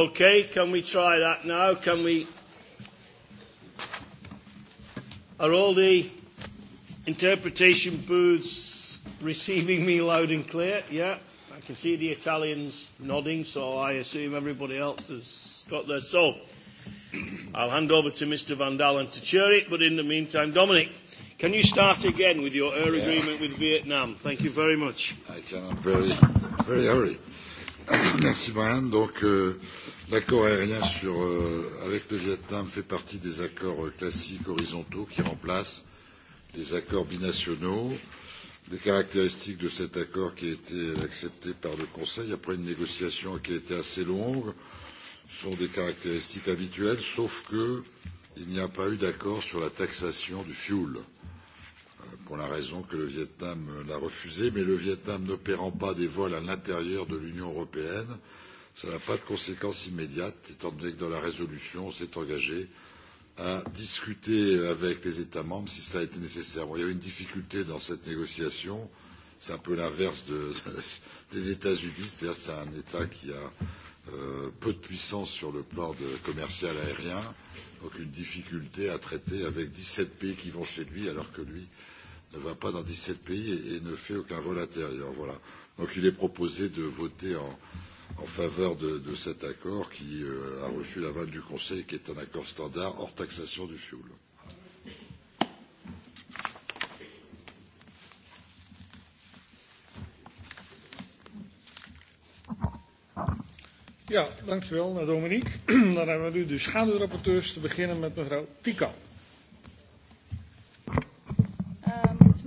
Okay, can we try that now? Can we? Are all the interpretation booths receiving me loud and clear? Yeah, I can see the Italians nodding, so I assume everybody else has got their So, I'll hand over to Mr. Van Dalen to chair it, but in the meantime, Dominic, can you start again with your air yeah. agreement with Vietnam? Thank you very much. I cannot very, very hurry. Merci Brian. Donc euh, l'accord aérien sur, euh, avec le Vietnam fait partie des accords euh, classiques horizontaux qui remplacent les accords binationaux. Les caractéristiques de cet accord qui a été accepté par le Conseil après une négociation qui a été assez longue sont des caractéristiques habituelles, sauf qu'il n'y a pas eu d'accord sur la taxation du fioul. Euh, pour la raison que le Viêt Nam euh, l'a refusé, mais le Viêt Nam n'opérant pas des vols à l'intérieur de l'Union européenne, ça n'a pas de conséquences immédiates, étant donné que dans la résolution, on s'est engagé à discuter avec les États membres si cela était nécessaire. Bon, il y avait une difficulté dans cette négociation, c'est un peu l'inverse de, des États-Unis, c'est-à-dire c'est un État qui a euh, peu de puissance sur le plan de, commercial aérien, donc une difficulté à traiter avec 17 pays qui vont chez lui alors que lui euh, ne va pas dans 17 pays et, et ne fait aucun vol intérieur. Voilà. Donc il est proposé de voter en, en faveur de, de cet accord qui euh, a reçu l'aval du Conseil, qui est un accord standard hors taxation du fioul. Ja, dankjewel naar eh, Dominique. Dan hebben we nu de schaduwrapporteurs te beginnen met mevrouw Tikal.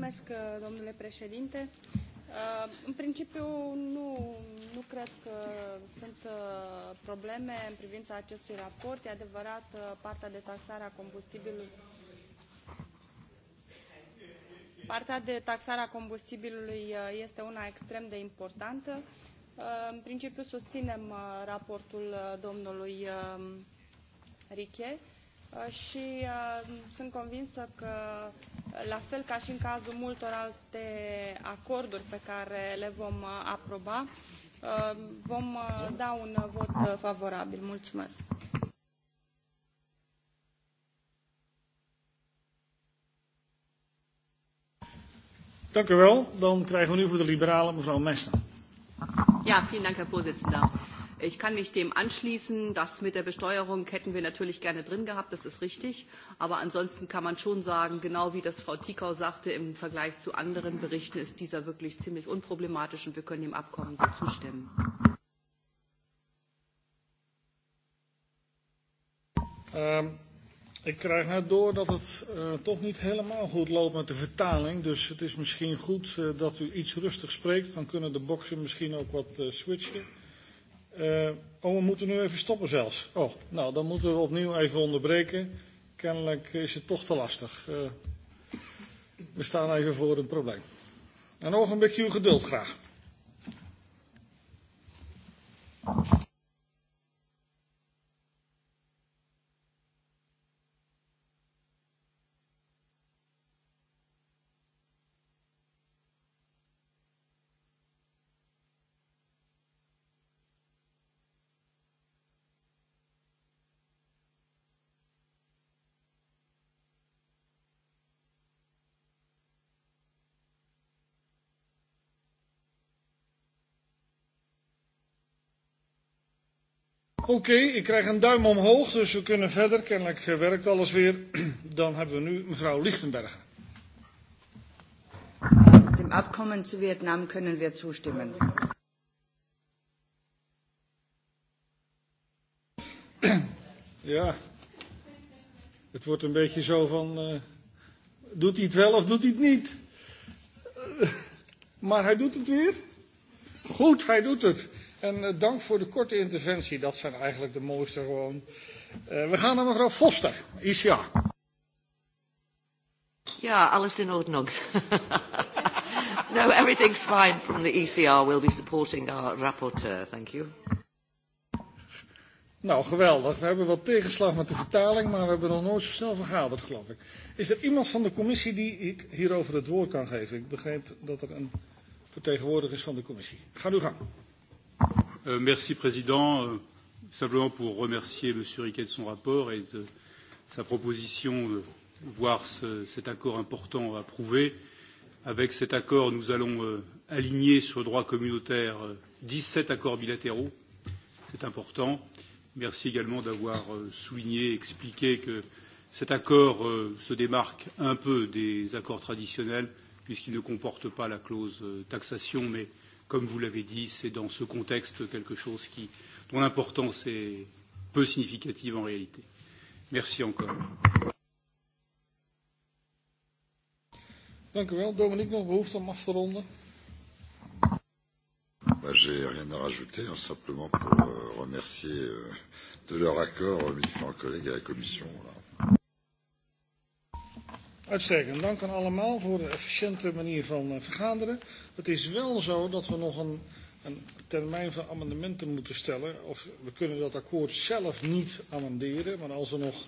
Mulțumesc, uh, domnule președinte. Uh, în principiu, nu, nu cred că sunt uh, probleme în privința acestui raport. E adevărat, partea de taxare a combustibilului Partea de taxare a combustibilului este una extrem de importantă. În principiu susținem raportul domnului Riche. Uh, și uh, sunt convinsă că, uh, la fel ca și în cazul multor alte acorduri pe care le vom aproba, vom da un vot favorabil. Mulțumesc! Dank u wel. Dan krijgen we nu voor de liberalen mevrouw Messner. Ja, vielen Dank, Herr Vorsitzender. Ich kann mich dem anschließen. Das mit der Besteuerung hätten wir natürlich gerne drin gehabt, das ist richtig. Aber ansonsten kann man schon sagen, genau wie das Frau Tikau sagte, im Vergleich zu anderen Berichten ist dieser wirklich ziemlich unproblematisch und wir können dem Abkommen so zustimmen. Um. Ik krijg net door dat het uh, toch niet helemaal goed loopt met de vertaling. Dus het is misschien goed uh, dat u iets rustig spreekt. Dan kunnen de boksen misschien ook wat uh, switchen. Uh, oh, we moeten nu even stoppen zelfs. Oh, nou, dan moeten we opnieuw even onderbreken. Kennelijk is het toch te lastig. Uh, we staan even voor een probleem. En nog een beetje uw geduld graag. Thank you. Oké, okay, ik krijg een duim omhoog, dus we kunnen verder. Kennelijk werkt alles weer. Dan hebben we nu mevrouw Lichtenberger. Dem Abkommen zu Vietnam können wir zustimmen. Ja, het wordt een beetje zo van, uh, doet hij het wel of doet hij het niet? Eh, maar hij doet het weer. Goed, hij doet het. En uh, dank voor de korte interventie. Dat zijn eigenlijk de mooiste gewoon. Uh, we gaan naar mevrouw Foster, ICA. Ja, alles in ordnung. no, everything's fine from the ECR. We'll be supporting our rapporteur. Thank you. Nou, geweldig. We hebben wat tegenslag met de vertaling, maar we hebben nog nooit zo snel vergaderd, geloof ik. Is er iemand van de commissie die ik hierover het woord kan geven? Ik begreep dat er een vertegenwoordiger is van de commissie. Ga uw gang. Euh, merci, Président. Euh, simplement pour remercier M. Riquet de son rapport et de sa proposition, euh, voire ce, cet accord important approuvé. Avec cet accord, nous allons euh, aligner sur le droit communautaire euh, dix sept accords bilatéraux. C'est important. Merci également d'avoir euh, souligné, expliqué que cet accord euh, se démarque un peu des accords traditionnels puisqu'il ne comporte pas la clause euh, taxation, mais Comme vous l'avez dit, c'est dans ce contexte quelque chose qui, dont l'importance est peu significative en réalité. Merci encore. Dank u wel. Dominique, nog behoefte om af te ronden? Bah, J'ai rien à rajouter, hein, simplement pour euh, remercier euh, de leur accord euh, mes différents collègues à la Commission. Voilà. Uitstekend. Dank aan allemaal voor de efficiënte manier van uh, vergaderen. Het is wel zo dat we nog een, een termijn van amendementen moeten stellen. Of we kunnen dat akkoord zelf niet amenderen. Maar als er nog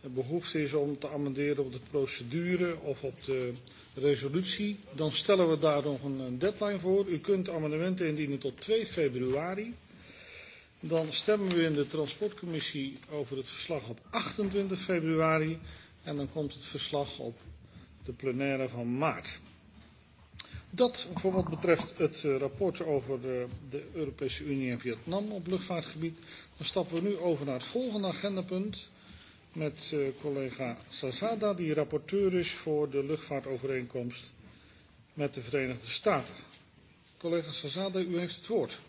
eh, behoefte is om te amenderen op de procedure of op de resolutie, dan stellen we daar nog een, een deadline voor. U kunt amendementen indienen tot 2 februari. Dan stemmen we in de transportcommissie over het verslag op 28 februari. En dan komt het verslag op de plenaire van maart. Dat voor wat betreft het eh, rapport over de, de Europese Unie en Vietnam op luchtvaartgebied. Dan stappen we nu over naar het volgende agendapunt met uh, collega Sazada, die rapporteur is voor de luchtvaartovereenkomst met de Verenigde Staten. Collega Sazada, u heeft het woord.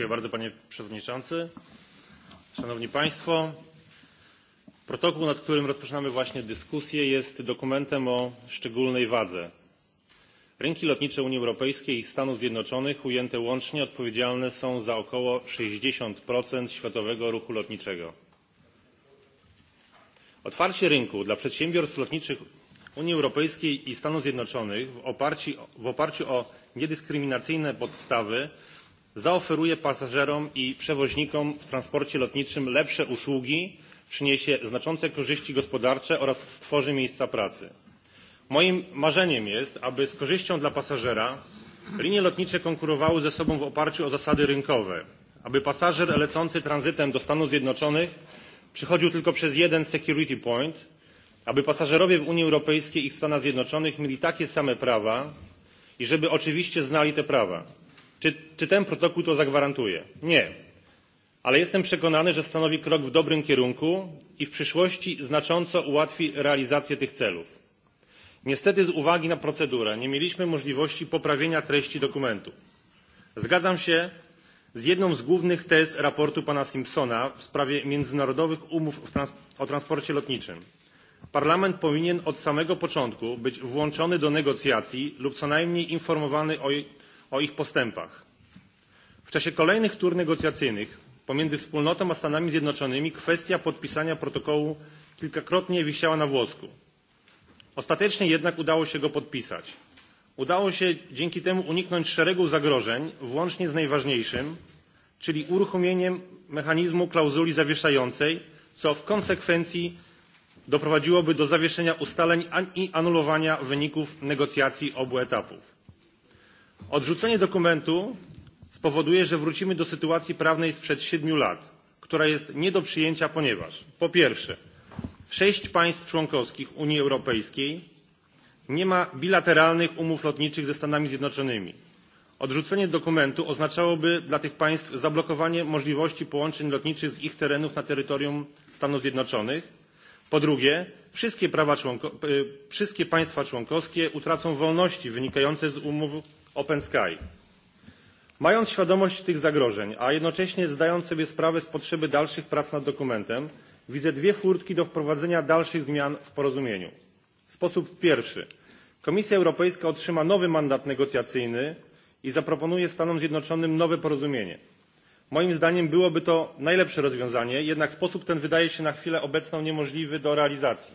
Dziękuję bardzo panie przewodniczący. Szanowni państwo, protokół, nad którym rozpoczynamy właśnie dyskusję, jest dokumentem o szczególnej wadze. Rynki lotnicze Unii Europejskiej i Stanów Zjednoczonych ujęte łącznie odpowiedzialne są za około 60% światowego ruchu lotniczego. Otwarcie rynku dla przedsiębiorstw lotniczych Unii Europejskiej i Stanów Zjednoczonych w oparciu, w oparciu o niedyskryminacyjne podstawy zaoferuje pasażerom i przewoźnikom w transporcie lotniczym lepsze usługi, przyniesie znaczące korzyści gospodarcze oraz stworzy miejsca pracy. Moim marzeniem jest, aby z korzyścią dla pasażera linie lotnicze konkurowały ze sobą w oparciu o zasady rynkowe, aby pasażer lecący tranzytem do Stanów Zjednoczonych przechodził tylko przez jeden security point, aby pasażerowie w Unii Europejskiej i w Stanach Zjednoczonych mieli takie same prawa i żeby oczywiście znali te prawa. Czy, czy ten protokół to zagwarantuje? Nie. Ale jestem przekonany, że stanowi krok w dobrym kierunku i w przyszłości znacząco ułatwi realizację tych celów. Niestety z uwagi na procedurę nie mieliśmy możliwości poprawienia treści dokumentu. Zgadzam się z jedną z głównych tez raportu pana Simpsona w sprawie międzynarodowych umów trans o transporcie lotniczym. Parlament powinien od samego początku być włączony do negocjacji lub co najmniej informowany o, o ich postępach. W czasie kolejnych tur negocjacyjnych pomiędzy Wspólnotą a Stanami Zjednoczonymi kwestia podpisania protokołu kilkakrotnie wisiała na włosku. Ostatecznie jednak udało się go podpisać. Udało się dzięki temu uniknąć szeregu zagrożeń, włącznie z najważniejszym, czyli uruchomieniem mechanizmu klauzuli zawieszającej, co w konsekwencji doprowadziłoby do zawieszenia ustaleń i anulowania wyników negocjacji obu etapów. Odrzucenie dokumentu spowoduje, że wrócimy do sytuacji prawnej sprzed siedmiu lat, która jest nie do przyjęcia, ponieważ po pierwsze, sześć państw członkowskich Unii Europejskiej nie ma bilateralnych umów lotniczych ze Stanami Zjednoczonymi. Odrzucenie dokumentu oznaczałoby dla tych państw zablokowanie możliwości połączeń lotniczych z ich terenów na terytorium Stanów Zjednoczonych. Po drugie, wszystkie, prawa członko- wszystkie państwa członkowskie utracą wolności wynikające z umów Open Sky. Mając świadomość tych zagrożeń, a jednocześnie zdając sobie sprawę z potrzeby dalszych prac nad dokumentem, widzę dwie furtki do wprowadzenia dalszych zmian w porozumieniu. Sposób pierwszy. Komisja Europejska otrzyma nowy mandat negocjacyjny i zaproponuje Stanom Zjednoczonym nowe porozumienie. Moim zdaniem byłoby to najlepsze rozwiązanie, jednak sposób ten wydaje się na chwilę obecną niemożliwy do realizacji.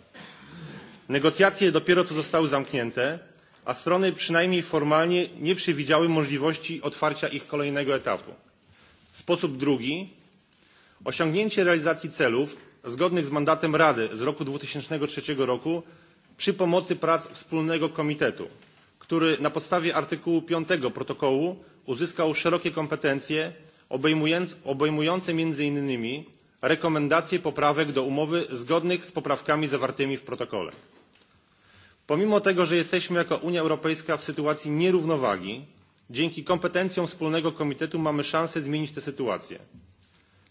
Negocjacje dopiero co zostały zamknięte, a strony przynajmniej formalnie nie przewidziały możliwości otwarcia ich kolejnego etapu. Sposób drugi osiągnięcie realizacji celów zgodnych z mandatem Rady z roku 2003 roku przy pomocy prac wspólnego komitetu, który na podstawie artykułu 5 protokołu uzyskał szerokie kompetencje obejmujące między innymi rekomendacje poprawek do umowy zgodnych z poprawkami zawartymi w protokole. Pomimo tego, że jesteśmy jako Unia Europejska w sytuacji nierównowagi, dzięki kompetencjom wspólnego komitetu mamy szansę zmienić tę sytuację.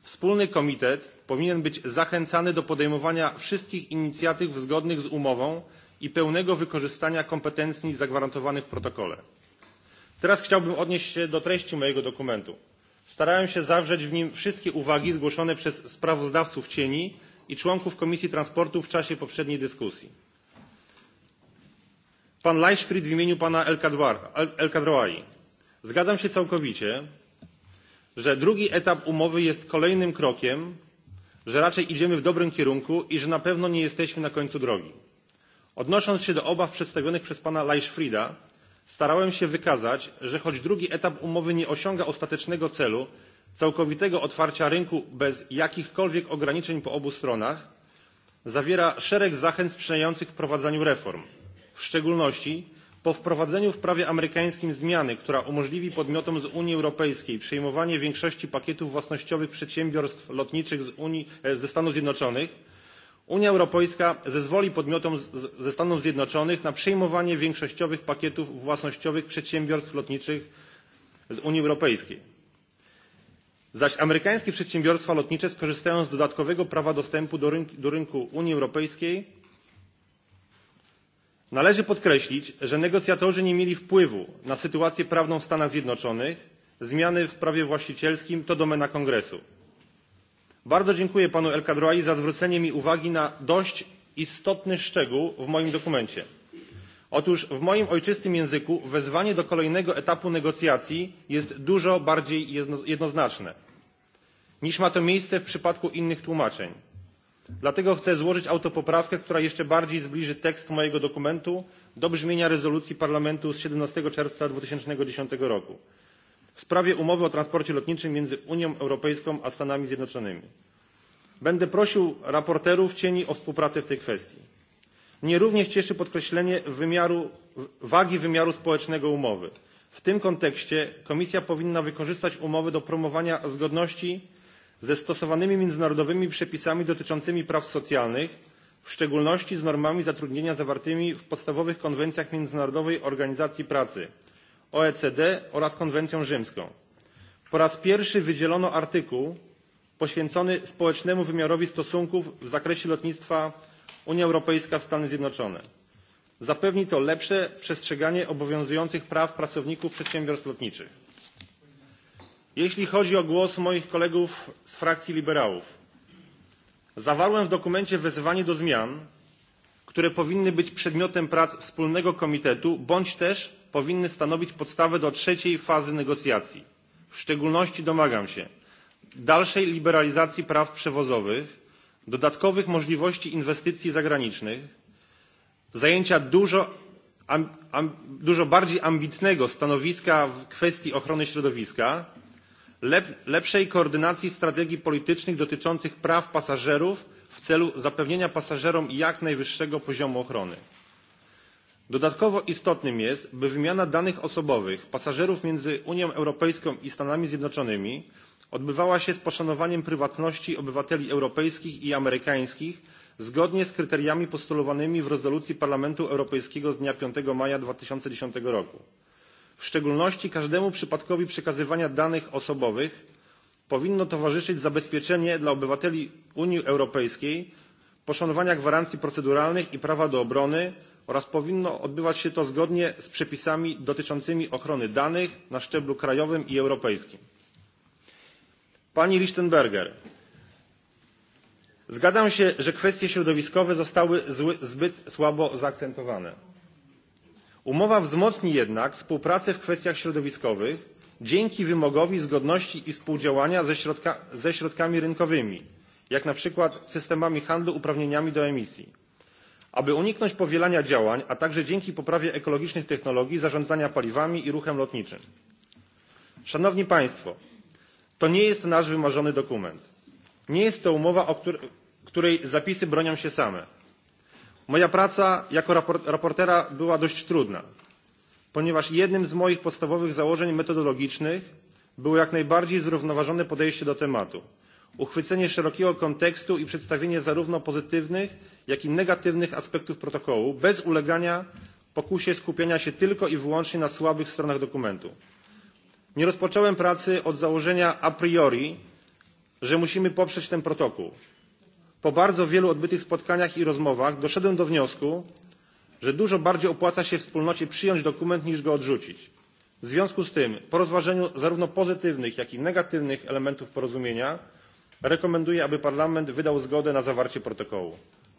Wspólny komitet powinien być zachęcany do podejmowania wszystkich inicjatyw zgodnych z umową i pełnego wykorzystania kompetencji zagwarantowanych w protokole. Teraz chciałbym odnieść się do treści mojego dokumentu. Starałem się zawrzeć w nim wszystkie uwagi zgłoszone przez sprawozdawców cieni i członków Komisji Transportu w czasie poprzedniej dyskusji pan Leichfried w imieniu pana El Kadrawi. Zgadzam się całkowicie, że drugi etap umowy jest kolejnym krokiem, że raczej idziemy w dobrym kierunku i że na pewno nie jesteśmy na końcu drogi. Odnosząc się do obaw przedstawionych przez pana Leichfrieda, starałem się wykazać, że choć drugi etap umowy nie osiąga ostatecznego celu całkowitego otwarcia rynku bez jakichkolwiek ograniczeń po obu stronach, zawiera szereg zachęt sprzyjających wprowadzaniu reform – w szczególności po wprowadzeniu w prawie amerykańskim zmiany która umożliwi podmiotom z unii europejskiej przejmowanie większości pakietów własnościowych przedsiębiorstw lotniczych e, ze stanów zjednoczonych unia europejska zezwoli podmiotom ze stanów zjednoczonych na przejmowanie większościowych pakietów własnościowych przedsiębiorstw lotniczych z unii europejskiej zaś amerykańskie przedsiębiorstwa lotnicze skorzystają z dodatkowego prawa dostępu do rynku unii europejskiej Należy podkreślić, że negocjatorzy nie mieli wpływu na sytuację prawną w Stanach Zjednoczonych. Zmiany w prawie właścicielskim to domena Kongresu. Bardzo dziękuję panu El Kadroi za zwrócenie mi uwagi na dość istotny szczegół w moim dokumencie. Otóż w moim ojczystym języku wezwanie do kolejnego etapu negocjacji jest dużo bardziej jednoznaczne, niż ma to miejsce w przypadku innych tłumaczeń dlatego chcę złożyć autopoprawkę która jeszcze bardziej zbliży tekst mojego dokumentu do brzmienia rezolucji parlamentu z siedemnaście czerwca dwa tysiące dziesięć roku w sprawie umowy o transporcie lotniczym między unią europejską a stanami zjednoczonymi. będę prosił sprawozdawców cieni o współpracę w tej kwestii. mnie również cieszy podkreślenie wymiaru, wagi wymiaru społecznego umowy. w tym kontekście komisja powinna wykorzystać umowę do promowania zgodności ze stosowanymi międzynarodowymi przepisami dotyczącymi praw socjalnych, w szczególności z normami zatrudnienia zawartymi w podstawowych konwencjach Międzynarodowej Organizacji Pracy OECD oraz konwencją rzymską. Po raz pierwszy wydzielono artykuł poświęcony społecznemu wymiarowi stosunków w zakresie lotnictwa Unia Europejska Stany Zjednoczone. Zapewni to lepsze przestrzeganie obowiązujących praw pracowników przedsiębiorstw lotniczych. Jeśli chodzi o głos moich kolegów z frakcji liberałów, zawarłem w dokumencie wezwanie do zmian, które powinny być przedmiotem prac wspólnego komitetu bądź też powinny stanowić podstawę do trzeciej fazy negocjacji. W szczególności domagam się dalszej liberalizacji praw przewozowych, dodatkowych możliwości inwestycji zagranicznych, zajęcia dużo, am, am, dużo bardziej ambitnego stanowiska w kwestii ochrony środowiska, lepszej koordynacji strategii politycznych dotyczących praw pasażerów w celu zapewnienia pasażerom jak najwyższego poziomu ochrony. Dodatkowo istotnym jest, by wymiana danych osobowych pasażerów między Unią Europejską i Stanami Zjednoczonymi odbywała się z poszanowaniem prywatności obywateli europejskich i amerykańskich zgodnie z kryteriami postulowanymi w rezolucji Parlamentu Europejskiego z dnia 5 maja 2010 roku W szczególności każdemu przypadkowi przekazywania danych osobowych powinno towarzyszyć zabezpieczenie dla obywateli Unii Europejskiej poszanowania gwarancji proceduralnych i prawa do obrony oraz powinno odbywać się to zgodnie z przepisami dotyczącymi ochrony danych na szczeblu krajowym i europejskim. Pani Lichtenberger, zgadzam się, że kwestie środowiskowe zostały zbyt słabo zaakcentowane Umowa wzmocni jednak współpracę w kwestiach środowiskowych dzięki wymogowi zgodności i współdziałania ze, środka, ze środkami rynkowymi, jak na przykład systemami handlu uprawnieniami do emisji. Aby uniknąć powielania działań, a także dzięki poprawie ekologicznych technologii zarządzania paliwami i ruchem lotniczym. Szanowni Państwo, to nie jest nasz wymarzony dokument. Nie jest to umowa, o której, której zapisy bronią się same Moja praca jako raportera była dość trudna, ponieważ jednym z moich podstawowych założeń metodologicznych było jak najbardziej zrównoważone podejście do tematu, uchwycenie szerokiego kontekstu i przedstawienie zarówno pozytywnych, jak i negatywnych aspektów protokołu, bez ulegania pokusie skupienia się tylko i wyłącznie na słabych stronach dokumentu. Nie rozpocząłem pracy od założenia a priori, że musimy poprzeć ten protokół po bardzo wielu odbytych spotkaniach i rozmowach doszedłem do wniosku, że dużo bardziej opłaca się wspólnocie przyjąć dokument niż go odrzucić. W związku z tym, po rozważeniu zarówno pozytywnych, jak i negatywnych elementów porozumienia, rekomenduję, aby Parlament wydał zgodę na zawarcie protokołu.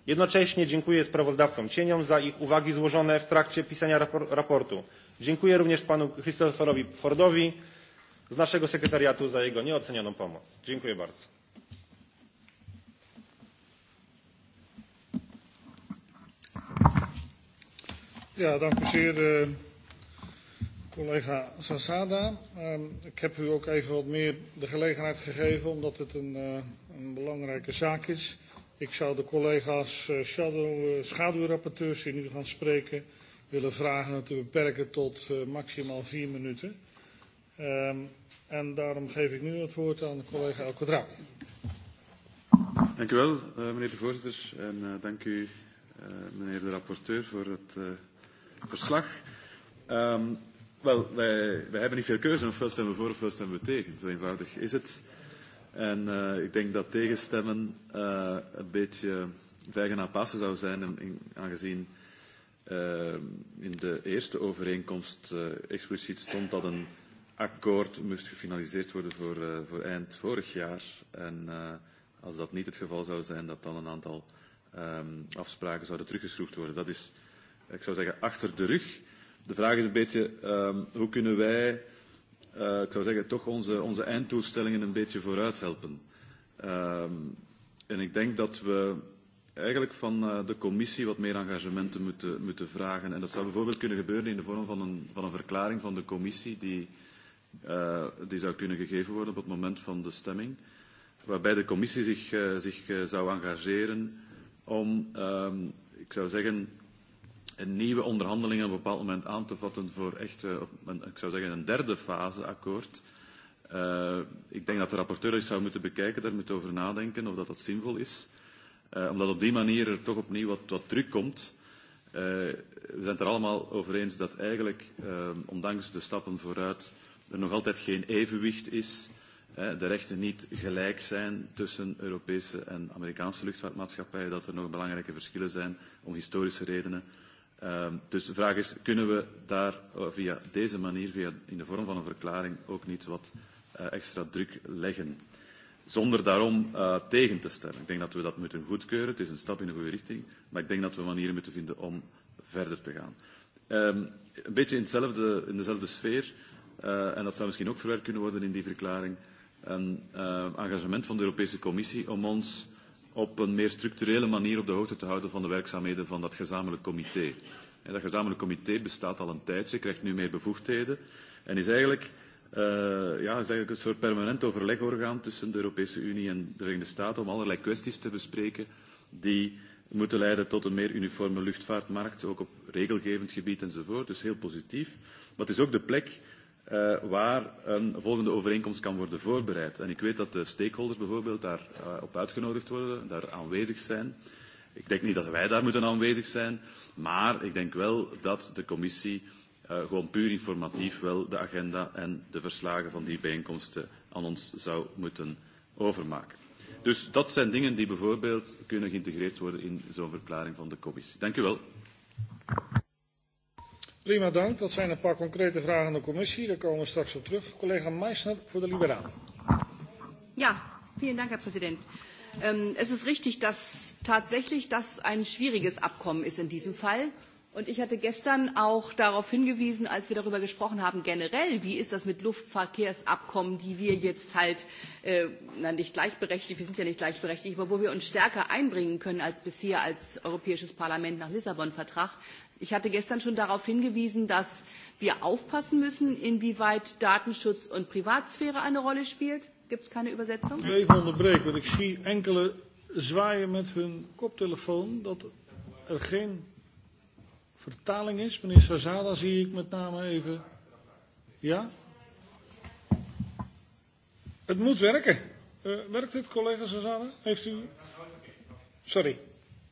Jednocześnie dziękuję sprawozdawcom cieniom za ich uwagi złożone w trakcie pisania rapor raportu. Dziękuję również panu Christopherowi Fordowi z naszego sekretariatu za jego nieocenioną pomoc. Dziękuję bardzo. Ja, dank u zeer, uh, collega Sassada. Uh, ik heb u ook even wat meer de gelegenheid gegeven, omdat het een, uh, een belangrijke zaak is. Ik zou de collega's uh, eh, shadow, uh, schaduwrapporteurs die nu gaan spreken willen vragen het te beperken tot uh, maximaal vier minuten. Um, en daarom geef ik nu het woord aan de collega El Quadrawi. Dank u wel, uh, meneer de voorzitter. En uh, dank u, uh, meneer de rapporteur voor het uh, verslag. Um, wel, wij, wij hebben niet veel keuze. Ofwel stemmen we voor ofwel stemmen we tegen. Zo eenvoudig is het. En uh, ik denk dat tegenstemmen uh, een beetje vijgen aan passen zou zijn, in, in, aangezien uh, in de eerste overeenkomst uh, expliciet stond dat een akkoord moest gefinaliseerd worden voor, uh, voor eind vorig jaar. En uh, als dat niet het geval zou zijn, dat dan een aantal uh, um, afspraken zouden teruggeschroefd worden. Dat is, ik zou zeggen, achter de rug. De vraag is een beetje, um, hoe kunnen wij, uh, ik zou zeggen, toch onze, onze einddoelstellingen een beetje vooruit helpen? Um, en ik denk dat we eigenlijk van uh, de commissie wat meer engagementen moeten, moeten vragen. En dat zou bijvoorbeeld kunnen gebeuren in de vorm van een, van een verklaring van de commissie die, uh, die zou kunnen gegeven worden op het moment van de stemming. Waarbij de commissie zich, uh, zich uh, zou engageren uh, om, um, ik zou zeggen, een nieuwe onderhandelingen op een bepaald moment aan te vatten voor echt, uh, een, ik zou zeggen, een derde fase akkoord. Uh, ik denk dat de rapporteur dat zou moeten bekijken, daar moet over nadenken of dat dat zinvol is. Uh, omdat op die manier er toch opnieuw wat, wat druk komt. Uh, we zijn het er allemaal over eens dat eigenlijk, uh, ondanks de stappen vooruit, er nog altijd geen evenwicht is uh, de rechten niet gelijk zijn tussen Europese en Amerikaanse luchtvaartmaatschappijen, dat er nog belangrijke verschillen zijn om historische redenen. Uh, dus de vraag is, kunnen we daar uh, via deze manier, via, in de vorm van een verklaring, ook niet wat uh, extra druk leggen? Zonder daarom uh, tegen te stemmen. Ik denk dat we dat moeten goedkeuren. Het is een stap in de goede richting. Maar ik denk dat we manieren moeten vinden om verder te gaan. Um, een beetje in, hetzelfde, in dezelfde sfeer, uh, en dat zou misschien ook verwerkt kunnen worden in die verklaring, uh, een uh, engagement van de Europese Commissie om ons op een meer structurele manier op de hoogte te houden van de werkzaamheden van dat gezamenlijk comité. En dat gezamenlijk comité bestaat al een tijdje, krijgt nu meer bevoegdheden en is eigenlijk uh, ja, is eigenlijk een soort permanent overlegorgaan tussen de Europese Unie en de Verenigde Staten om allerlei kwesties te bespreken die moeten leiden tot een meer uniforme luchtvaartmarkt, ook op regelgevend gebied enzovoort. Dus heel positief. Maar het is ook de plek uh, waar een volgende overeenkomst kan worden voorbereid. En ik weet dat de stakeholders bijvoorbeeld daarop eh, uh, uitgenodigd worden, daar aanwezig zijn. Ik denk niet dat wij daar moeten aanwezig zijn, maar ik denk wel dat de commissie uh, gewoon puur informatief wel de agenda en de verslagen van die bijeenkomsten aan ons zou moeten overmaken. Dus dat zijn dingen die bijvoorbeeld kunnen geïntegreerd worden in zo'n verklaring van de commissie. Dank u wel. Prima dank. Dat zijn een paar concrete vragen aan de commissie. Daar komen we straks op terug. Collega Meissner voor de Liberalen. Ja, vielen Dank, Herr Präsident. Ähm, es ist richtig, dass tatsächlich das ein schwieriges Abkommen ist in diesem Fall Und ich hatte gestern auch darauf hingewiesen, als wir darüber gesprochen haben, generell, wie ist das mit Luftverkehrsabkommen, die wir jetzt halt, äh, na nicht gleichberechtigt, wir sind ja nicht gleichberechtigt, aber wo wir uns stärker einbringen können als bisher als Europäisches Parlament nach Lissabon-Vertrag. Ich hatte gestern schon darauf hingewiesen, dass wir aufpassen müssen, inwieweit Datenschutz und Privatsphäre eine Rolle spielt. Gibt es keine Übersetzung? Even onderbreken, want ik zie enkele zwaaien met hun koptelefoon, dat er geen vertaling is. Meneer Sazada zie ik met name even. Ja? Het moet werken. Uh, werkt dit, collega Sazada? Heeft u... Sorry.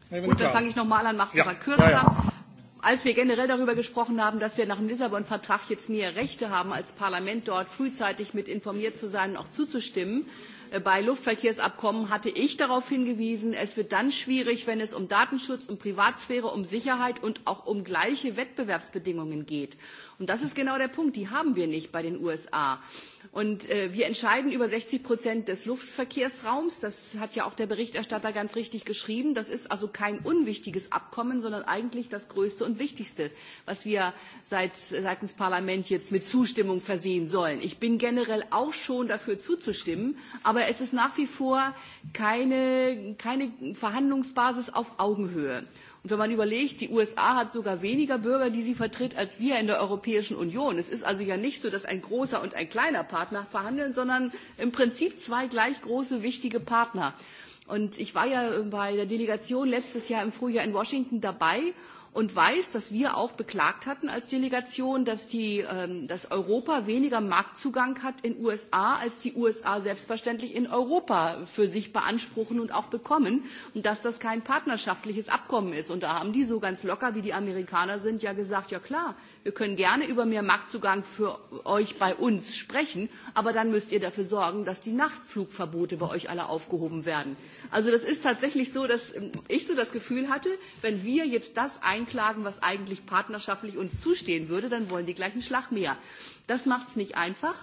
Even Gut, dann fange ich nochmal an, mache es ja. etwas kürzer. Ja, ja. Als wir generell darüber gesprochen haben, dass wir nach dem Lissabon-Vertrag jetzt mehr Rechte haben, als Parlament dort frühzeitig mit informiert zu sein und auch zuzustimmen, äh, Äh, bei Luftverkehrsabkommen hatte ich darauf hingewiesen, es wird dann schwierig, wenn es um Datenschutz, um Privatsphäre, um Sicherheit und auch um gleiche Wettbewerbsbedingungen geht. Und das ist genau der Punkt, die haben wir nicht bei den USA. Und äh, wir entscheiden über 60 Prozent des Luftverkehrsraums. Das hat ja auch der Berichterstatter ganz richtig geschrieben. Das ist also kein unwichtiges Abkommen, sondern eigentlich das größte und wichtigste, was wir seit, seitens Parlament jetzt mit Zustimmung versehen sollen. Ich bin generell auch schon dafür zuzustimmen, aber aber es ist nach wie vor keine, keine Verhandlungsbasis auf Augenhöhe. Und wenn man überlegt, die USA hat sogar weniger Bürger, die sie vertritt, als wir in der Europäischen Union. Es ist also ja nicht so, dass ein großer und ein kleiner Partner verhandeln, sondern im Prinzip zwei gleich große, wichtige Partner. Und ich war ja bei der Delegation letztes Jahr im Frühjahr in Washington dabei und weiß, dass wir auch beklagt hatten als Delegation, dass, die, ähm, dass Europa weniger Marktzugang hat in USA, als die USA selbstverständlich in Europa für sich beanspruchen und auch bekommen und dass das kein partnerschaftliches Abkommen ist. Und da haben die so ganz locker, wie die Amerikaner sind, ja gesagt, ja klar, wir können gerne über mehr Marktzugang für euch bei uns sprechen, aber dann müsst ihr dafür sorgen, dass die Nachtflugverbote bei euch alle aufgehoben werden. Also das ist tatsächlich so, dass ähm, ich so das Gefühl hatte, wenn wir jetzt das einklagen, was eigentlich partnerschaftlich uns zustehen würde, dann wollen die gleich einen Schlag mehr. Das macht es nicht einfach.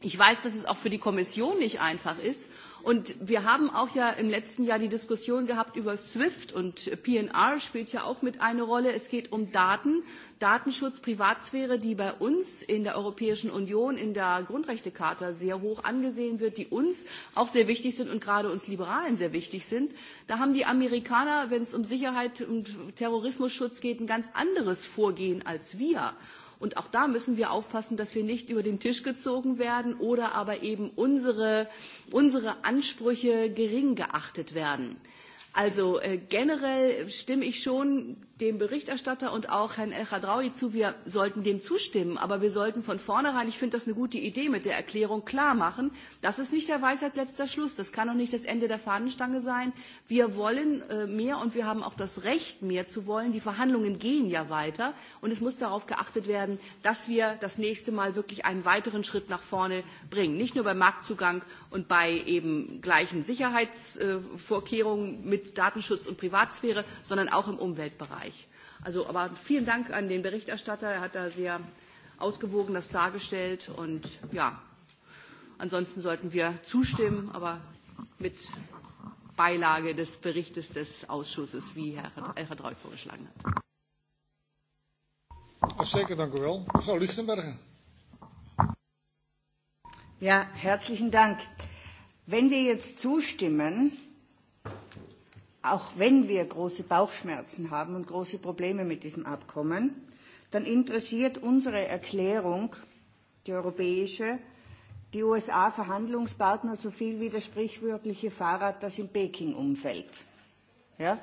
Ich weiß, dass es auch für die Kommission nicht einfach ist. Und wir haben auch ja im letzten Jahr die Diskussion gehabt über SWIFT und PNR spielt ja auch mit eine Rolle. Es geht um Daten, Datenschutz, Privatsphäre, die bei uns in der Europäischen Union in der Grundrechtecharta sehr hoch angesehen wird, die uns auch sehr wichtig sind und gerade uns Liberalen sehr wichtig sind. Da haben die Amerikaner, wenn es um Sicherheit und Terrorismusschutz geht, ein ganz anderes Vorgehen als wir. Und auch da müssen wir aufpassen, dass wir nicht über den Tisch gezogen werden oder aber eben unsere, unsere Ansprüche gering geachtet werden. Also äh, generell stimme ich schon dem Berichterstatter und auch Herrn El Khadraoui zu, wir sollten dem zustimmen. Aber wir sollten von vornherein, ich finde das eine gute Idee, mit der Erklärung klar machen, das ist nicht der Weisheit letzter Schluss. Das kann doch nicht das Ende der Fahnenstange sein. Wir wollen äh, mehr und wir haben auch das Recht, mehr zu wollen. Die Verhandlungen gehen ja weiter und es muss darauf geachtet werden, dass wir das nächste Mal wirklich einen weiteren Schritt nach vorne bringen. Nicht nur beim Marktzugang und bei eben gleichen Sicherheitsvorkehrungen mit Datenschutz und Privatsphäre, sondern auch im Umweltbereich. Also, aber vielen Dank an den Berichterstatter. Er hat da sehr ausgewogen das dargestellt. Und ja, ansonsten sollten wir zustimmen, aber mit Beilage des Berichtes des Ausschusses, wie Herr Herr vorgeschlagen hat. Zeker, dank u wel. Mevrouw Lichtenberger. Ja, herzlichen Dank. Wenn wir jetzt zustimmen, auch wenn wir große Bauchschmerzen haben und große Probleme mit diesem Abkommen, dann interessiert unsere Erklärung, die europäische, die USA-Verhandlungspartner so viel wie das sprichwörtliche Fahrrad, das in Peking umfällt. Ja?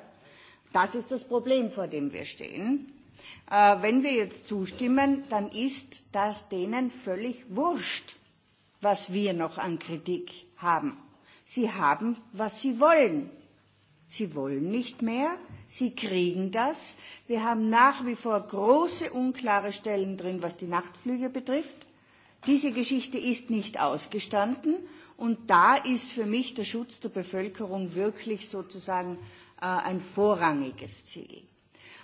Das ist das Problem, vor dem wir stehen. Äh, wenn wir jetzt zustimmen, dann ist das denen völlig wurscht, was wir noch an Kritik haben. Sie haben, was sie wollen. Sie wollen nicht mehr, sie kriegen das. Wir haben nach wie vor große unklare Stellen drin, was die Nachtflüge betrifft. Diese Geschichte ist nicht ausgestanden und da ist für mich der Schutz der Bevölkerung wirklich sozusagen äh, ein vorrangiges Ziel.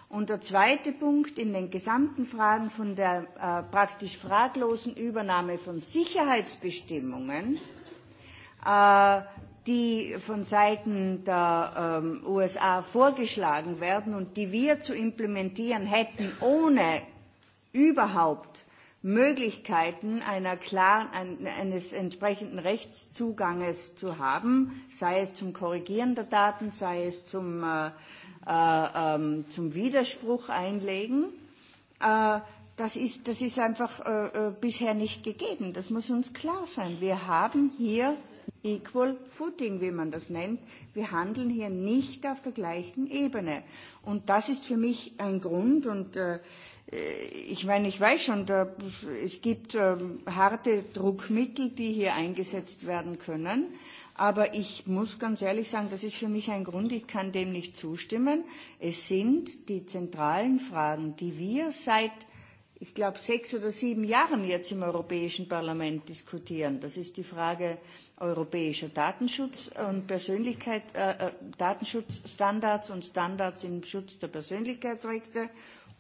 Und der zweite Punkt in den gesamten Fragen von der äh, praktisch fraglosen Übernahme von Sicherheitsbestimmungen äh, die von Seiten der ähm, USA vorgeschlagen werden und die wir zu implementieren hätten, ohne überhaupt Möglichkeiten einer klaren, ein, eines entsprechenden Rechtszuganges zu haben, sei es zum Korrigieren der Daten, sei es zum, äh, äh, ähm, zum Widerspruch einlegen. Äh, das ist, das ist einfach äh, äh bisher nicht gegeben. Das muss uns klar sein. Wir haben hier equal footing, wie man das nennt. Wir handeln hier nicht auf der gleichen Ebene. Und das ist für mich ein Grund und äh, äh, ich meine, ich weiß schon, da, es gibt ähm, harte Druckmittel, die hier eingesetzt werden können. Aber ich muss ganz ehrlich sagen, das ist für mich ein Grund, ich kann dem nicht zustimmen. Es sind die zentralen Fragen, die wir seit ich glaube, sechs oder sieben Jahren jetzt im Europäischen Parlament diskutieren. Das ist die Frage europäischer Datenschutz und Persönlichkeit, äh, äh, Datenschutzstandards und Standards im Schutz der Persönlichkeitsrechte.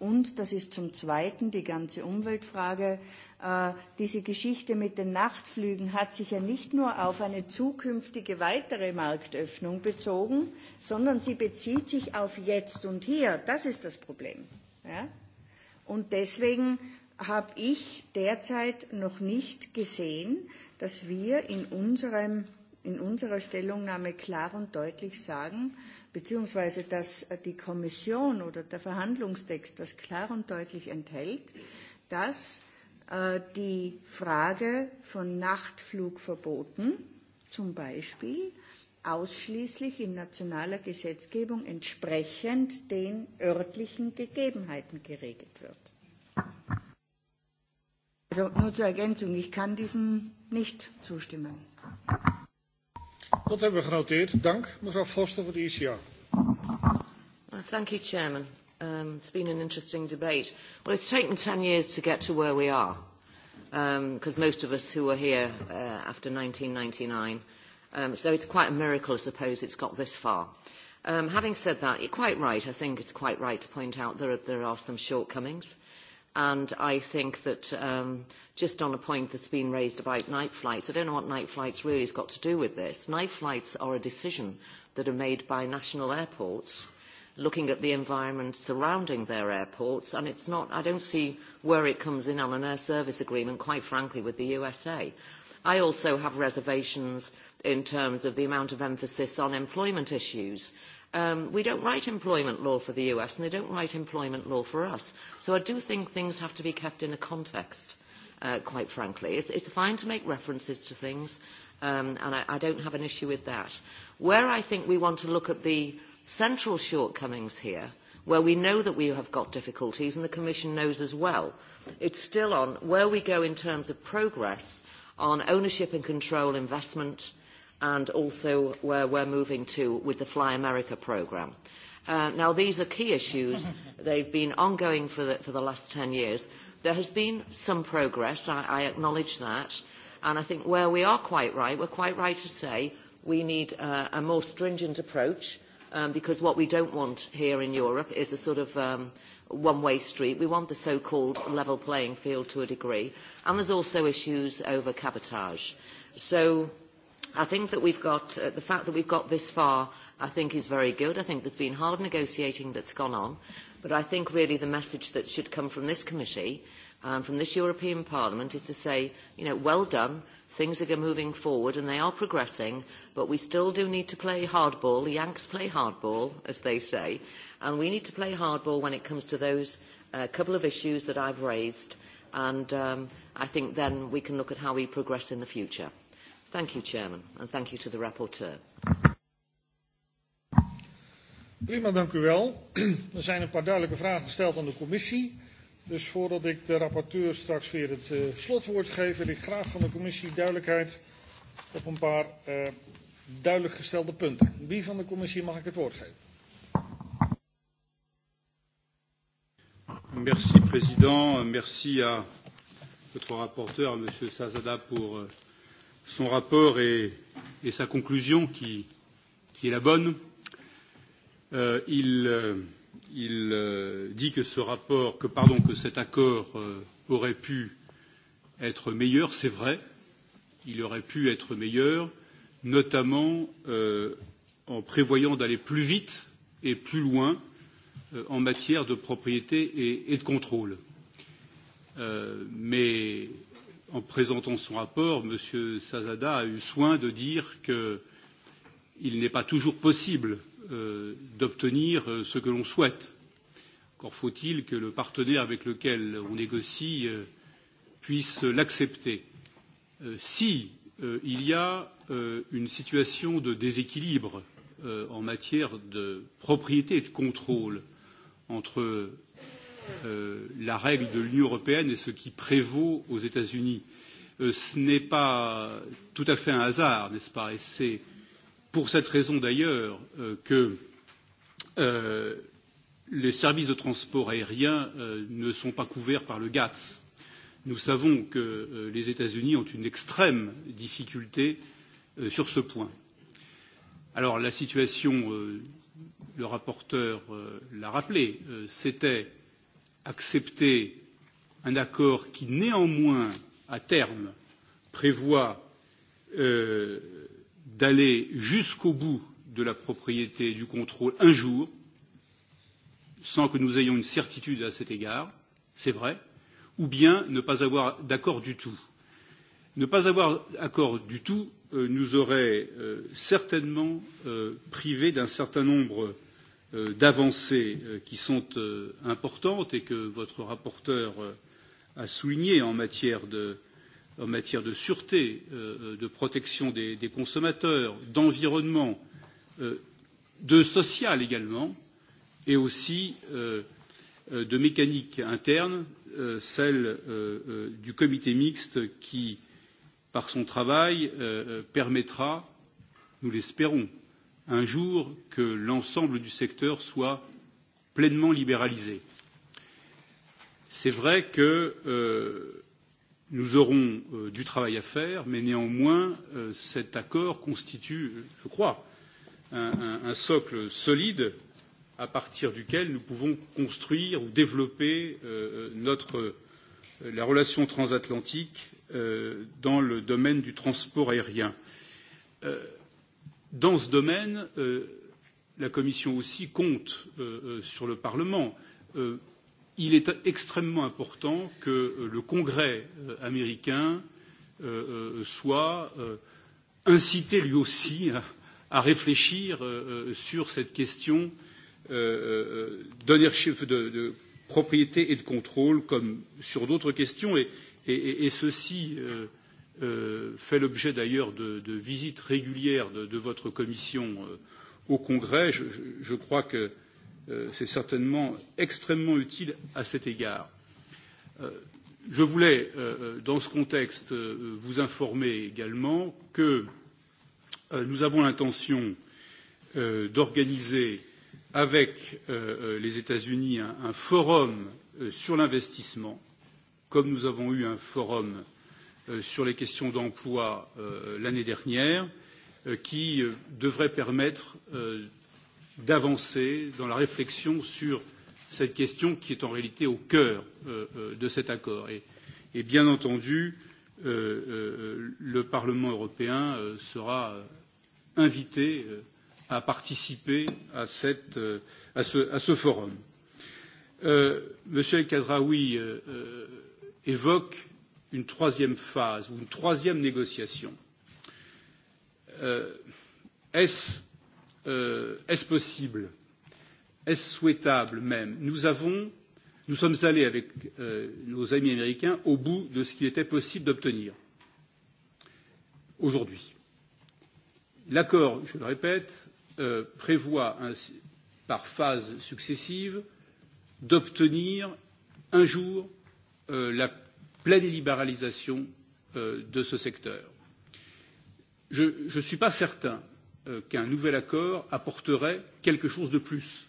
Und das ist zum Zweiten die ganze Umweltfrage. Äh, diese Geschichte mit den Nachtflügen hat sich ja nicht nur auf eine zukünftige weitere Marktöffnung bezogen, sondern sie bezieht sich auf jetzt und hier. Das ist das Problem. Ja? Und deswegen habe ich derzeit noch nicht gesehen, dass wir in, unserem, in unserer Stellungnahme klar und deutlich sagen, beziehungsweise dass die Kommission oder der Verhandlungstext das klar und deutlich enthält, dass äh, die Frage von Nachtflugverboten zum Beispiel ausschließlich in nationaler Gesetzgebung entsprechend den örtlichen Gegebenheiten geregelt wird. Also nur zur Ergänzung, ich kann diesem nicht zustimmen. Dat hebben we genoteerd. Dank. Mevrouw Foster voor de ECR. Well, thank you, Chairman. Um, it's been an interesting debate. Well, it's taken 10 years to get to where we are, because um, most of us who were here uh, after 1999 Um, so it's quite a miracle, I suppose, it's got this far. Um, having said that, you're quite right. I think it's quite right to point out there are, there are some shortcomings. And I think that um, just on a point that's been raised about night flights, I don't know what night flights really has got to do with this. Night flights are a decision that are made by national airports looking at the environment surrounding their airports, and it's not, I don't see where it comes in on an air service agreement, quite frankly, with the USA. I also have reservations in terms of the amount of emphasis on employment issues. Um, we don't write employment law for the US and they don't write employment law for us. So I do think things have to be kept in a context, uh, quite frankly. It's, it's fine to make references to things, um, and I, I don't have an issue with that. Where I think we want to look at the central shortcomings here, where we know that we have got difficulties, and the Commission knows as well, it's still on where we go in terms of progress on ownership and control investment, and also where we're moving to with the Fly America programme. Uh, now, these are key issues. They've been ongoing for the, for the last 10 years. There has been some progress, I, I acknowledge that, and I think where we are quite right, we're quite right to say we need uh, a more stringent approach um, because what we don't want here in Europe is a sort of um, one-way street. We want the so-called level playing field to a degree, and there's also issues over cabotage. So I think that we've got, uh, the fact that we've got this far, I think is very good. I think there's been hard negotiating that's gone on. But I think really the message that should come from this committee um, from this European Parliament is to say, you know, well done, things are moving forward and they are progressing, but we still do need to play hardball. The Yanks play hardball, as they say, and we need to play hardball when it comes to those uh, couple of issues that I've raised, and um, I think then we can look at how we progress in the future. Thank you, Chairman, and thank you to the rapporteur. Prima, dank u wel. Er zijn een paar duidelijke vragen gesteld aan de commissie. Dus voordat ik de rapporteur straks weer het uh, slotwoord geef, wil ik graag van de commissie duidelijkheid op een paar uh, duidelijk gestelde punten. Wie van de commissie mag ik het woord geven? Merci, président. Merci à notre rapporteur, monsieur Sazada, pour uh, son rapport et, et sa conclusion qui, qui est la bonne. Euh, il euh, il euh, dit que ce rapport, que, pardon, que cet accord euh, aurait pu être meilleur, c'est vrai, il aurait pu être meilleur, notamment euh, en prévoyant d'aller plus vite et plus loin euh, en matière de propriété et, et de contrôle. Euh, mais en présentant son rapport, M. Sazada a eu soin de dire qu'il n'est pas toujours possible euh, d'obtenir euh, ce que l'on souhaite. Encore faut-il que le partenaire avec lequel on négocie euh, puisse l'accepter. Euh, si euh, il y a euh, une situation de déséquilibre euh, en matière de propriété et de contrôle entre euh, la règle de l'Union européenne et ce qui prévaut aux États-Unis. Euh, ce n'est pas tout à fait un hasard, n'est-ce pas Et c'est pour cette raison d'ailleurs euh, que euh, les services de transport aérien euh, ne sont pas couverts par le GATS. Nous savons que euh, les États-Unis ont une extrême difficulté euh, sur ce point. Alors la situation, euh, le rapporteur euh, l'a rappelé, euh, c'était euh, accepter un accord qui néanmoins, à terme, prévoit euh, d'aller jusqu'au bout de la propriété et du contrôle un jour, sans que nous ayons une certitude à cet égard, c'est vrai, ou bien ne pas avoir d'accord du tout. Ne pas avoir d'accord du tout euh, nous aurait euh, certainement euh, privé d'un certain nombre euh, Euh, d'avancées euh, qui sont euh, importantes et que votre rapporteur a soulignées en matière de, en matière de sûreté, de protection des, des consommateurs, d'environnement, de social également, et aussi de mécanique interne, celle du comité mixte qui, par son travail, permettra, nous l'espérons, un jour que l'ensemble du secteur soit pleinement libéralisé. C'est vrai que euh, nous aurons euh, du travail à faire, mais néanmoins, euh, cet accord constitue, je crois, un, un, un socle solide à partir duquel nous pouvons construire ou développer euh, euh notre, euh, la relation transatlantique euh, dans le domaine du transport aérien. Euh, Dans ce domaine, euh, la Commission aussi compte euh, euh, sur le Parlement. Euh, il est extrêmement important que euh, le Congrès euh, américain euh, euh, soit euh, incité lui aussi à, à réfléchir euh, sur cette question euh, d'ownership, de, de propriété et de contrôle, comme sur d'autres questions, et, et, et ceci euh, euh, fait l'objet d'ailleurs de, de visites régulières de, de votre commission euh, au Congrès. Je, je crois que euh, c'est certainement extrêmement utile à cet égard. Euh, je voulais, euh, dans ce contexte, euh, vous informer également que euh, nous avons l'intention euh, d'organiser avec euh, euh les États-Unis un, un forum euh, sur l'investissement, comme nous avons eu un forum euh, Euh, sur les questions d'emploi euh, l'année dernière, euh, qui devrait permettre d'avancer dans la réflexion sur cette question qui est en réalité au cœur de cet accord. Et, et bien entendu, le Parlement européen sera invité à participer à, cette, à, ce, à ce forum. Euh, Monsieur El Khadraoui euh, évoque une troisième phase ou une troisième négociation. Euh, est-ce, euh, est-ce possible Est-ce souhaitable même Nous avons, nous sommes allés avec euh, nos amis américains au bout de ce qu'il était possible d'obtenir aujourd'hui. L'accord, je le répète, euh, prévoit un, par phases successives d'obtenir un jour euh, la pleine libéralisation euh, de ce secteur. Je ne suis pas certain euh, qu'un nouvel accord apporterait quelque chose de plus,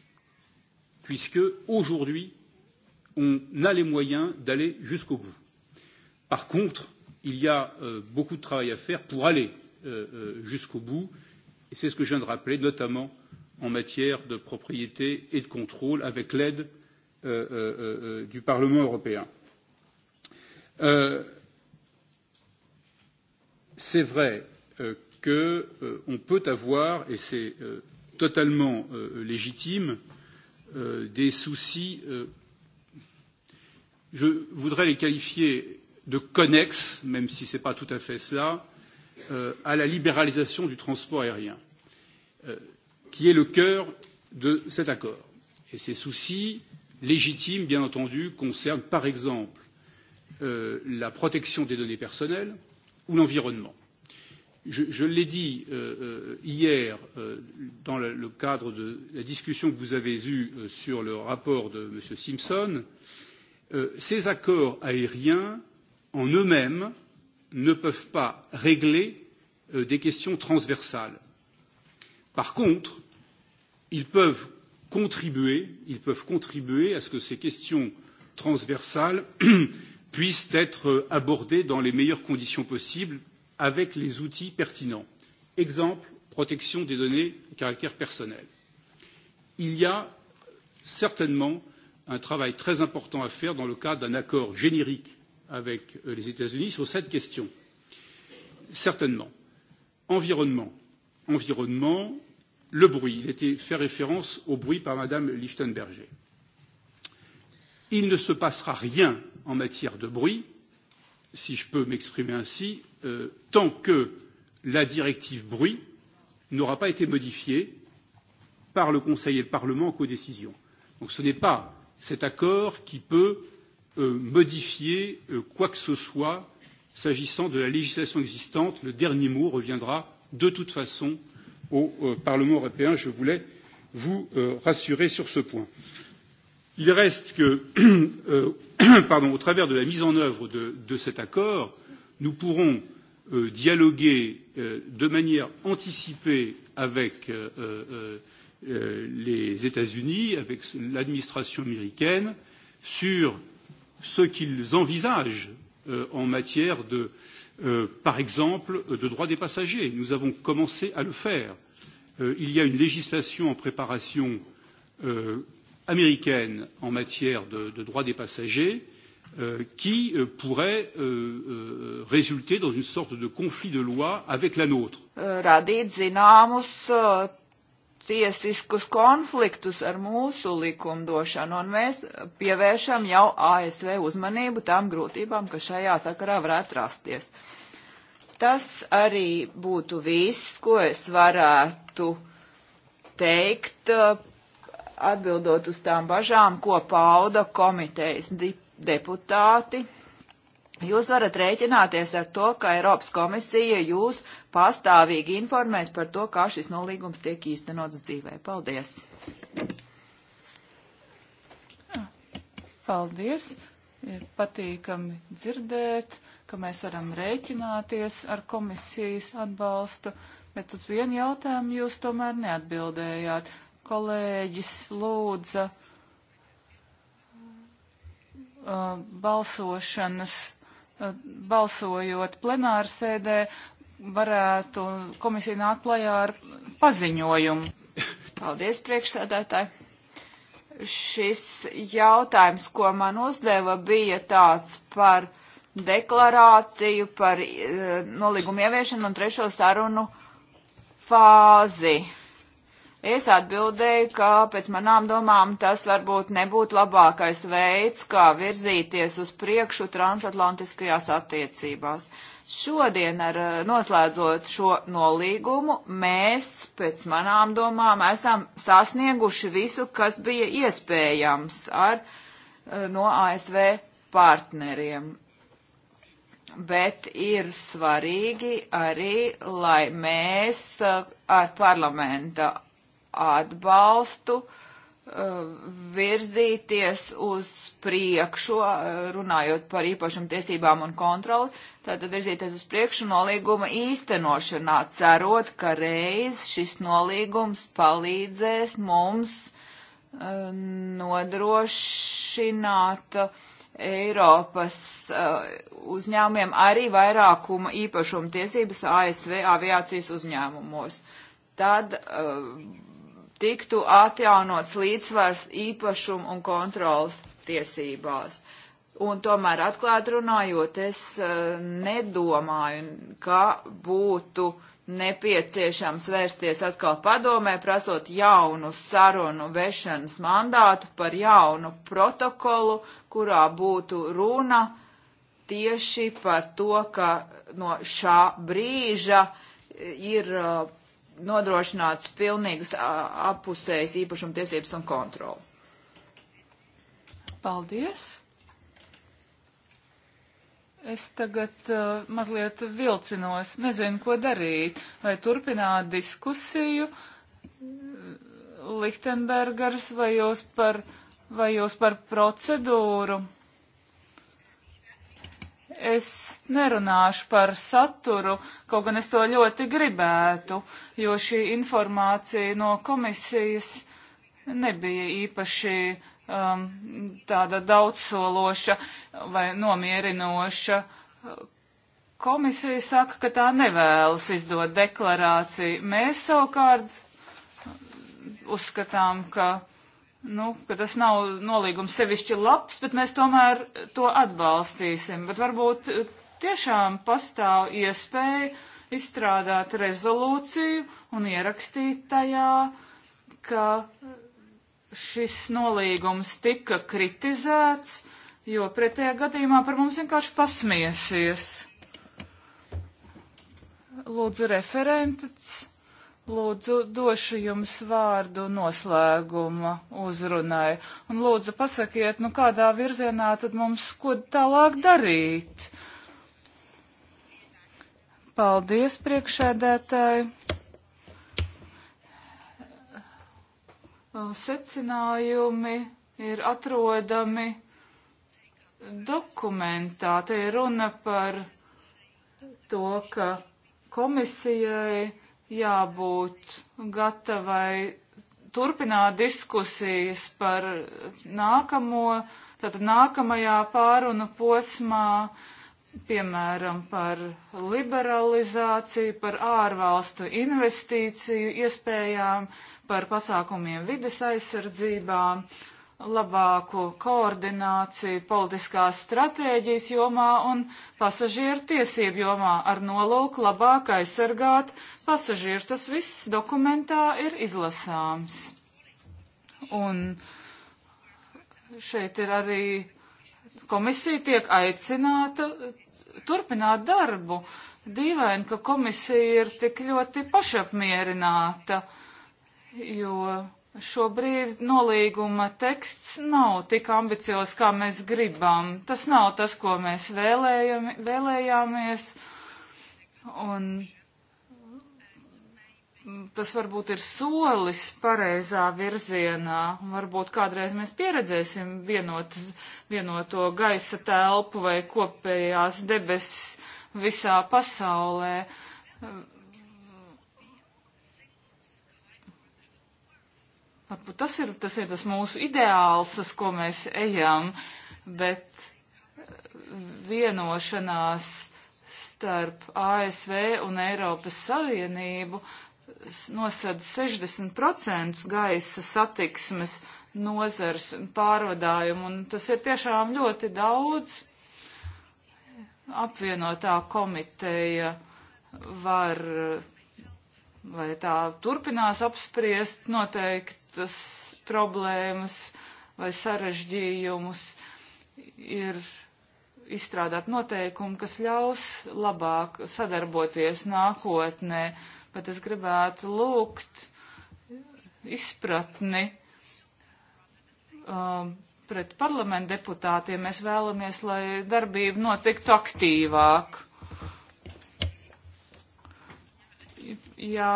puisque aujourd'hui, on a les moyens d'aller jusqu'au bout. Par contre, il y a euh, beaucoup de travail à faire pour aller euh, euh jusqu'au bout, et c'est ce que je viens de rappeler, notamment en matière de propriété et de contrôle, avec l'aide euh, euh, euh, euh du Parlement européen. Euh, Euh, c'est vrai euh, qu'on euh, peut avoir, et c'est euh, totalement euh, légitime, euh, des soucis, euh, je voudrais les qualifier de connexes, même si ce n'est pas tout à fait cela, euh, à la libéralisation du transport aérien, euh, qui est le cœur de cet accord. Et ces soucis légitimes, bien entendu, concernent par exemple euh, la protection des données personnelles ou l'environnement. Je, je l'ai dit euh, euh, hier euh, dans le, le cadre de la discussion que vous avez eue euh, sur le rapport de M. Simpson, euh, ces accords aériens, en eux-mêmes, ne peuvent pas régler euh, des questions transversales. Par contre, ils peuvent contribuer, ils peuvent contribuer à ce que ces questions transversales puissent être abordées dans les meilleures conditions possibles avec les outils pertinents. Exemple, protection des données à caractère personnel. Il y a certainement un travail très important à faire dans le cadre d'un accord générique avec euh, les États-Unis sur cette question. Certainement. Environnement. Environnement, le bruit. Il était fait référence au bruit par Madame Lichtenberger. Euh, il ne se passera rien en matière de bruit, si je peux m'exprimer ainsi, euh, tant que la directive bruit n'aura pas été modifiée par le Conseil et le Parlement en codécision. Donc ce n'est pas cet accord qui peut euh, modifier euh, quoi que ce soit s'agissant de la législation existante. Le dernier mot reviendra de toute façon au euh, Parlement européen. Je voulais vous euh, rassurer sur ce point. Il reste que, euh, pardon, au travers de la mise en œuvre de, de cet accord, nous pourrons euh, dialoguer euh, de manière anticipée avec euh, euh, euh, les États-Unis, avec l'administration américaine, sur ce qu'ils envisagent euh, en matière de, euh, par exemple, de droits des passagers. Nous avons commencé à le faire. Euh, il y a une législation en préparation euh, américaine en matière de, de droits des passagers euh, qui euh, pourrait euh, euh, résulter dans une sorte de conflit de loi avec la nôtre. Euh, radīt zināmus uh, tiesiskus konfliktus ar mūsu likumdošanu, un mēs pievēršam jau ASV uzmanību tām grūtībām, kas šajā sakarā varētu rasties. Tas arī būtu viss, ko es varētu teikt atbildot uz tām bažām, ko pauda komitejas deputāti. Jūs varat rēķināties ar to, ka Eiropas komisija jūs pastāvīgi informēs par to, kā šis nolīgums tiek īstenots dzīvē. Paldies! Paldies! Ir patīkami dzirdēt, ka mēs varam rēķināties ar komisijas atbalstu, bet uz vienu jautājumu jūs tomēr neatbildējāt kolēģis lūdza uh, balsošanas, uh, balsojot plenārsēdē, varētu komisija nākt klajā ar paziņojumu. Paldies, priekšsēdētāji. Šis jautājums, ko man uzdeva, bija tāds par deklarāciju, par uh, nolīgumu ieviešanu un trešo sarunu fāzi. Uh, Es atbildēju, ka pēc manām domām tas varbūt nebūtu labākais veids, kā virzīties uz priekšu transatlantiskajās attiecībās. Šodien, ar eh, noslēdzot šo nolīgumu, mēs pēc manām domām esam sasnieguši visu, kas bija iespējams ar eh, no ASV partneriem. Bet ir svarīgi arī, lai mēs eh, ar parlamenta atbalstu eh, virzīties uz priekšu, eh, runājot par īpašumtiesībām un kontroli, tātad virzīties uz priekšu nolīguma īstenošanā, cerot, ka reiz šis nolīgums palīdzēs mums eh, nodrošināt Eiropas uzņēmumiem arī vairākuma īpašumtiesības ASV aviācijas uzņēmumos. Tad uh, tiktu atjaunots līdzsvars īpašumu un kontrolas tiesībās. Un tomēr atklāt runājot, es uh, nedomāju, ka būtu nepieciešams vērsties atkal padomē, prasot jaunu sarunu vešanas mandātu par jaunu protokolu, kurā būtu runa tieši par to, ka no šā brīža e, ir uh, nodrošināts pilnīgas apusējas īpašuma tiesības un kontroli. Paldies! Es tagad uh, mazliet vilcinos, nezinu, ko darīt, vai turpināt diskusiju Lichtenbergers vai jūs par, vai jūs par procedūru. Es nerunāšu par saturu, kaut gan es to ļoti gribētu, jo šī informācija no komisijas nebija īpaši um, tāda daudzsološa vai nomierinoša. Komisija saka, ka tā nevēlas izdot deklarāciju. Mēs savukārt uzskatām, ka nu, ka tas nav nolīgums sevišķi labs, bet mēs tomēr to atbalstīsim. Bet varbūt eh, tiešām pastāv iespēja izstrādāt rezolūciju un ierakstīt tajā, ka šis nolīgums tika kritizēts, jo pretējā gadījumā par mums vienkārši pasmiesies. Lūdzu, referents. Lūdzu, došu jums vārdu noslēguma uzrunai. Un lūdzu, pasakiet, nu kādā virzienā tad mums ko tālāk darīt? Paldies, priekšēdētāji. Secinājumi ir atrodami dokumentā. Te ir runa par to, ka komisijai jābūt gatavai turpināt diskusijas par nākamo, tātad nākamajā pārunu posmā, piemēram, par liberalizāciju, par ārvalstu investīciju iespējām, par pasākumiem vides aizsardzībām, labāku koordināciju politiskās stratēģijas jomā un pasažieru tiesību jomā ar nolūku labāk aizsargāt pasažieru. Tas viss dokumentā ir izlasāms. Un šeit ir arī komisija tiek aicināta turpināt darbu. Dīvaini, ka komisija ir tik ļoti pašapmierināta, jo šobrīd nolīguma teksts nav tik ambiciozs, kā mēs gribam. Tas nav tas, ko mēs vēlējami, vēlējāmies. Un Mm, tas varbūt ir solis pareizā virzienā, un varbūt kādreiz mēs pieredzēsim vienot, vienoto gaisa telpu vai kopējās debesis visā pasaulē. Varbūt tas ir, tas ir tas mūsu ideāls, uz ko mēs ejam, bet eh, vienošanās starp ASV un Eiropas Savienību nosada 60% gaisa satiksmes nozars pārvadājumu, un tas ir tiešām ļoti daudz. Apvienotā komiteja var, vai tā turpinās apspriest noteiktas problēmas vai sarežģījumus, ir izstrādāt noteikumu, kas ļaus labāk sadarboties nākotnē bet es gribētu lūgt izpratni um, pret parlamentu deputātiem. Mēs vēlamies, lai darbība notiktu aktīvāk. Jā.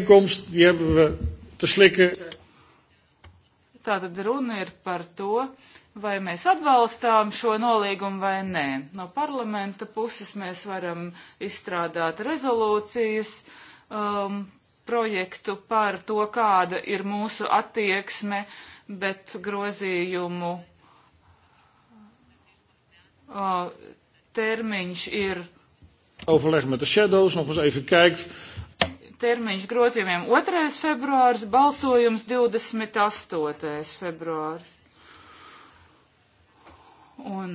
Inkomst, die hebben we te slikken. Tātad runa ir par to, vai mēs atbalstām šo nolīgumu vai nē. No parlamenta puses mēs varam izstrādāt rezolūcijas um, projektu par to, kāda ir mūsu attieksme, bet grozījumu uh, termiņš ir. Overleg met de shadows, nog eens even kijkt termiņš grozījumiem 2. februārs, balsojums 28. februārs. Un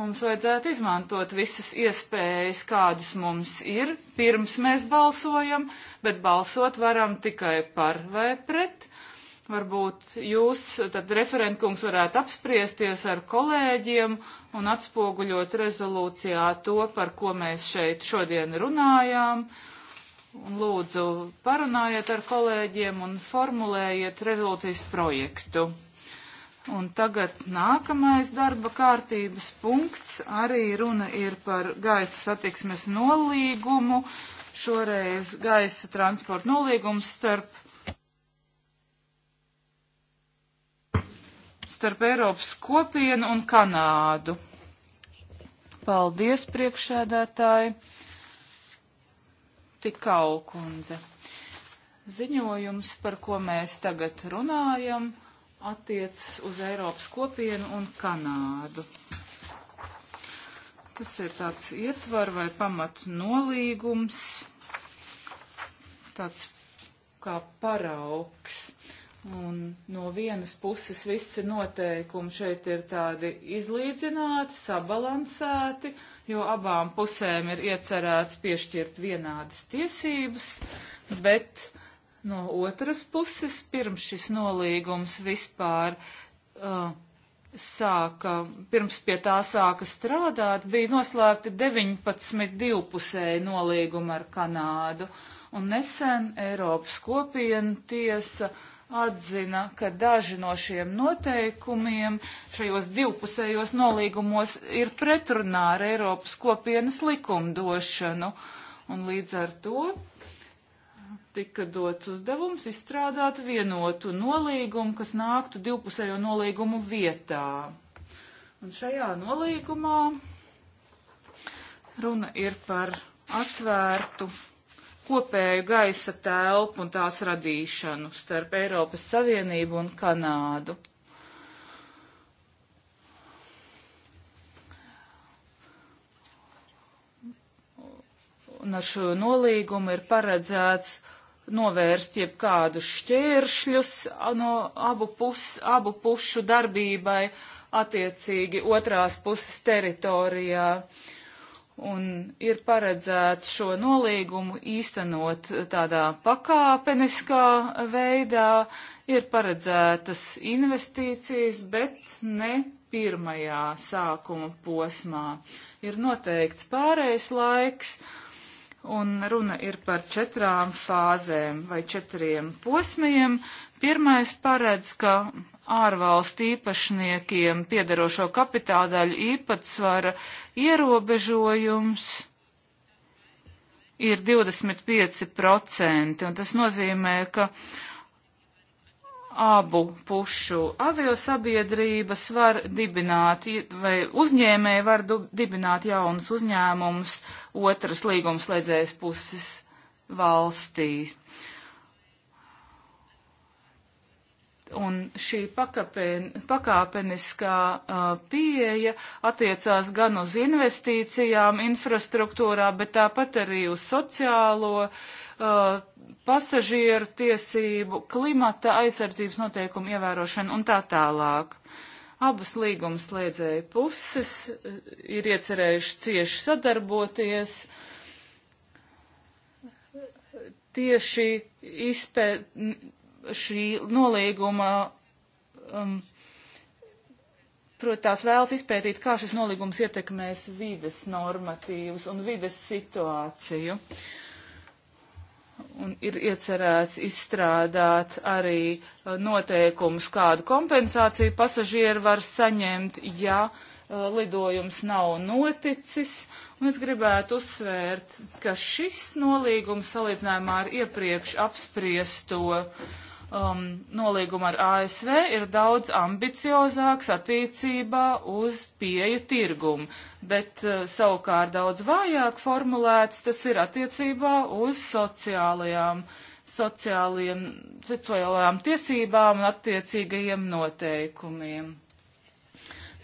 mums vajadzētu izmantot visas iespējas, kādas mums ir, pirms mēs balsojam, bet balsot varam tikai par vai pret. Varbūt jūs, tad referentkungs, varētu apspriesties ar kolēģiem un atspoguļot rezolūcijā to, par ko mēs šeit šodien runājām. Uh, Un lūdzu, parunājiet ar kolēģiem un formulējiet rezolūcijas projektu. Un tagad nākamais darba kārtības punkts. Arī runa ir par gaisa satiksmes nolīgumu. Šoreiz gaisa transporta nolīgums starp, starp Eiropas kopienu un Kanādu. Paldies, priekšēdētāji! Tikau kundze. Ziņojums, par ko mēs tagad runājam, attiec uz Eiropas kopienu un Kanādu. Tas ir tāds ietvar vai pamat nolīgums, tāds kā paraugs. Uh, Un no vienas puses viss noteikumi šeit ir tādi izlīdzināti, sabalansēti, jo abām pusēm ir iecerēts piešķirt vienādas tiesības, bet no otras puses pirms šis nolīgums vispār uh, sāka, pirms pie tā sāka strādāt, bija noslēgti 19 divpusēji nolīgumi ar Kanādu. Uh, un nesen Eiropas kopiena tiesa atzina, ka daži no šiem noteikumiem šajos divpusējos nolīgumos ir pretrunā ar Eiropas kopienas likumdošanu, un līdz ar to tika dots uzdevums izstrādāt vienotu nolīgumu, kas nāktu divpusējo nolīgumu vietā. Un šajā nolīgumā runa ir par atvērtu kopēju gaisa telpu un tās radīšanu starp Eiropas Savienību un Kanādu. Un ar šo nolīgumu ir paredzēts novērst jebkādus šķēršļus no abu, pus, abu pušu darbībai attiecīgi otrās puses teritorijā. Uh, un ir paredzēts šo nolīgumu īstenot tādā pakāpeniskā veidā, ir paredzētas investīcijas, bet ne pirmajā sākuma posmā. Ir noteikts pārējais laiks, un runa ir par četrām fāzēm vai četriem posmiem. Pirmais paredz, ka ārvalstu īpašniekiem piedarošo kapitāla daļu īpatsvara ierobežojums ir 25%, un tas nozīmē, ka abu pušu aviosabiedrības var dibināt, vai uzņēmēji var dibināt jaunus uzņēmumus otras līgumslēdzējas puses valstī. Uh, Un šī pakapien, pakāpeniskā uh, pieeja attiecās gan uz investīcijām infrastruktūrā, bet tāpat arī uz sociālo, uh, pasažieru tiesību, klimata aizsardzības noteikumu ievērošanu un tā tālāk. Abas līguma slēdzēja puses ir iecerējuši cieši sadarboties tieši izpēt šī nolīguma, um, protams, tās vēlas izpētīt, kā šis nolīgums ietekmēs vides normatīvus un vides situāciju. Un ir iecerēts izstrādāt arī uh, noteikumus, kādu kompensāciju pasažieri var saņemt, ja uh, lidojums nav noticis. Un es gribētu uzsvērt, ka šis nolīgums salīdzinājumā ar iepriekš apspriesto uh, um, nolīguma ar ASV ir daudz ambiciozāks attiecībā uz pieju tirgumu, bet uh, savukārt daudz vājāk formulēts tas ir attiecībā uz sociālajām, sociālajām, sociālajām tiesībām un attiecīgajiem noteikumiem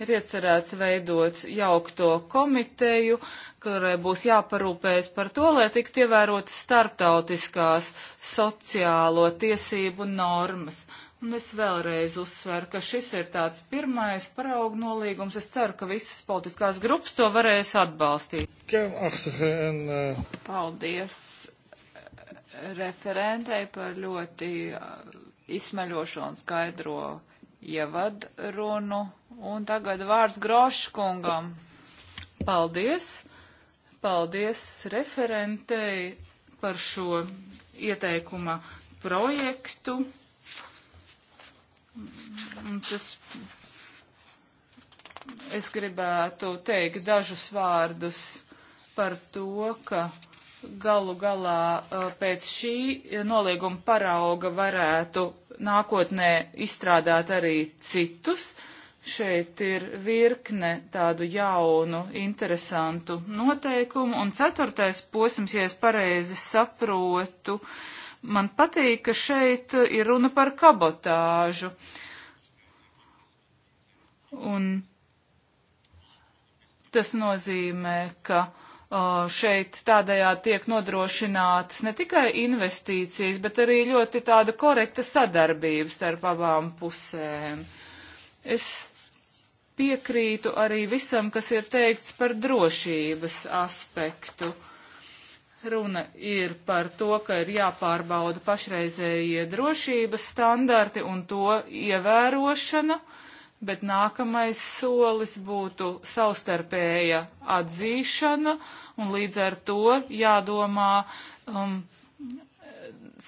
ir iecerēts veidot jaukto komiteju, kurai būs jāparūpējas par to, lai tiktu ievērotas starptautiskās sociālo tiesību normas. Un es vēlreiz uzsveru, ka šis ir tāds pirmais paraugu nolīgums. Es ceru, ka visas politiskās grupas to varēs atbalstīt. Eh, Paldies eh, referentei par ļoti eh, izsmeļošo un skaidro ievadrunu. Un tagad vārds Groškungam. Paldies! Paldies referentei par šo ieteikuma projektu. Un tas es gribētu teikt dažus vārdus par to, ka galu galā pēc šī nolieguma parauga varētu nākotnē izstrādāt arī citus. Šeit ir virkne tādu jaunu, interesantu noteikumu. Un ceturtais posms, ja es pareizi saprotu, man patīk, ka šeit ir runa par kabotāžu. Un tas nozīmē, ka šeit tādējādi tiek nodrošinātas ne tikai investīcijas, bet arī ļoti tāda korekta sadarbība starp abām pusēm. Es piekrītu arī visam, kas ir teikts par drošības aspektu. Runa ir par to, ka ir jāpārbauda pašreizējie drošības standarti un to ievērošana. Uh, bet nākamais solis būtu savstarpēja atzīšana un līdz ar to jādomā um,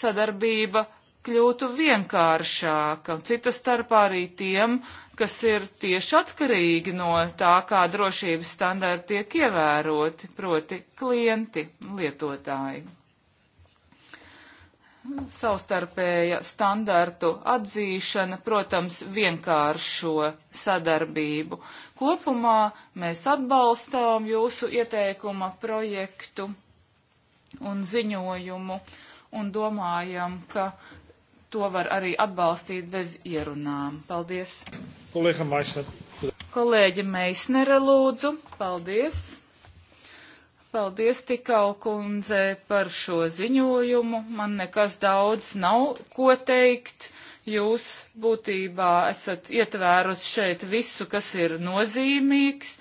sadarbība kļūtu vienkāršāka, cita starpā arī tiem, kas ir tieši atkarīgi no tā, kā drošības standarti tiek ievēroti, proti klienti, lietotāji savstarpēja standartu atzīšana, protams, vienkāršo sadarbību. Kopumā mēs atbalstām jūsu ieteikuma projektu un ziņojumu un domājam, ka to var arī atbalstīt bez ierunām. Paldies. Kolēģi Meisnere lūdzu. Paldies. Paldies tikau kundze par šo ziņojumu. Man nekas daudz nav ko teikt. Jūs būtībā esat ietvērus šeit visu, kas ir nozīmīgs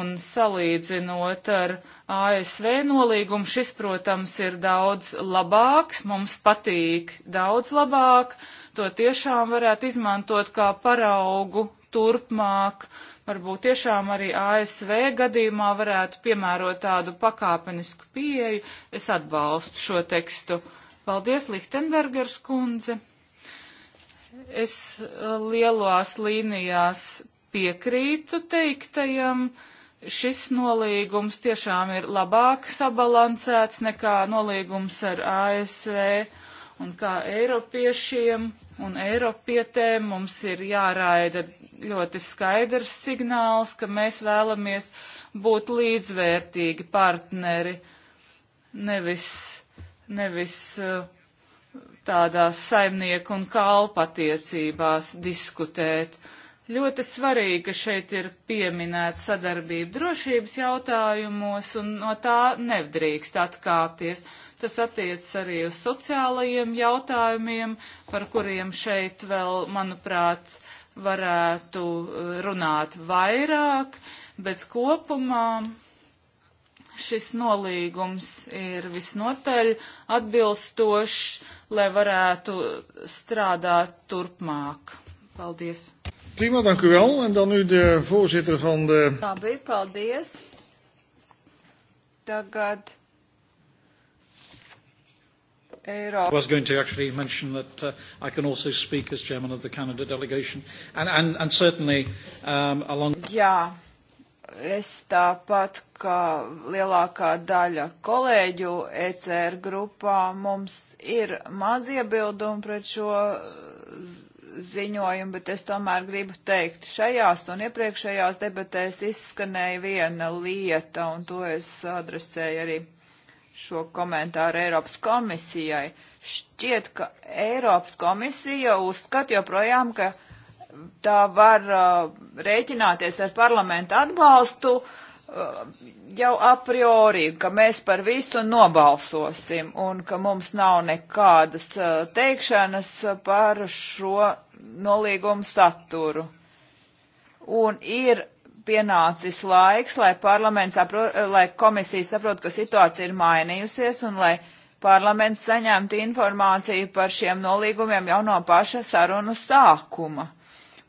un salīdzinot ar ASV nolīgumu, šis, protams, ir daudz labāks, mums patīk daudz labāk, to tiešām varētu izmantot kā paraugu turpmāk, varbūt tiešām arī ASV gadījumā varētu piemērot tādu pakāpenisku pieeju. Es atbalstu šo tekstu. Paldies, Lichtenbergers kundze. Es uh, lielās līnijās piekrītu teiktajam. Šis nolīgums tiešām ir labāk sabalansēts nekā nolīgums ar ASV un kā Eiropiešiem un Eiropietēm mums ir jāraida ļoti skaidrs signāls, ka mēs vēlamies būt līdzvērtīgi partneri, nevis, nevis uh, tādās saimnieku un kalpatiecībās diskutēt. Ļoti svarīgi, ka šeit ir pieminēta sadarbība drošības jautājumos, un no tā nedrīkst atkāpties. Tas attiecas arī uz sociālajiem jautājumiem, par kuriem šeit vēl, manuprāt, uh, varētu eh, runāt vairāk, bet kopumā šis nolīgums ir visnotaļ atbilstošs, lai varētu strādāt turpmāk. Paldies! Prima, dank u wel. En dan nu de voorzitter van de. Labi, paldies. Tagad Eiropu. I was going to actually mention that uh, I can also speak as chairman of the Canada delegation and, and, and certainly um, along. Jā, es tāpat kā lielākā daļa kolēģu ECR grupā mums ir maz iebildumi pret šo ziņojumu, bet es tomēr gribu teikt, šajās un iepriekšējās debatēs izskanēja viena lieta, un to es adresēju arī šo komentāru Eiropas komisijai. Šķiet, ka Eiropas komisija uzskat joprojām, ka tā var uh, rēķināties ar parlamentu atbalstu uh, jau a priori, ka mēs par visu nobalsosim un ka mums nav nekādas uh, teikšanas par šo nolīgumu saturu. Un ir pienācis laiks, lai, apro, lai komisija saprot, ka situācija ir mainījusies un lai parlaments saņemtu informāciju par šiem nolīgumiem jau no paša sarunu sākuma.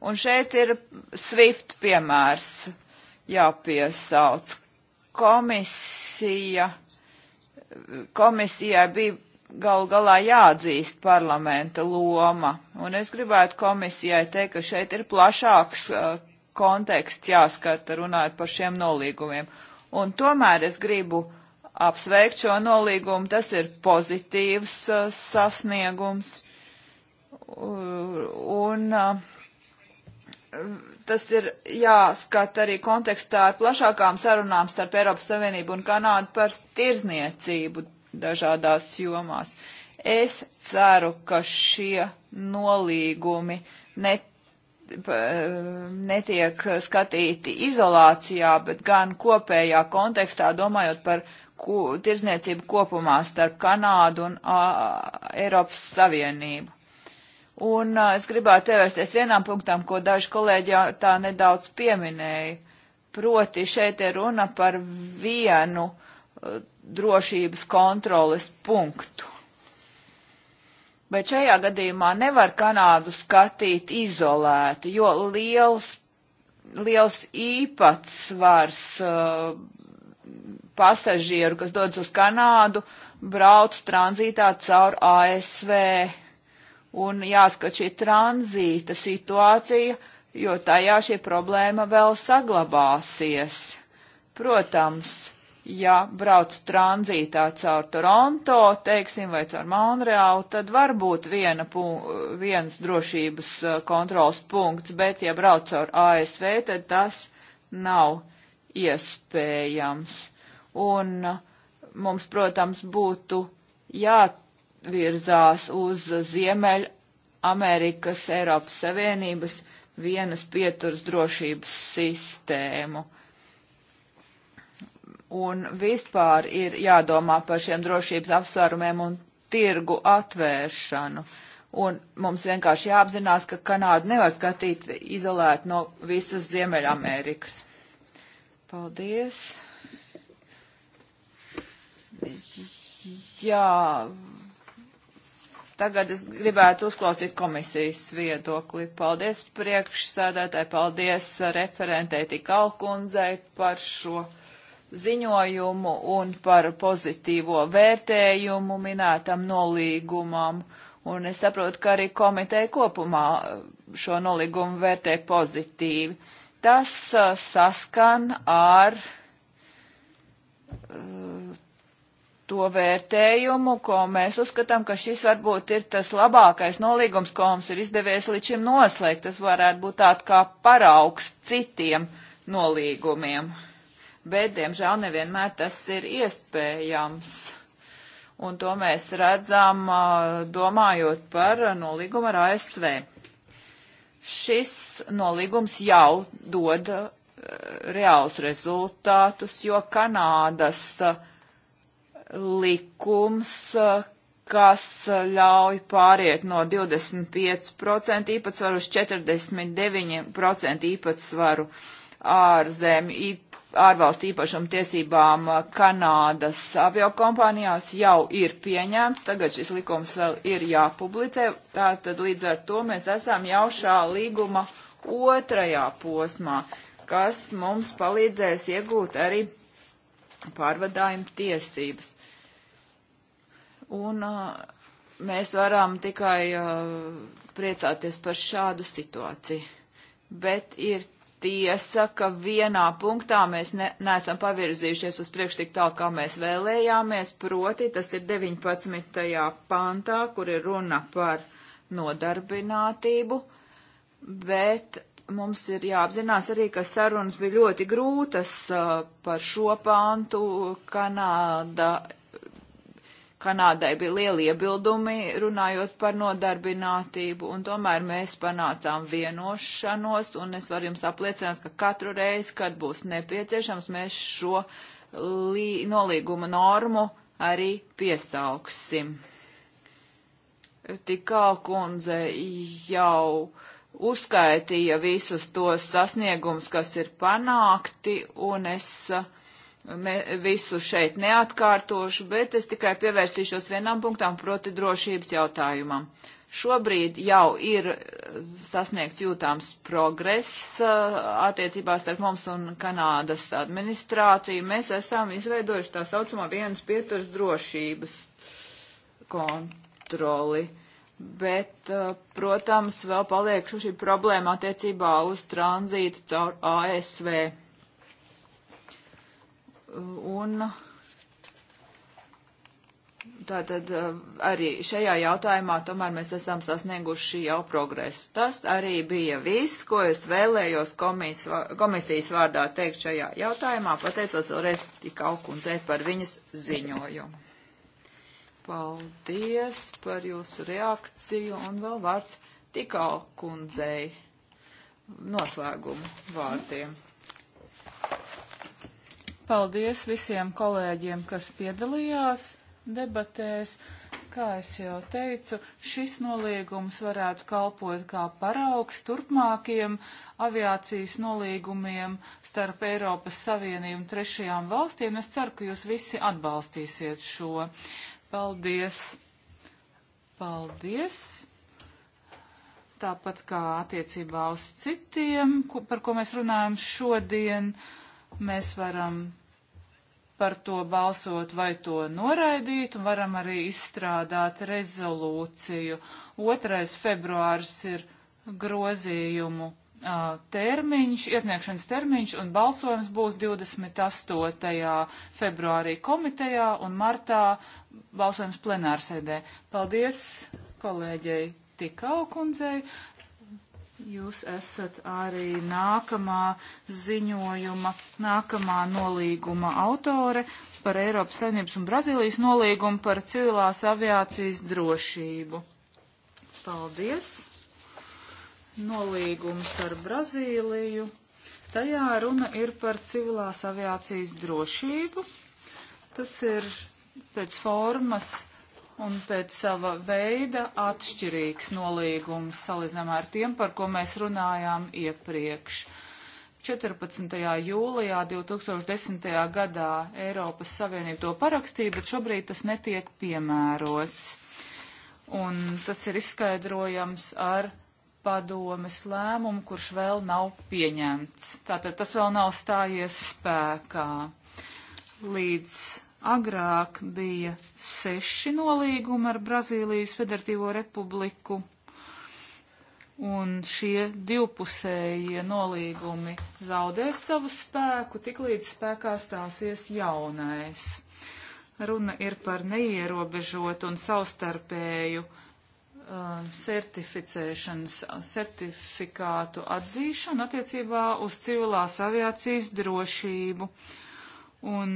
Un šeit ir SWIFT piemērs jāpiesauc. Komisija, komisijai bija gal galā jāatzīst parlamenta loma, un es gribētu komisijai teikt, ka šeit ir plašāks uh, konteksts jāskata runājot par šiem nolīgumiem. Un tomēr es gribu apsveikt šo nolīgumu, tas ir pozitīvs uh, sasniegums. Un uh, tas ir jāskata arī kontekstā ar plašākām sarunām starp Eiropas Savienību un Kanādu par tirzniecību dažādās jomās. Es ceru, ka šie nolīgumi net Um, netiek skatīti izolācijā, bet gan kopējā kontekstā, domājot par ko, tirzniecību kopumā starp Kanādu un a, Eiropas Savienību. Un a, es gribētu pievērsties vienam punktam, ko daži kolēģi tā nedaudz pieminēja. Proti šeit ir runa par vienu a, drošības kontroles punktu Bet šajā gadījumā nevar Kanādu skatīt izolēti, jo liels, liels īpatsvars uh, pasažieru, kas dodas uz Kanādu, brauc tranzītā caur ASV. Un jāskat šī tranzīta situācija, jo tajā šī problēma vēl saglabāsies. Protams, ja brauc tranzītā caur Toronto, teiksim, vai caur Monreālu, tad var būt viena punk viens drošības eh, kontrols punkts, bet ja brauc caur ASV, tad tas nav iespējams. Un eh, mums, protams, būtu jāvirzās uz Ziemeļ Amerikas Eiropas Savienības vienas pieturas drošības sistēmu un vispār ir jādomā par šiem drošības apsvērumiem un tirgu atvēršanu. Un mums vienkārši jāapzinās, ka Kanādu nevar skatīt izolēt no visas Ziemeļamerikas. Paldies. Jā, tagad es gribētu uzklausīt komisijas viedokli. Paldies priekšsēdētāji, paldies referentei Tikalkundzei par šo ziņojumu un par pozitīvo vērtējumu minētam nolīgumam. Un es saprotu, ka arī komiteja kopumā uh, šo nolīgumu vērtē pozitīvi. Tas uh, saskan ar uh, to vērtējumu, ko mēs uzskatām, ka šis varbūt ir tas labākais nolīgums, ko mums ir izdevies līdz šim noslēgt. Tas varētu būt tāds kā paraugs citiem nolīgumiem bet, diemžēl, nevienmēr tas ir iespējams. Un to mēs redzam, domājot par nolīgumu ar ASV. Šis nolīgums jau dod reāls rezultātus, jo Kanādas likums, kas ļauj pāriet no 25% īpatsvaru uz 49% īpatsvaru ārzemju ārvalstu īpašumu tiesībām Kanādas aviokompānijās jau ir pieņemts, tagad šis likums vēl ir jāpublicē, tātad līdz ar to mēs esam jau šā līguma otrajā posmā, kas mums palīdzēs iegūt arī pārvadājumu tiesības. Un uh, mēs varam tikai uh, priecāties par šādu situāciju. Bet ir tiesa, ka vienā punktā mēs ne, neesam pavirzījušies uz priekšu tik tālu, kā mēs vēlējāmies, proti tas ir 19. pantā, kur ir runa par nodarbinātību, bet mums ir jāapzinās arī, ka sarunas bija ļoti grūtas uh, par šo pantu. Kanāda Kanādai bija lieli iebildumi runājot par nodarbinātību, un tomēr mēs panācām vienošanos, un es varu jums apliecināt, ka katru reizi, kad būs nepieciešams, mēs šo nolīguma normu arī piesauksim. Tikā kundze jau uzskaitīja visus tos sasniegums, kas ir panākti, un es uh, me, visu šeit neatkārtošu, bet es tikai pievērsīšos vienam punktam, proti drošības jautājumam. Šobrīd jau ir eh, sasniegts jūtāms progress eh, attiecībās starp mums un Kanādas administrāciju. Mēs esam izveidojuši tā saucamo vienas pieturas drošības kontroli. Bet, eh, protams, vēl paliek šī problēma attiecībā uz tranzītu caur ASV Un tātad eh, arī šajā jautājumā tomēr mēs esam sasnieguši jau progresu. Tas arī bija viss, ko es vēlējos komis, komisijas vārdā teikt šajā jautājumā. Pateicos vēlreiz tikau kundzei par viņas ziņojumu. Paldies par jūsu reakciju un vēl vārds tikau kundzei noslēgumu vārdiem. Paldies visiem kolēģiem, kas piedalījās debatēs. Kā es jau teicu, šis noliegums varētu kalpot kā paraugs turpmākiem aviācijas noliegumiem starp Eiropas Savienību un trešajām valstīm. Es ceru, ka jūs visi atbalstīsiet šo. Paldies! Paldies! Tāpat kā attiecībā uz citiem, ko, par ko mēs runājam šodien, mēs varam par to balsot vai to noraidīt, un varam arī izstrādāt rezolūciju. 2. februārs ir grozījumu uh, termiņš, iesniegšanas termiņš, un balsojums būs 28. februārī komitejā un martā balsojums plenārsēdē. Paldies kolēģei Tikau kundzei. Jūs esat arī nākamā ziņojuma, nākamā nolīguma autore par Eiropas Savienības un Brazīlijas nolīgumu par civilās aviācijas drošību. Paldies! Nolīgums ar Brazīliju. Tajā runa ir par civilās aviācijas drošību. Tas ir pēc formas un pēc sava veida atšķirīgs nolīgums salīdzinām ar tiem, par ko mēs runājām iepriekš. 14. jūlijā 2010. gadā Eiropas Savienība to parakstīja, bet šobrīd tas netiek piemērots. Un tas ir izskaidrojams ar padomes lēmumu, kurš vēl nav pieņemts. Tātad tas vēl nav stājies spēkā līdz Agrāk bija seši nolīgumi ar Brazīlijas Federatīvo republiku, un šie divpusējie nolīgumi zaudēs savu spēku, tiklīdz spēkā stāsies jaunais. Runa ir par neierobežotu un savstarpēju um, certificēšanas, certifikātu atzīšanu attiecībā uz civilās aviācijas drošību. Un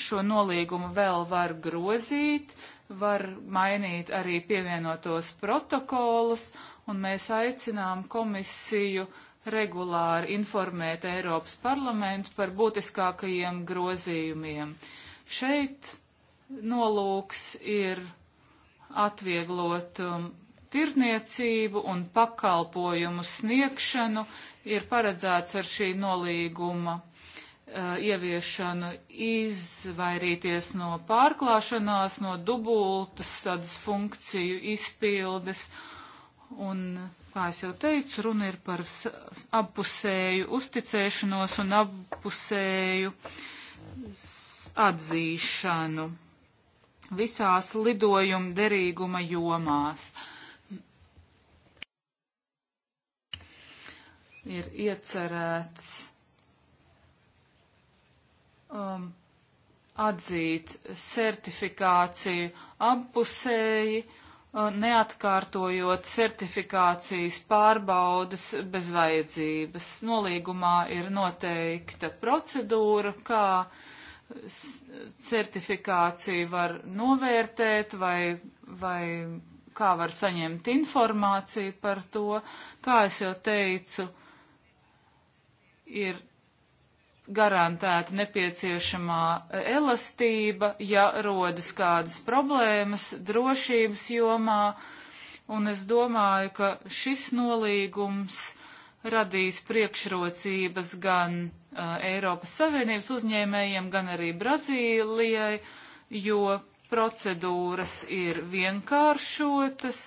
šo nolīgumu vēl var grozīt, var mainīt arī pievienotos protokolus, un mēs aicinām komisiju regulāri informēt Eiropas parlamentu par būtiskākajiem grozījumiem. Šeit nolūks ir atvieglot um, tirzniecību un pakalpojumu sniegšanu, ir paredzēts ar šī nolīguma uh, ieviešanu izvairīties no pārklāšanās, no dubultas tādas funkciju izpildes. Un, kā es jau teicu, runa ir par apusēju uzticēšanos un apusēju atzīšanu visās lidojuma derīguma jomās. Ir iecerēts um, atzīt certifikāciju apusēji, uh, neatkārtojot certifikācijas pārbaudas bez vajadzības. Nolīgumā ir noteikta procedūra, kā certifikāciju var novērtēt vai, vai kā var saņemt informāciju par to. Kā es jau teicu, ir garantēta nepieciešamā elastība, ja rodas kādas problēmas drošības jomā, un es domāju, ka šis nolīgums radīs priekšrocības gan uh, Eiropas Savienības uzņēmējiem, gan arī Brazīlijai, jo procedūras ir vienkāršotas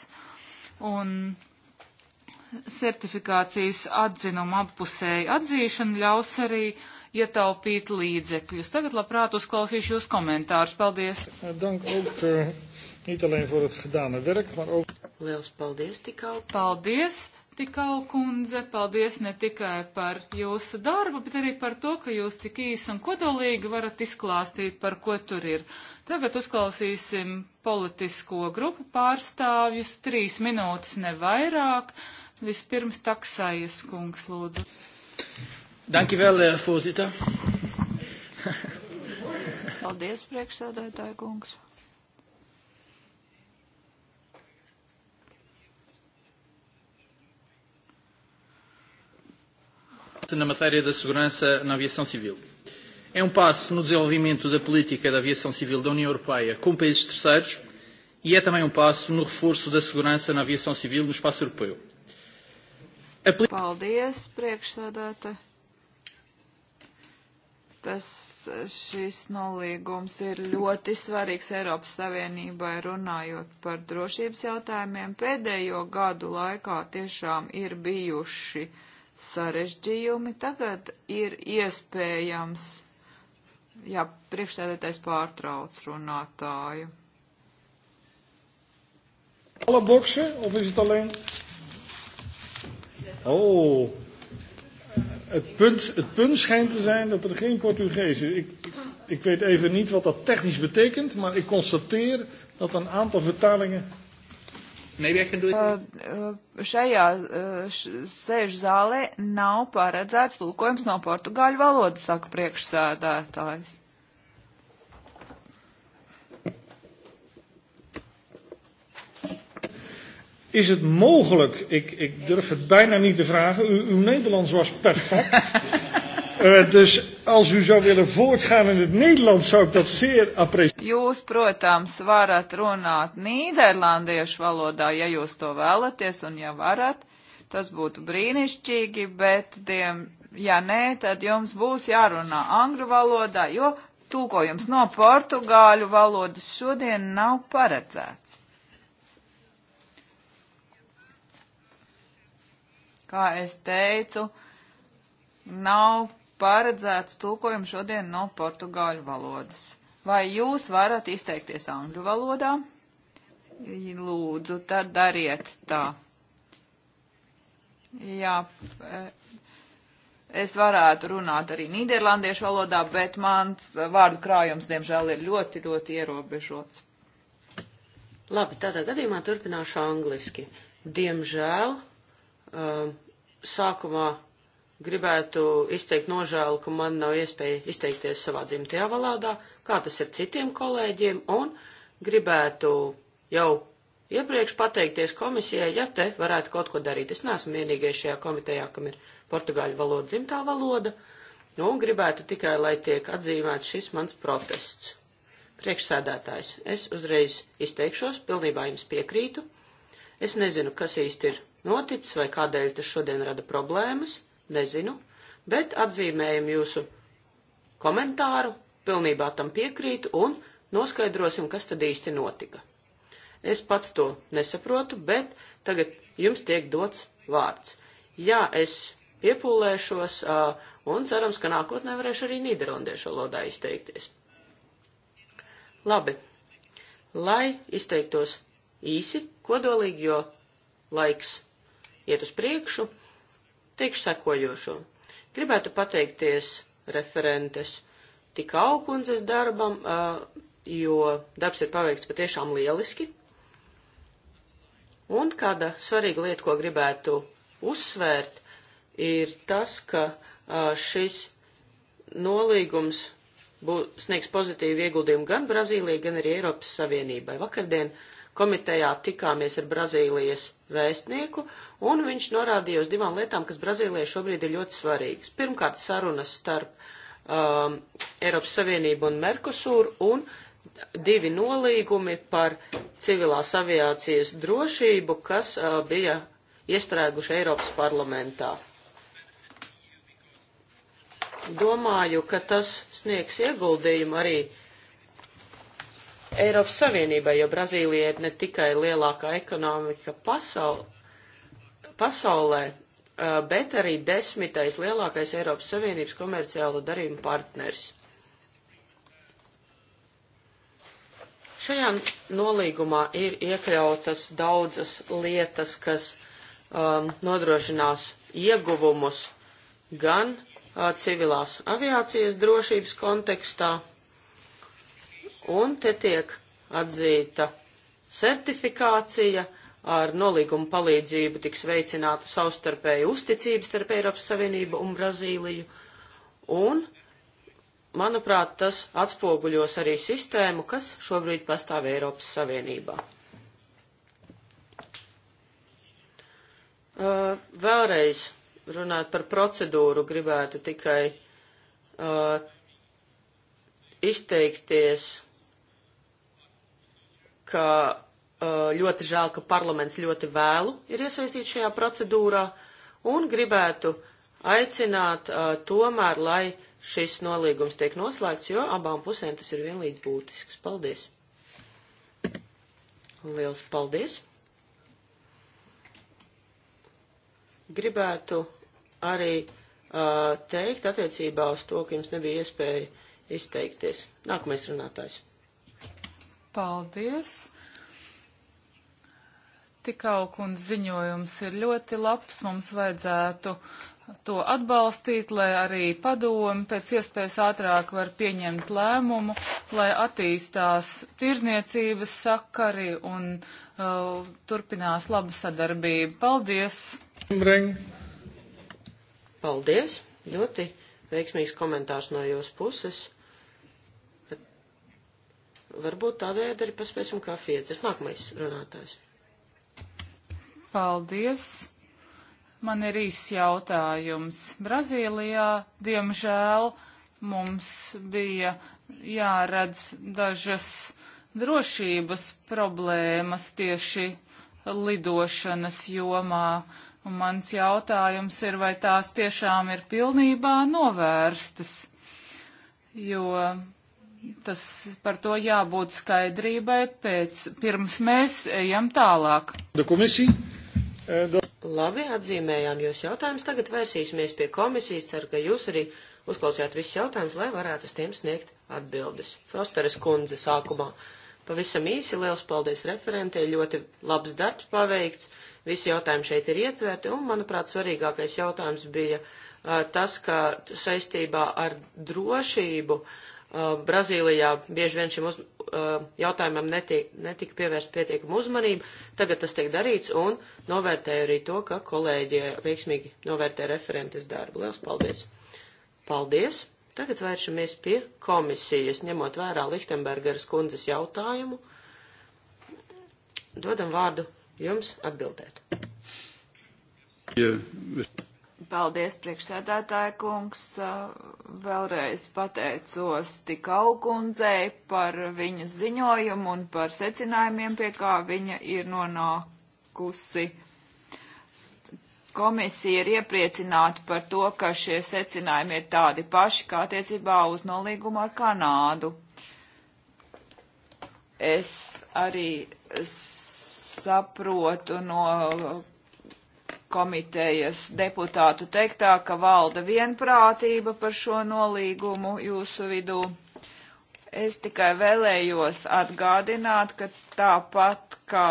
un certifikācijas atzinuma apusēja atzīšana ļaus arī uh, ietaupīt līdzekļus. Tagad labprāt uzklausīšu jūs komentārus. Paldies! Dank ook, eh, niet alleen voor het gedane werk, maar ook... Liels paldies, Tikau! Paldies, Tikau kundze! Paldies ne tikai par jūsu darbu, bet arī par to, ka jūs tik īsi un kodolīgi varat izklāstīt, par ko tur ir. Tagad uzklausīsim politisko grupu pārstāvjus. Trīs minūtes, ne vairāk. Vispirms taksājas kungs, lūdzu. Dankjewel, eh, voorzitter. Paldies, priekšsēdētāji kungs. na matéria da segurança na aviação civil. É um passo no desenvolvimento da política da aviação civil da União Europeia com países terceiros e é também um passo no reforço da segurança na aviação civil no espaço europeu. A... Paldies, priekšsādāta tas, šis nolīgums ir ļoti svarīgs Eiropas Savienībai runājot par drošības jautājumiem. Pēdējo gadu laikā tiešām ir bijuši sarežģījumi. Tagad ir iespējams, ja priekšsēdētais pārtrauc runātāju. Alle boksen, of is het alleen? Oh. Het punt, het punt schijnt te zijn dat er geen Portugees is. Ik, ik weet even niet wat dat technisch betekent, maar ik constateer dat een aantal vertalingen. Maybe I can do it. Uh, šajā uh, eh, sēžu zālē nav paredzēts tulkojums no portugāļu valodas, saka priekšsēdētājs. Is het mogelijk, ik, ik durf het bijna niet te vragen, u, uw Nederlands was perfect. uh, dus als u zou willen voortgaan in het Nederlands, zou ik dat zeer appreciëren. Jūs, protams, varat runāt Nīderlandiešu valodā, ja jūs to vēlaties un ja varat. Tas būtu brīnišķīgi, bet, diem, ja nē, tad jums būs jārunā angļu valodā, jo tulkojums no portugāļu valodas šodien nav paredzēts. Kā es teicu, nav paredzēts tulkojums šodien no portugāļu valodas. Vai jūs varat izteikties angļu valodā? Lūdzu, tad dariet tā. Jā, es varētu runāt arī nīderlandiešu valodā, bet mans vārdu krājums, diemžēl, ir ļoti, ļoti ierobežots. Labi, tādā gadījumā turpināšu angliski. Diemžēl. Um, Sākumā gribētu izteikt nožēlu, ka man nav iespēja izteikties savā dzimtajā valodā, kā tas ir citiem kolēģiem, un gribētu jau iepriekš pateikties komisijai, ja te varētu kaut ko darīt. Es neesmu vienīgais šajā komitejā, kam ir portugāļu valoda dzimtā valoda, nu, un gribētu tikai, lai tiek atzīmēts šis mans protests. Priekšsēdētājs, es uzreiz izteikšos, pilnībā jums piekrītu. Es nezinu, kas īsti ir noticis vai kādēļ tas šodien rada problēmas, nezinu, bet atzīmējam jūsu komentāru, pilnībā tam piekrītu un noskaidrosim, kas tad īsti notika. Es pats to nesaprotu, bet tagad jums tiek dots vārds. Jā, es piepūlēšos uh, un cerams, ka nākotnē varēšu arī nīderlandiešu valodā izteikties. Labi, lai izteiktos īsi, kodolīgi, jo laiks iet uz priekšu, teikšu sekojošo. Gribētu pateikties referentes tik augundzes darbam, jo darbs ir paveikts patiešām lieliski. Un kāda svarīga lieta, ko gribētu uzsvērt, ir tas, ka šis nolīgums būs sniegs pozitīvu ieguldījumu gan Brazīlijai, gan arī Eiropas Savienībai. Vakardien komitejā tikāmies ar Brazīlijas vēstnieku, uh, un viņš norādīja uz divām lietām, kas Brazīlijai šobrīd ir ļoti svarīgas. Pirmkārt, sarunas starp um, Eiropas Savienību un Merkusūru un divi nolīgumi par civilās aviācijas drošību, kas uh, bija iestrēguši Eiropas parlamentā. Domāju, ka tas sniegs ieguldījumu arī Eiropas Savienībai, jo Brazīlija ir ne tikai lielākā ekonomika pasaul, pasaulē, bet arī desmitais lielākais Eiropas Savienības komerciālo darījumu partners. Šajā nolīgumā ir iekļautas daudzas lietas, kas um, nodrošinās ieguvumus gan uh, civilās aviācijas drošības kontekstā, un te tiek atzīta certifikācija, uh, ar nolīgumu palīdzību tiks veicināta savstarpēja uzticības starp Eiropas Savienību un Brazīliju. Un, manuprāt, tas atspoguļos arī sistēmu, kas šobrīd pastāv Eiropas Savienībā. Uh, vēlreiz runāt par procedūru gribētu tikai uh, izteikties, ka Eh, ļoti žēl, ka parlaments ļoti vēlu ir iesaistīts šajā procedūrā un gribētu aicināt eh, tomēr, lai šis nolīgums tiek noslēgts, jo abām pusēm tas ir vienlīdz būtisks. Paldies! Liels paldies! Gribētu arī uh, teikt attiecībā uz to, ka jums nebija iespēja izteikties. Nākamais runātājs. Paldies! Tikaukuns ziņojums ir ļoti labs, mums vajadzētu to atbalstīt, lai arī padomi pēc iespējas ātrāk var pieņemt lēmumu, lai attīstās tirzniecības sakari un uh, turpinās laba sadarbība. Paldies! Bring. Paldies! Ļoti veiksmīgs komentārs no jūsu puses. Bet varbūt tādēļ arī paspēsim kafijas. Nākamais runātājs. Paldies! Man ir īsts jautājums. Brazīlijā, diemžēl, mums bija jāredz dažas drošības problēmas tieši lidošanas jomā. Un mans jautājums ir, vai tās tiešām ir pilnībā novērstas, jo tas par to jābūt skaidrībai pēc, pirms mēs ejam tālāk. Dokumencija. Labi, atzīmējām jūs jautājumus. Tagad vērsīsimies pie komisijas. Ceru, ka jūs arī uzklausījāt visus jautājumus, lai varētu uz tiem sniegt atbildes. Fosteres kundze sākumā. Pavisam īsi, liels paldies referentē, ļoti labs darbs paveikts, visi jautājumi šeit ir ietverti, un, manuprāt, svarīgākais jautājums bija uh, tas, ka saistībā ar drošību uh, Brazīlijā bieži vien šim uz, Uh, jautājumam netiek, netika pievērst pietiekama uzmanība. Tagad tas tiek darīts un novērtēju arī to, ka kolēģi veiksmīgi novērtē referentes darbu. Lielas paldies! Paldies! Tagad vēršamies pie komisijas, ņemot vērā Lichtenbergeras kundzes jautājumu. Dodam vārdu jums atbildēt. Yeah. Paldies, priekšsēdētāja kungs. Vēlreiz pateicos tik augundzei par viņas ziņojumu un par secinājumiem, pie kā viņa ir nonākusi. Komisija ir iepriecināta par to, ka šie secinājumi ir tādi paši kā attiecībā uz nolīgumu ar Kanādu. Es arī saprotu no komitejas deputātu teiktā, ka valda vienprātība par šo nolīgumu jūsu vidū. Es tikai vēlējos atgādināt, ka tāpat kā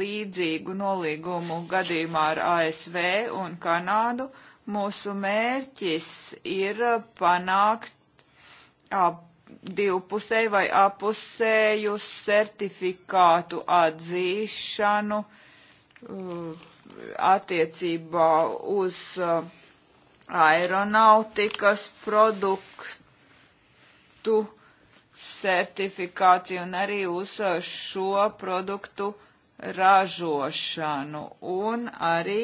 līdzīgu nolīgumu gadījumā ar ASV un Kanādu, mūsu mērķis ir panākt ap, divpusēju vai apusēju sertifikātu atzīšanu. Uh, attiecībā uz uh, aeronautikas produktu certifikāciju un arī uz uh, šo produktu ražošanu un arī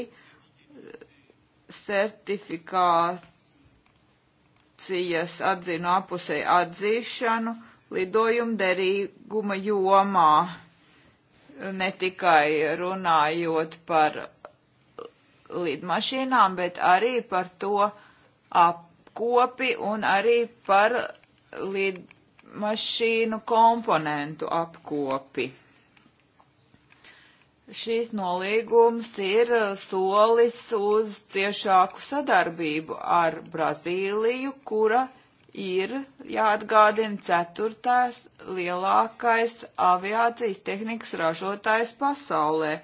certifikācijas atzinu apusēju atzīšanu lidojumu derīguma jomā ne tikai runājot par lidmašīnām, bet arī par to apkopi un arī par lidmašīnu komponentu apkopi. Šīs nolīgums ir solis uz ciešāku sadarbību ar Brazīliju, kura ir jāatgādina ceturtais lielākais aviācijas tehnikas ražotājs pasaulē.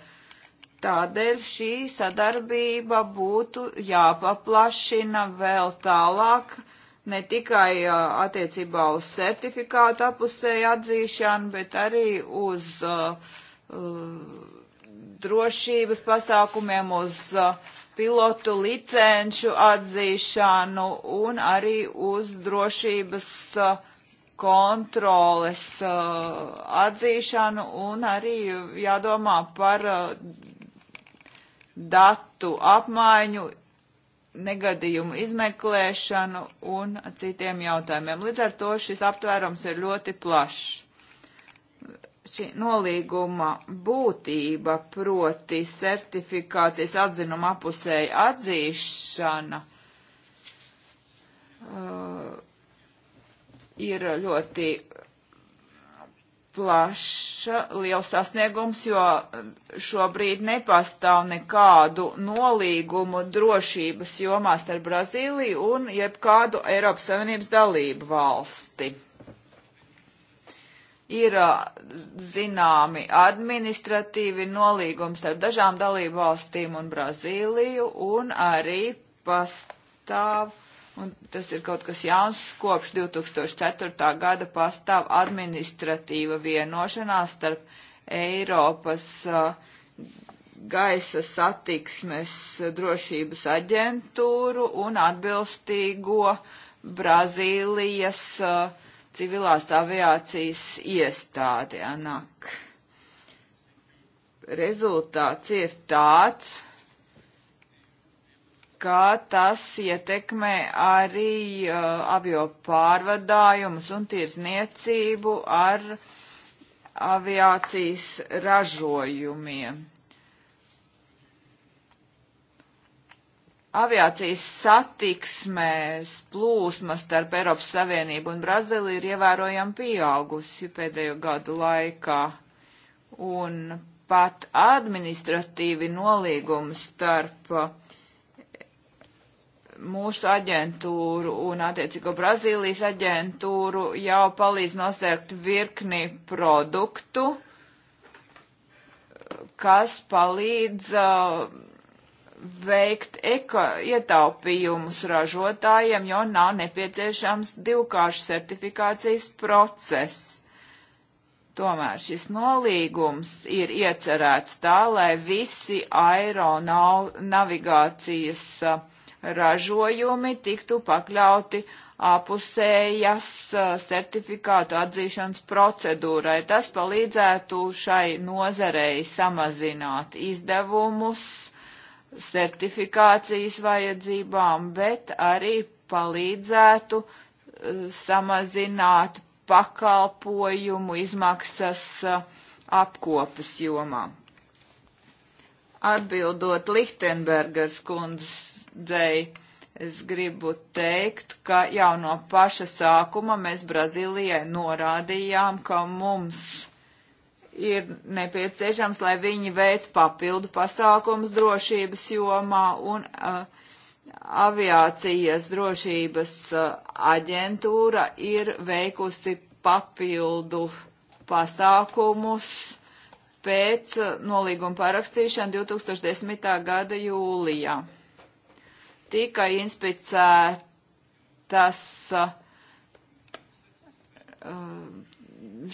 Tādēļ šī sadarbība būtu jāpaplašina vēl tālāk, ne tikai uh, attiecībā uz certifikātu apusēju atzīšanu, bet arī uz uh, uh, drošības pasākumiem, uz uh, pilotu licenšu atzīšanu un arī uz drošības uh, kontroles uh, atzīšanu un arī jādomā par uh, datu apmaiņu, negadījumu izmeklēšanu un citiem jautājumiem. Līdz ar to šis aptvērums ir ļoti plašs šī nolīguma būtība, proti certifikācijas atzinuma apusēja atzīšana, uh, ir ļoti plaša, liels sasniegums, jo šobrīd nepastāv nekādu nolīgumu drošības jomā starp Brazīliju un jebkādu Eiropas Savienības dalību valsti ir zināmi administratīvi nolīgums ar dažām dalību valstīm un Brazīliju, un arī pastāv, un tas ir kaut kas jauns, kopš 2004. gada pastāv administratīva vienošanās starp Eiropas uh, gaisa satiksmes drošības aģentūru un atbilstīgo Brazīlijas uh, civilās aviācijas iestādi ANAK. Rezultāts ir tāds, ka tas ietekmē arī uh, avio pārvadājumus un tirzniecību ar aviācijas ražojumiem. aviācijas satiksmēs plūsmas starp Eiropas Savienību un Brazīliju ir ievērojami pieaugusi pēdējo gadu laikā. Un pat administratīvi nolīgumi starp mūsu aģentūru un attiecīgo Brazīlijas aģentūru jau palīdz nosērkt virkni produktu, kas palīdz uh, veikt eko ietaupījumus ražotājiem, jo nav nepieciešams divkāršs certifikācijas process. Tomēr šis nolīgums ir iecerēts tā, lai visi aeronavigācijas ražojumi tiktu pakļauti apusējas certifikātu atzīšanas procedūrai. Tas palīdzētu šai nozarei samazināt izdevumus, sertifikācijas vajadzībām, bet arī palīdzētu eh, samazināt pakalpojumu izmaksas eh, apkopes jomā. Atbildot Lichtenbergers kundzei, es gribu teikt, ka jau no paša sākuma mēs Brazīlijai norādījām, ka mums ir nepieciešams, lai viņi veic papildu pasākums drošības jomā un uh, aviācijas drošības uh, aģentūra ir veikusi papildu pasākumus pēc uh, nolīguma parakstīšana 2010. gada jūlijā. Tika inspicētas uh, uh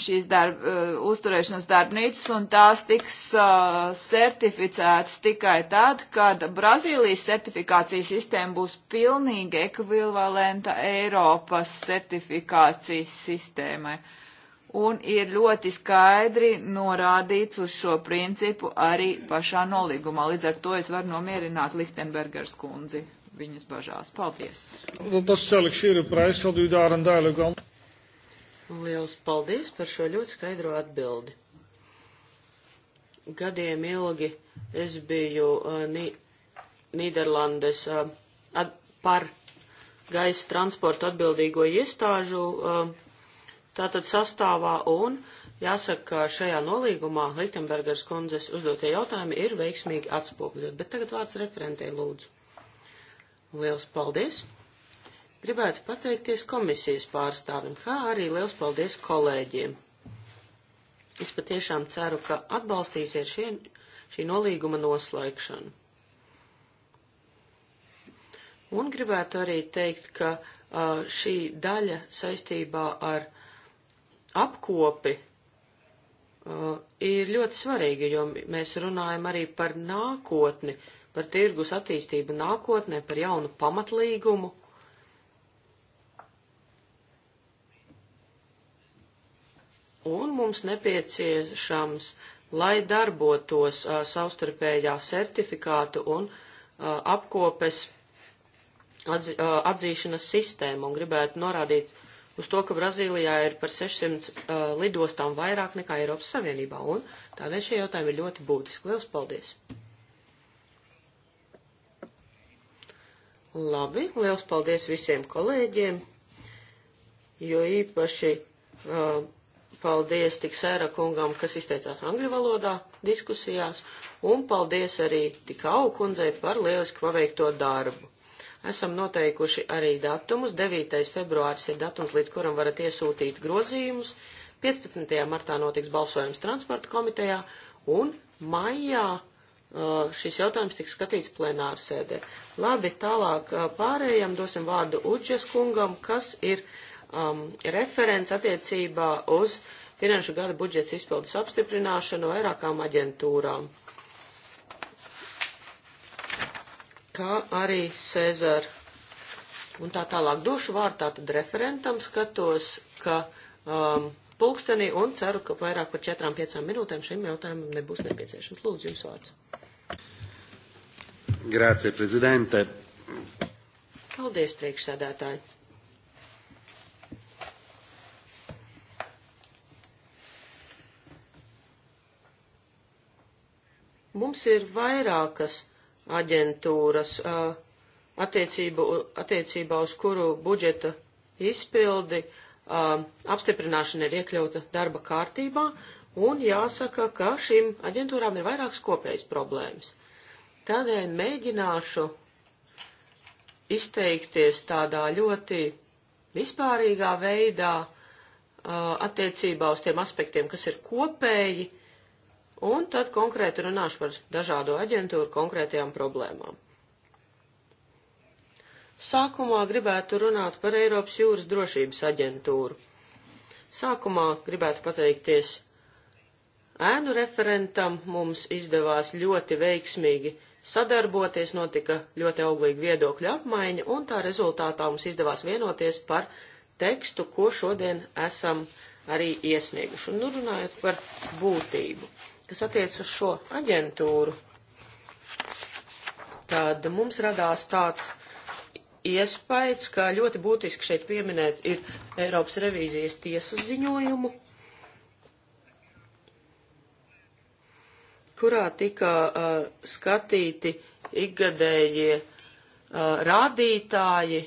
šīs darb, uh, uzturēšanas darbnīcas, un tās tiks uh, certificētas tikai tad, kad Brazīlijas certifikācijas sistēma būs pilnīgi ekvivalenta Eiropas certifikācijas sistēmai. Un ir ļoti skaidri norādīts uz šo principu arī pašā nolīgumā. Līdz ar to es varu nomierināt Lichtenbergers kundzi viņas bažās. Paldies! Nu, tas selectieve prijs zal u daar een duidelijk antwoord. Liels paldies par šo ļoti skaidro atbildi. Gadiem ilgi es biju uh, Nī Nīderlandes uh, par gaisa transportu atbildīgo iestāžu uh, tātad sastāvā un jāsaka, ka šajā nolīgumā Liktenbergers kundzes uzdotie jautājumi ir veiksmīgi atspogļot. Bet tagad vārds referentē lūdzu. Liels paldies! Gribētu pateikties komisijas pārstāvim, kā arī liels paldies kolēģiem. Es patiešām ceru, ka atbalstīsiet šie, šī nolīguma noslēgšanu. Un gribētu arī teikt, ka uh, šī daļa saistībā ar apkopi uh, ir ļoti svarīga, jo mēs runājam arī par nākotni, par tirgus attīstību nākotnē, par jaunu pamatlīgumu. un mums nepieciešams, lai darbotos uh, savstarpējā certifikātu un uh, apkopes atzi, uh, atzīšanas sistēma, un gribētu norādīt uz to, ka Brazīlijā ir par 600 uh, lidostām vairāk nekā Eiropas Savienībā, un tādēļ šie jautājumi ir ļoti būtiski. Lielas paldies! Labi, liels paldies visiem kolēģiem, jo īpaši uh, Paldies tik sēra kungam, kas izteicās angļu valodā diskusijās, un paldies arī tik aukundzei par lielisku paveikto darbu. Esam noteikuši arī datumus. 9. februāris ir datums, līdz kuram varat iesūtīt grozījumus. 15. martā notiks balsojums transporta komitejā, un maijā uh, šis jautājums tiks skatīts plenāru sēdē. Labi, tālāk uh, pārējiem dosim vārdu Uģes kungam, kas ir um, referents attiecībā uz finanšu gada budžets izpildus apstiprināšanu vairākām aģentūrām, kā arī Cezar un tā tālāk. Došu vārdu tātad referentam, skatos, ka um, pulkstenī un ceru, ka vairāk par 4-5 minūtēm šim jautājumam nebūs nepieciešams. Lūdzu, jums vārds. Grācie, prezidente. Paldies, priekšsēdētāji. Mums ir vairākas aģentūras attiecību, attiecībā uz kuru budžeta izpildi apstiprināšana ir iekļauta darba kārtībā, un jāsaka, ka šīm aģentūrām ir vairākas kopējas problēmas. Tādēļ mēģināšu izteikties tādā ļoti vispārīgā veidā attiecībā uz tiem aspektiem, kas ir kopēji un tad konkrēti runāšu par dažādo aģentūru konkrētajām problēmām. Sākumā gribētu runāt par Eiropas jūras drošības aģentūru. Sākumā gribētu pateikties ēnu referentam, mums izdevās ļoti veiksmīgi sadarboties, notika ļoti auglīga viedokļa apmaiņa, un tā rezultātā mums izdevās vienoties par tekstu, ko šodien esam arī iesnieguši. Un nu, runājot par būtību. Kas attiec uz šo aģentūru, tad mums radās tāds iespējas, ka ļoti būtiski šeit pieminēt ir Eiropas revīzijas tiesas ziņojumu, kurā tika uh, skatīti ikgadējie uh, rādītāji,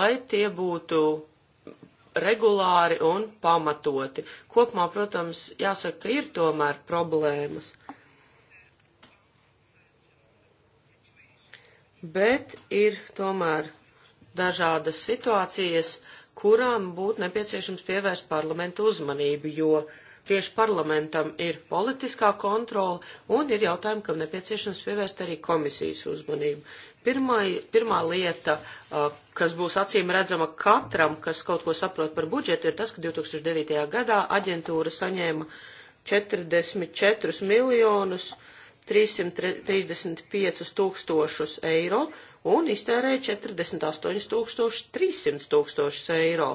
lai tie būtu regulāri un pamatoti. Kopumā, protams, jāsaka, ka ir tomēr problēmas. Bet ir tomēr dažādas situācijas, kurām būtu nepieciešams pievērst parlamentu uzmanību, jo tieši parlamentam ir politiskā kontrola un ir jautājumi, kam nepieciešams pievērst arī komisijas uzmanību. Pirmai, pirmā lieta, uh, kas būs acīm redzama katram, kas kaut ko saprot par budžetu, ir tas, ka 2009. gadā aģentūra saņēma 44 miljonus 335 tūkstošus eiro un iztērēja 48 tūkstoši 300 tūkstošus eiro.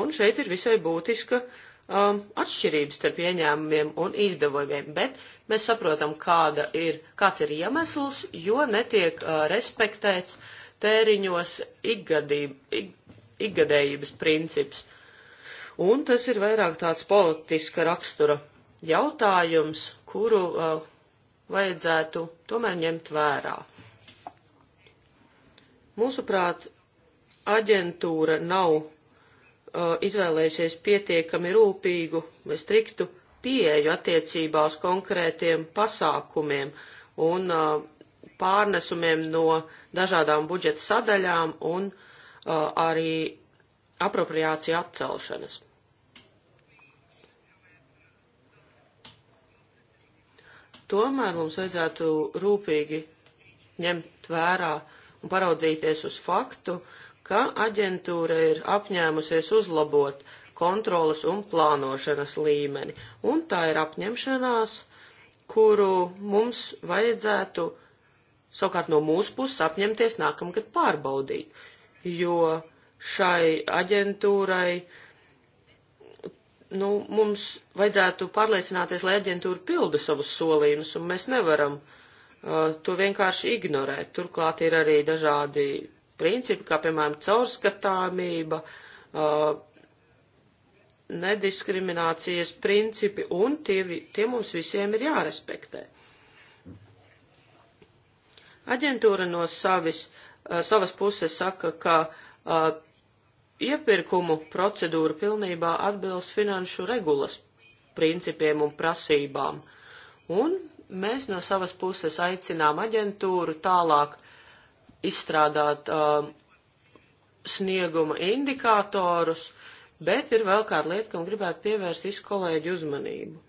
Un šeit ir visai būtiska uh, um, atšķirības starp ieņēmumiem un izdevumiem, bet mēs saprotam, kāda ir, kāds ir iemesls, jo netiek uh, respektēts tēriņos ikgadība, ik, ikgadējības princips. Un tas ir vairāk tāds politiska rakstura jautājums, kuru uh, vajadzētu tomēr ņemt vērā. Mūsuprāt, aģentūra nav Uh, izvēlējušies pietiekami rūpīgu vai striktu pieeju attiecībā uz konkrētiem pasākumiem un uh, pārnesumiem no dažādām budžeta sadaļām un uh, arī apropriācija atcelšanas. Tomēr mums vajadzētu rūpīgi ņemt vērā un paraudzīties uz faktu, uh, ka aģentūra ir apņēmusies uzlabot kontrolas un plānošanas līmeni, un tā ir apņemšanās, kuru mums vajadzētu savukārt no mūsu puses apņemties nākamgad pārbaudīt, jo šai aģentūrai, nu, mums vajadzētu pārliecināties, lai aģentūra pilda savus solījumus, un mēs nevaram uh, to vienkārši ignorēt. Turklāt ir arī dažādi principi, kā piemēram caurskatāmība, uh, nediskriminācijas principi, un tie, tie mums visiem ir jārespektē. Aģentūra no savis, uh, savas puses saka, ka uh, iepirkumu procedūra pilnībā atbilst finanšu regulas principiem un prasībām, un mēs no savas puses aicinām aģentūru tālāk uh, izstrādāt um, snieguma indikātorus, bet ir vēl kāda lieta, kam gribētu pievērst visu kolēģu uzmanību.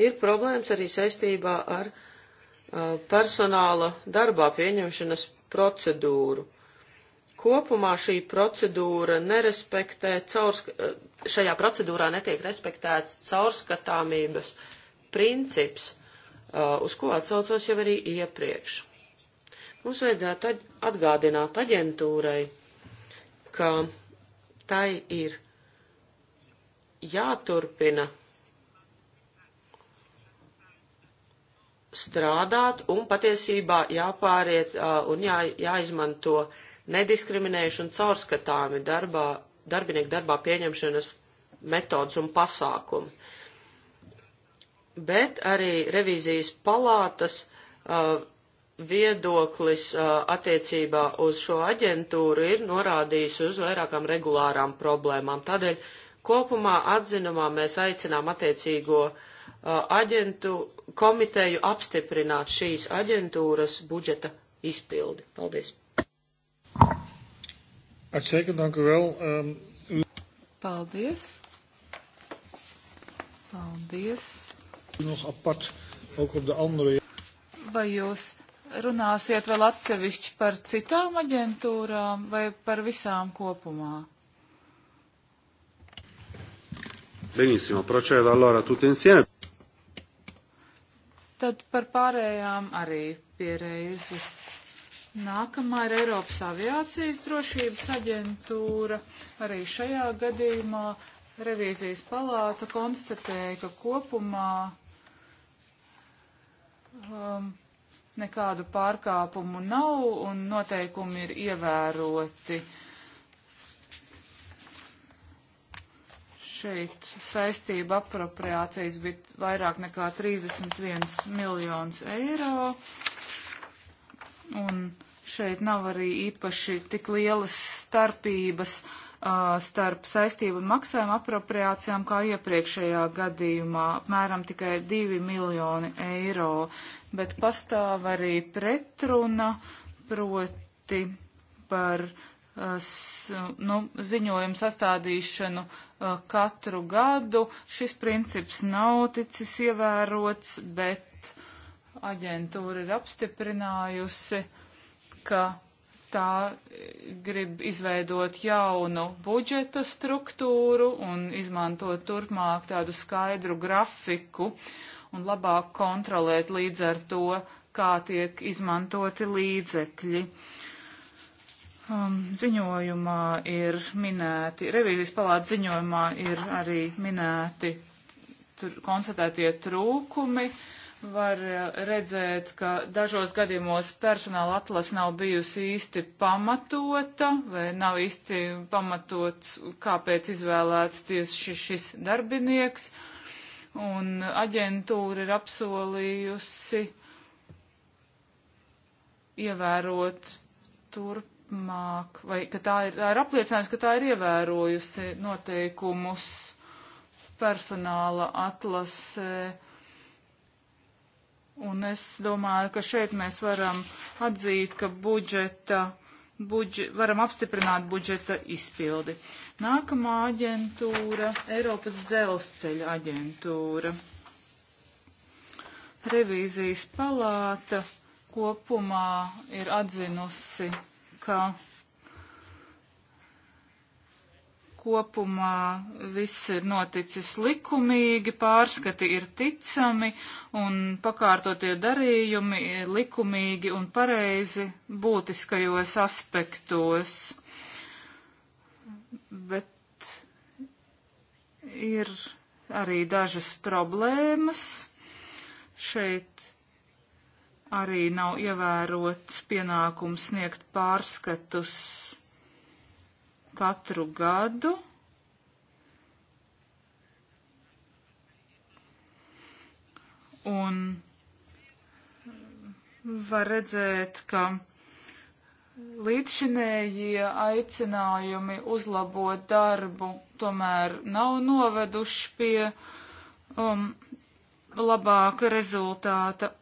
Ir problēmas arī saistībā ar uh, personāla darbā pieņemšanas procedūru. Kopumā šī procedūra nerespektē, caursk uh, šajā procedūrā netiek respektēts caurskatāmības princips Uh, uz ko atsaucos jau arī iepriekš. Mums vajadzētu atgādināt aģentūrai, ka tai ir jāturpina strādāt un patiesībā jāpāriet uh, un jā, jāizmanto nediskriminējuši un caurskatāmi darbā, darbinieku darbā pieņemšanas metodas un pasākumi bet arī revīzijas palātas uh, viedoklis uh, attiecībā uz šo aģentūru ir norādījis uz vairākām regulārām problēmām. Tādēļ kopumā atzinumā mēs aicinām attiecīgo uh, aģentu komiteju apstiprināt šīs aģentūras budžeta izpildi. Paldies! Um, Paldies! Paldies! Vai jūs runāsiet vēl atsevišķi par citām aģentūrām vai par visām kopumā? Benissimo, procedo allora tutti insieme. Tad par pārējām arī piereizes. Nākamā ir Eiropas aviācijas drošības aģentūra. Arī šajā gadījumā revīzijas palāta konstatēja, ka kopumā um, nekādu pārkāpumu nav un noteikumi ir ievēroti. Šeit saistība apropriācijas bija vairāk nekā 31 miljonus eiro. Un šeit nav arī īpaši tik lielas starpības uh, starp saistību un maksājumu apropriācijām kā iepriekšējā gadījumā, apmēram tikai 2 miljoni eiro, bet pastāv arī pretruna proti par s, nu, ziņojumu sastādīšanu katru gadu. Šis princips nav ticis ievērots, bet aģentūra ir apstiprinājusi, ka tā e, grib izveidot jaunu budžeta struktūru un izmantot turpmāk tādu skaidru grafiku un labāk kontrolēt līdz ar to, kā tiek izmantoti līdzekļi. Um, ziņojumā ir minēti, revīzijas palāta ziņojumā ir arī minēti tur, konstatētie trūkumi. Uh, var eh, redzēt, ka dažos gadījumos personāla atlas nav bijusi īsti pamatota vai nav īsti pamatots, kāpēc izvēlēts tieši šis, šis darbinieks. Un aģentūra ir apsolījusi ievērot turpmāk, vai ka tā ir, tā ir apliecinājums, ka tā ir ievērojusi noteikumus personāla atlasē. Eh, Un es domāju, ka šeit mēs varam atzīt, ka budžeta, budžet, varam apstiprināt budžeta izpildi. Nākamā aģentūra - Eiropas dzelzceļa aģentūra. Revīzijas palāta kopumā ir atzinusi, ka kopumā viss ir noticis likumīgi, pārskati ir ticami un pakārtotie darījumi ir likumīgi un pareizi būtiskajos aspektos. Bet ir arī dažas problēmas. Šeit arī nav ievērots pienākums sniegt pārskatus katru gadu. Un var redzēt, ka līdzšinējie aicinājumi uzlabot darbu tomēr nav noveduši pie um, labāka rezultāta.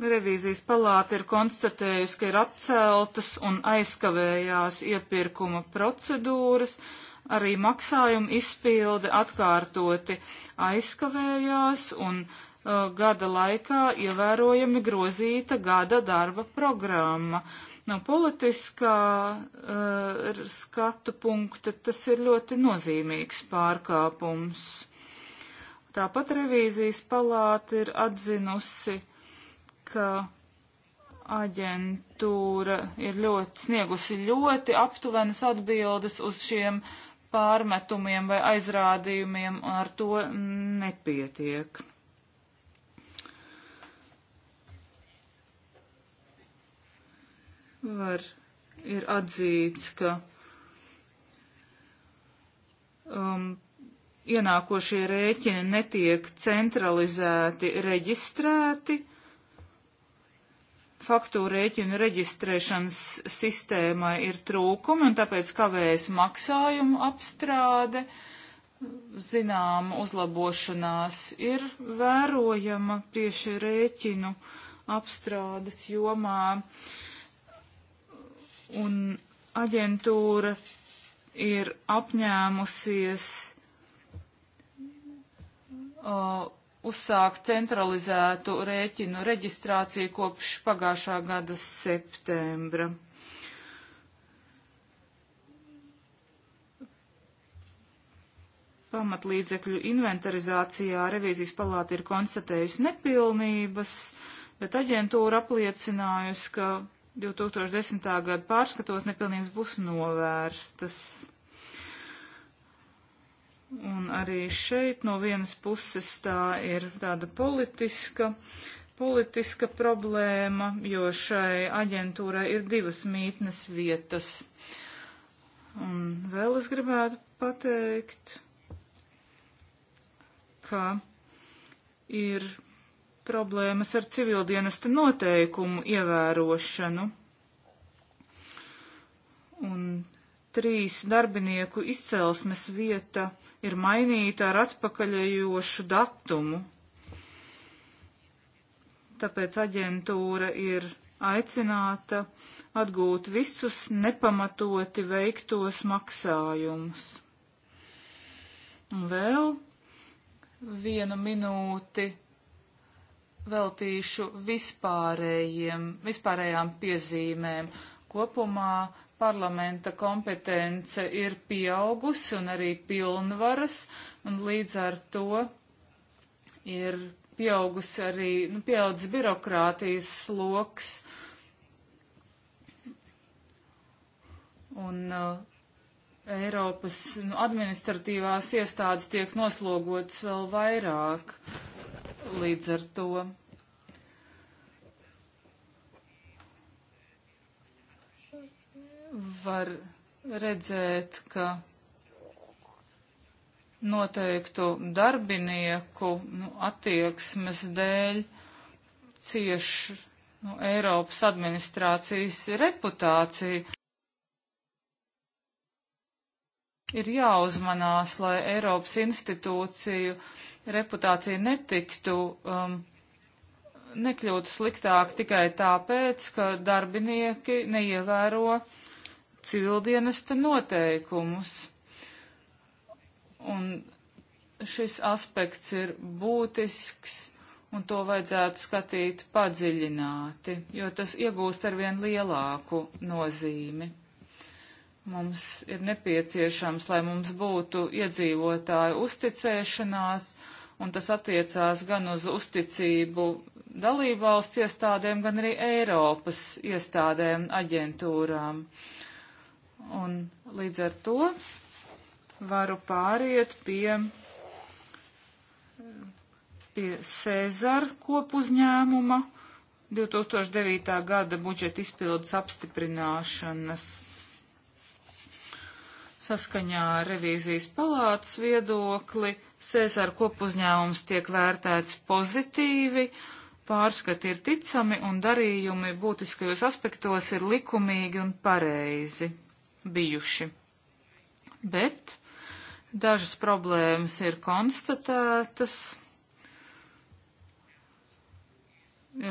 Revīzijas palāta ir konstatējusi, ka ir atceltas un aizkavējās iepirkuma procedūras, arī maksājuma izpilde atkārtoti aizkavējās un uh, gada laikā ievērojami grozīta gada darba programma. No politiskā uh, skatu punkta tas ir ļoti nozīmīgs pārkāpums. Tāpat revīzijas palāta ir atzinusi, uh, ka aģentūra ir ļoti sniegusi ļoti aptuvenas atbildes uz šiem pārmetumiem vai aizrādījumiem, ar to nepietiek. Var ir atzīts, ka um, ienākošie rēķini netiek centralizēti reģistrēti, faktūra rēķina reģistrēšanas sistēmai ir trūkumi un tāpēc kavējas maksājumu apstrāde. Zinām, uzlabošanās ir vērojama tieši rēķinu apstrādes jomā. Un aģentūra ir apņēmusies uh, uzsākt centralizētu rēķinu reģistrāciju kopš pagājušā gada septembra. Pamatlīdzekļu inventarizācijā revīzijas palāta ir konstatējusi nepilnības, bet aģentūra apliecinājusi, ka 2010. gada pārskatos nepilnības būs novērstas. Un arī šeit no vienas puses tā ir tāda politiska, politiska problēma, jo šai aģentūrai ir divas mītnes vietas. Un vēl es gribētu pateikt, ka ir problēmas ar civildienesta noteikumu ievērošanu. Un trīs darbinieku izcelsmes vieta ir mainīta ar atpakaļējošu datumu. Tāpēc aģentūra ir aicināta atgūt visus nepamatoti veiktos maksājumus. Un vēl vienu minūti veltīšu vispārējiem, vispārējām piezīmēm Kopumā parlamenta kompetence ir pieaugusi un arī pilnvaras, un līdz ar to ir pieaugusi arī, nu, pieaudzis birokrātijas sloks. Un uh, Eiropas nu, administratīvās iestādes tiek noslogotas vēl vairāk līdz ar to. var redzēt, ka noteiktu darbinieku nu, attieksmes dēļ cieši nu, Eiropas administrācijas reputācija. Ir jāuzmanās, lai Eiropas institūciju reputācija netiktu, um, nekļūtu sliktāk tikai tāpēc, ka darbinieki neievēro uh, civildienesta noteikumus. Un šis aspekts ir būtisks, un to vajadzētu skatīt padziļināti, jo tas iegūst arvien lielāku nozīmi. Mums ir nepieciešams, lai mums būtu iedzīvotāju uzticēšanās, un tas attiecās gan uz uzticību dalībvalsts iestādēm, gan arī Eiropas iestādēm, aģentūrām. Uh, Un līdz ar to varu pāriet pie, pie Cēzara kopuzņēmuma 2009. gada budžeta izpildes apstiprināšanas Saskaņā ar revīzijas palātas viedokli Cēzara kopuzņēmums tiek vērtēts pozitīvi, pārskati ir ticami un darījumi būtiskajos aspektos ir likumīgi un pareizi bijuši. Bet dažas problēmas ir konstatētas.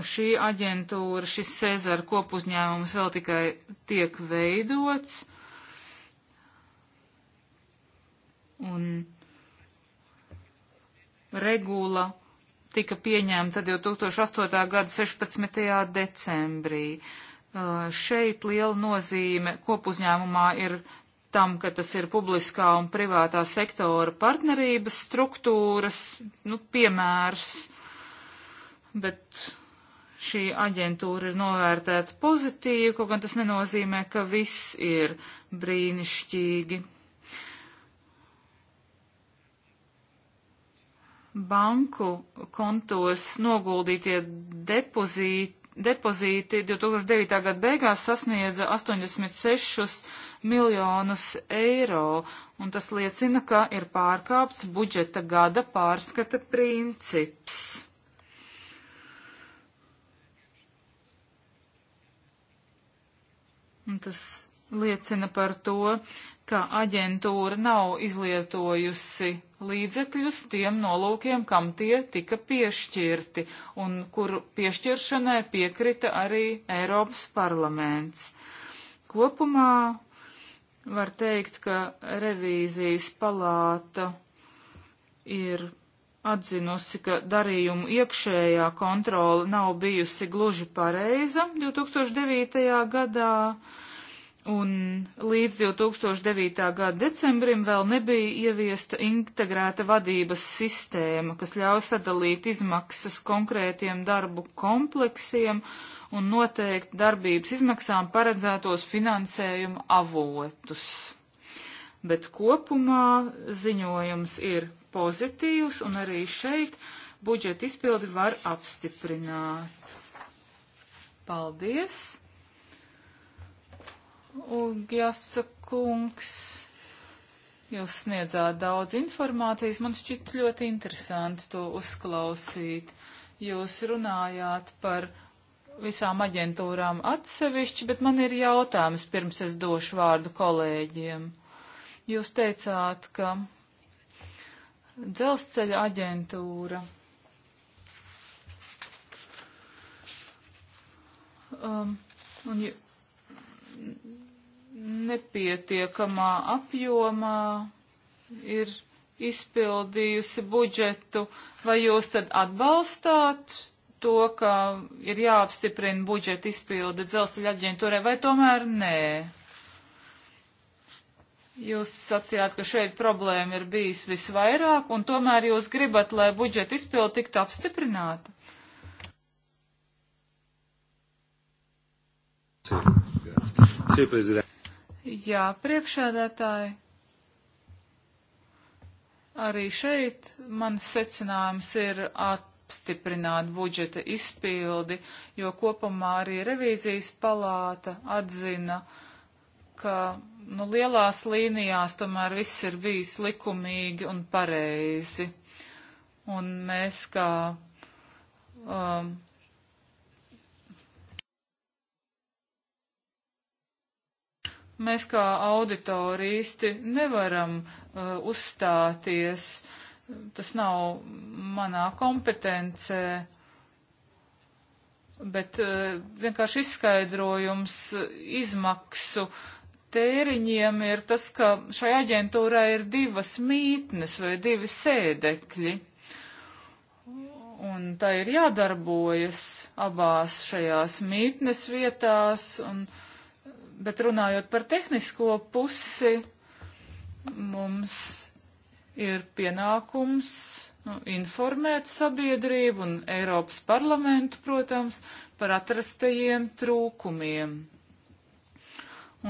Šī aģentūra, šis Cezara kopuzņēmums vēl tikai tiek veidots. Un regula tika pieņemta 2008. gada 16. decembrī. Uh, Šeit liela nozīme kopuzņēmumā ir tam, ka tas ir publiskā un privātā sektora partnerības struktūras, nu, piemērs, bet šī aģentūra ir novērtēta pozitīvi, kaut gan tas nenozīmē, ka viss ir brīnišķīgi. Banku kontos noguldītie depozīti depozīti 2009. gada beigās sasniedza 86 miljonus eiro, un tas liecina, ka ir pārkāpts budžeta gada pārskata princips. Un tas liecina par to, ka aģentūra nav izlietojusi līdzekļus tiem nolūkiem, kam tie tika piešķirti un kur piešķiršanai piekrita arī Eiropas parlaments. Kopumā var teikt, ka revīzijas palāta ir atzinusi, ka darījumu iekšējā kontrola nav bijusi gluži pareiza 2009. gadā un līdz 2009. gada decembrim vēl nebija ieviesta integrēta vadības sistēma, kas ļauj sadalīt izmaksas konkrētiem darbu kompleksiem un noteikt darbības izmaksām paredzētos finansējuma avotus. Bet kopumā ziņojums ir pozitīvs un arī šeit budžeta izpildi var apstiprināt. Paldies! Ugjasa kungs, jūs sniedzāt daudz informācijas. Man šķiet ļoti interesanti to uzklausīt. Jūs runājāt par visām aģentūrām atsevišķi, bet man ir jautājums pirms es došu vārdu kolēģiem. Jūs teicāt, ka dzelzceļa aģentūra um, un nepietiekamā apjomā ir izpildījusi budžetu, vai jūs tad atbalstāt to, ka ir jāapstiprina budžeta izpilde dzelzceļa aģentūrai, vai tomēr nē? Jūs sacījāt, ka šeit problēma ir bijis visvairāk, un tomēr jūs gribat, lai budžeta izpilde tiktu apstiprināta. Sì, Presidente. Jā, priekšēdētāji, arī šeit mans secinājums ir apstiprināt budžeta izpildi, jo kopumā arī revīzijas palāta atzina, ka nu, lielās līnijās tomēr viss ir bijis likumīgi un pareizi. Un mēs kā um, Mēs kā auditori īsti nevaram uh, uzstāties, tas nav manā kompetencē, bet uh, vienkārši izskaidrojums uh, izmaksu uh, tēriņiem ir tas, ka šai aģentūrai ir divas mītnes vai divi sēdekļi. Un tā ir jādarbojas abās šajās mītnes vietās, un Bet runājot par tehnisko pusi, mums ir pienākums nu, informēt sabiedrību un Eiropas parlamentu, protams, par atrastajiem trūkumiem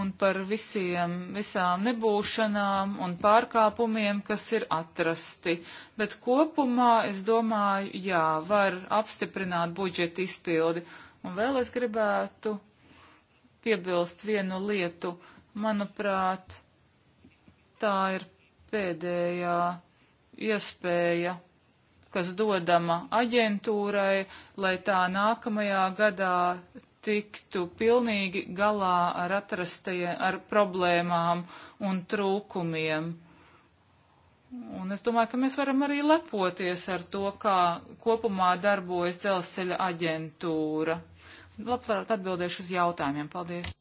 un par visiem, visām nebūšanām un pārkāpumiem, kas ir atrasti. Bet kopumā, es domāju, jā, var apstiprināt budžeta izpildi. Un vēl es gribētu piebilst vienu lietu. Manuprāt, tā ir pēdējā iespēja, kas dodama aģentūrai, lai tā nākamajā gadā tiktu pilnīgi galā ar atrastajiem, ar problēmām un trūkumiem. Un es domāju, ka mēs varam arī lepoties ar to, kā kopumā darbojas dzelzceļa aģentūra labprāt atbildēšu uz jautājumiem. Paldies!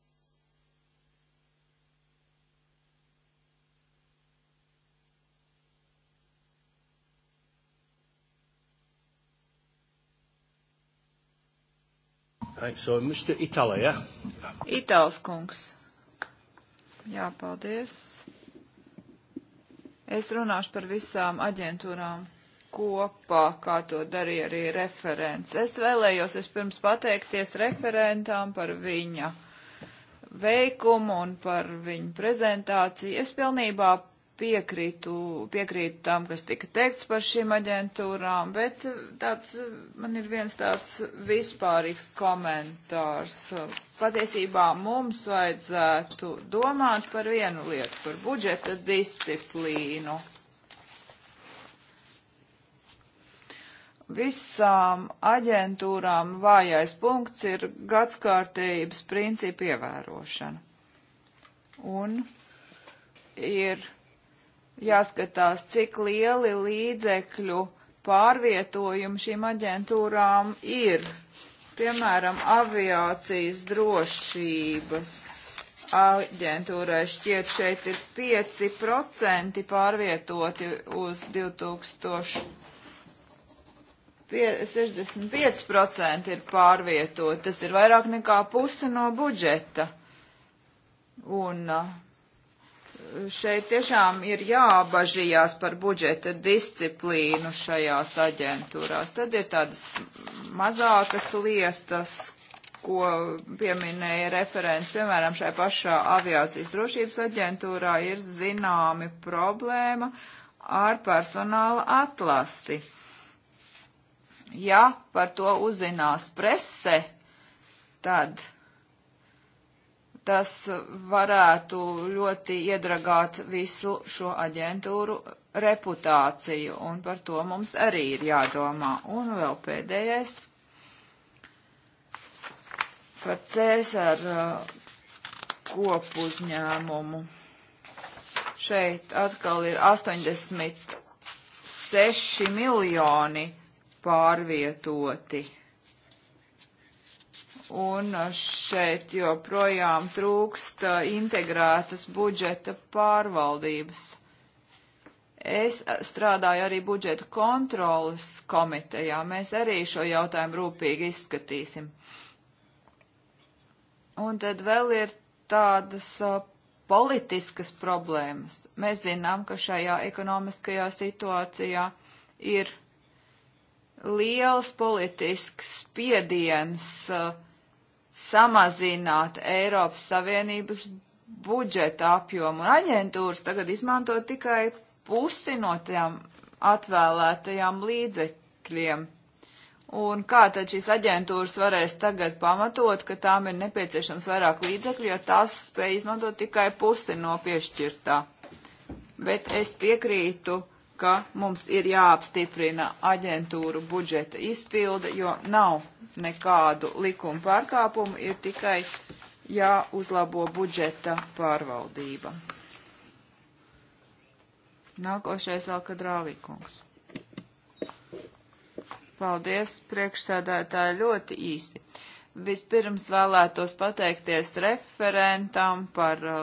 Right, so Mr. Itala, yeah? Itāls kungs. Jā, paldies. Es runāšu par visām aģentūrām kopā, kā to darīja arī referents. Es vēlējos vispirms pateikties referentām par viņa veikumu un par viņu prezentāciju. Es pilnībā piekrītu, piekrītu tam, kas tika teikts par šīm aģentūrām, bet tāds, man ir viens tāds vispārīgs komentārs. Patiesībā mums vajadzētu domāt par vienu lietu, par budžeta disciplīnu visām aģentūrām vājais punkts ir gadskārtējības principu ievērošana. Un ir jāskatās, cik lieli līdzekļu pārvietojumi šīm aģentūrām ir. Piemēram, aviācijas drošības aģentūrai šķiet šeit ir 5% pārvietoti uz 2000. 65% ir pārvietot, tas ir vairāk nekā puse no budžeta. Un uh, šeit tiešām ir jābažījās par budžeta disciplīnu šajās aģentūrās. Tad ir tādas mazākas lietas, ko pieminēja referents. Piemēram, šai pašā aviācijas drošības aģentūrā ir zināmi problēma ar personāla atlasi. Ja par to uzzinās prese, tad tas varētu ļoti iedragāt visu šo aģentūru reputāciju, un par to mums arī ir jādomā. Un vēl pēdējais par Cēsara uh, kopu uzņēmumu. Šeit atkal ir 86 miljoni eiro pārvietoti. Un šeit joprojām trūkst integrētas budžeta pārvaldības. Es strādāju arī budžeta kontrolas komitejā. Mēs arī šo jautājumu rūpīgi izskatīsim. Un tad vēl ir tādas politiskas problēmas. Mēs zinām, ka šajā ekonomiskajā situācijā ir liels politisks spiediens uh, samazināt Eiropas Savienības budžeta apjomu. Un aģentūras tagad izmanto tikai pusi no tām atvēlētajām līdzekļiem. Un kā tad šīs aģentūras varēs tagad pamatot, ka tām ir nepieciešams vairāk līdzekļu, jo tās spēj izmantot tikai pusi no piešķirtā. Bet es piekrītu uh, ka mums ir jāapstiprina aģentūru budžeta izpilde, jo nav nekādu likumu pārkāpumu, ir tikai jāuzlabo budžeta pārvaldība. Nākošais Alka Drāvīkungs. Paldies, priekšsēdētāji, ļoti īsi. Vispirms vēlētos pateikties referentam par uh,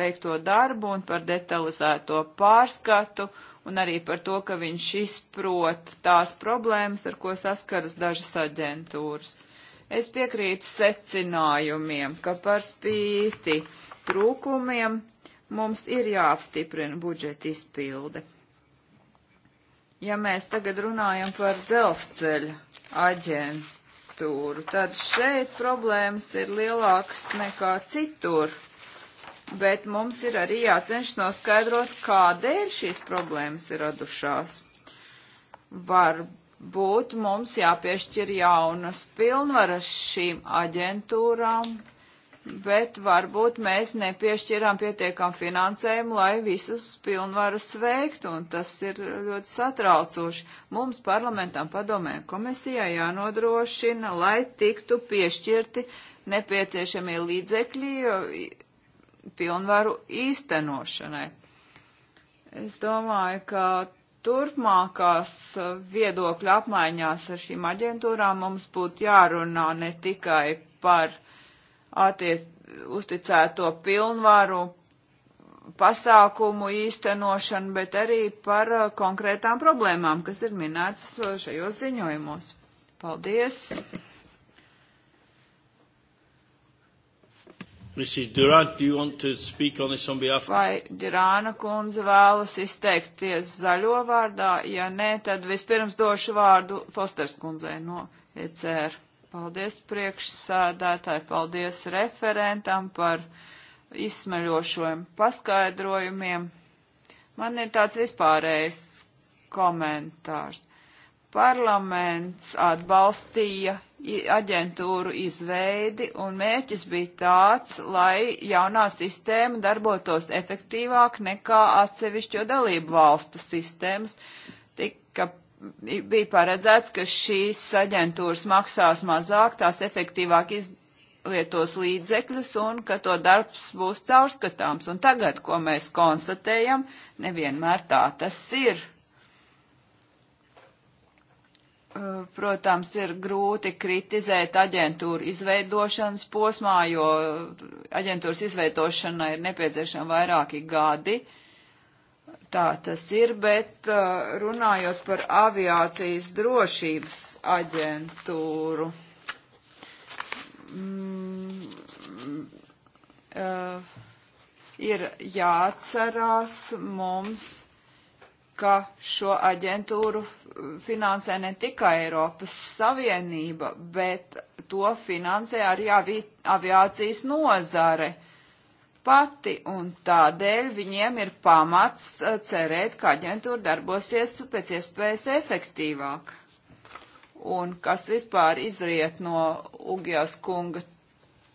veikto darbu un par detalizēto pārskatu. Uh, un arī par to, ka viņš izprot tās problēmas, ar ko saskaras dažas aģentūras. Es piekrītu secinājumiem, ka par spīti trūkumiem mums ir jāapstiprina budžeta izpilde. Ja mēs tagad runājam par dzelzceļa aģentūru, tad šeit problēmas ir lielākas nekā citur bet mums ir arī jācenšas noskaidrot, kādēļ šīs problēmas ir radušās. Varbūt mums jāpiešķir jaunas pilnvaras šīm aģentūrām, bet varbūt mēs nepiešķirām pietiekam finansējumu, lai visus pilnvaras veiktu, un tas ir ļoti satraucoši. Mums parlamentam padomē komisijā jānodrošina, lai tiktu piešķirti nepieciešamie līdzekļi pilnvaru īstenošanai. Es domāju, ka turpmākās viedokļu apmaiņās ar šīm aģentūrām mums būtu jārunā ne tikai par attiec, uzticēto pilnvaru pasākumu īstenošanu, bet arī par uh, konkrētām problēmām, kas ir minētas uh, šajos ziņojumos. Paldies! Mrs. Durant, do you want to speak on this on behalf? Vai Durāna kundze vēlas izteikties zaļo vārdā? Ja nē, tad vispirms došu vārdu Fosters kundzei no ECR. Paldies priekšsādātāji, paldies referentam par izsmeļošiem paskaidrojumiem. Man ir tāds vispārējs komentārs. Parlaments atbalstīja aģentūru izveidi, un mērķis bija tāds, lai jaunā sistēma darbotos efektīvāk nekā atsevišķo dalību valstu sistēmas. Tika, bija paredzēts, ka šīs aģentūras maksās mazāk, tās efektīvāk izlietos līdzekļus un ka to darbs būs caurskatāms. Un tagad, ko mēs konstatējam, nevienmēr tā tas ir. Eh, protams, ir grūti kritizēt aģentūru izveidošanas posmā, jo aģentūras izveidošanai ir nepieciešama vairāki gadi. Tā tas ir, bet eh, runājot par aviācijas drošības aģentūru. Mm, uh, ir jāatcerās mums ka šo aģentūru finansē ne tikai Eiropas Savienība, bet to finansē arī avi, aviācijas nozare pati, un tādēļ viņiem ir pamats eh, cerēt, ka aģentūra darbosies pēc iespējas efektīvāk. Un kas vispār izriet no Ugijas kunga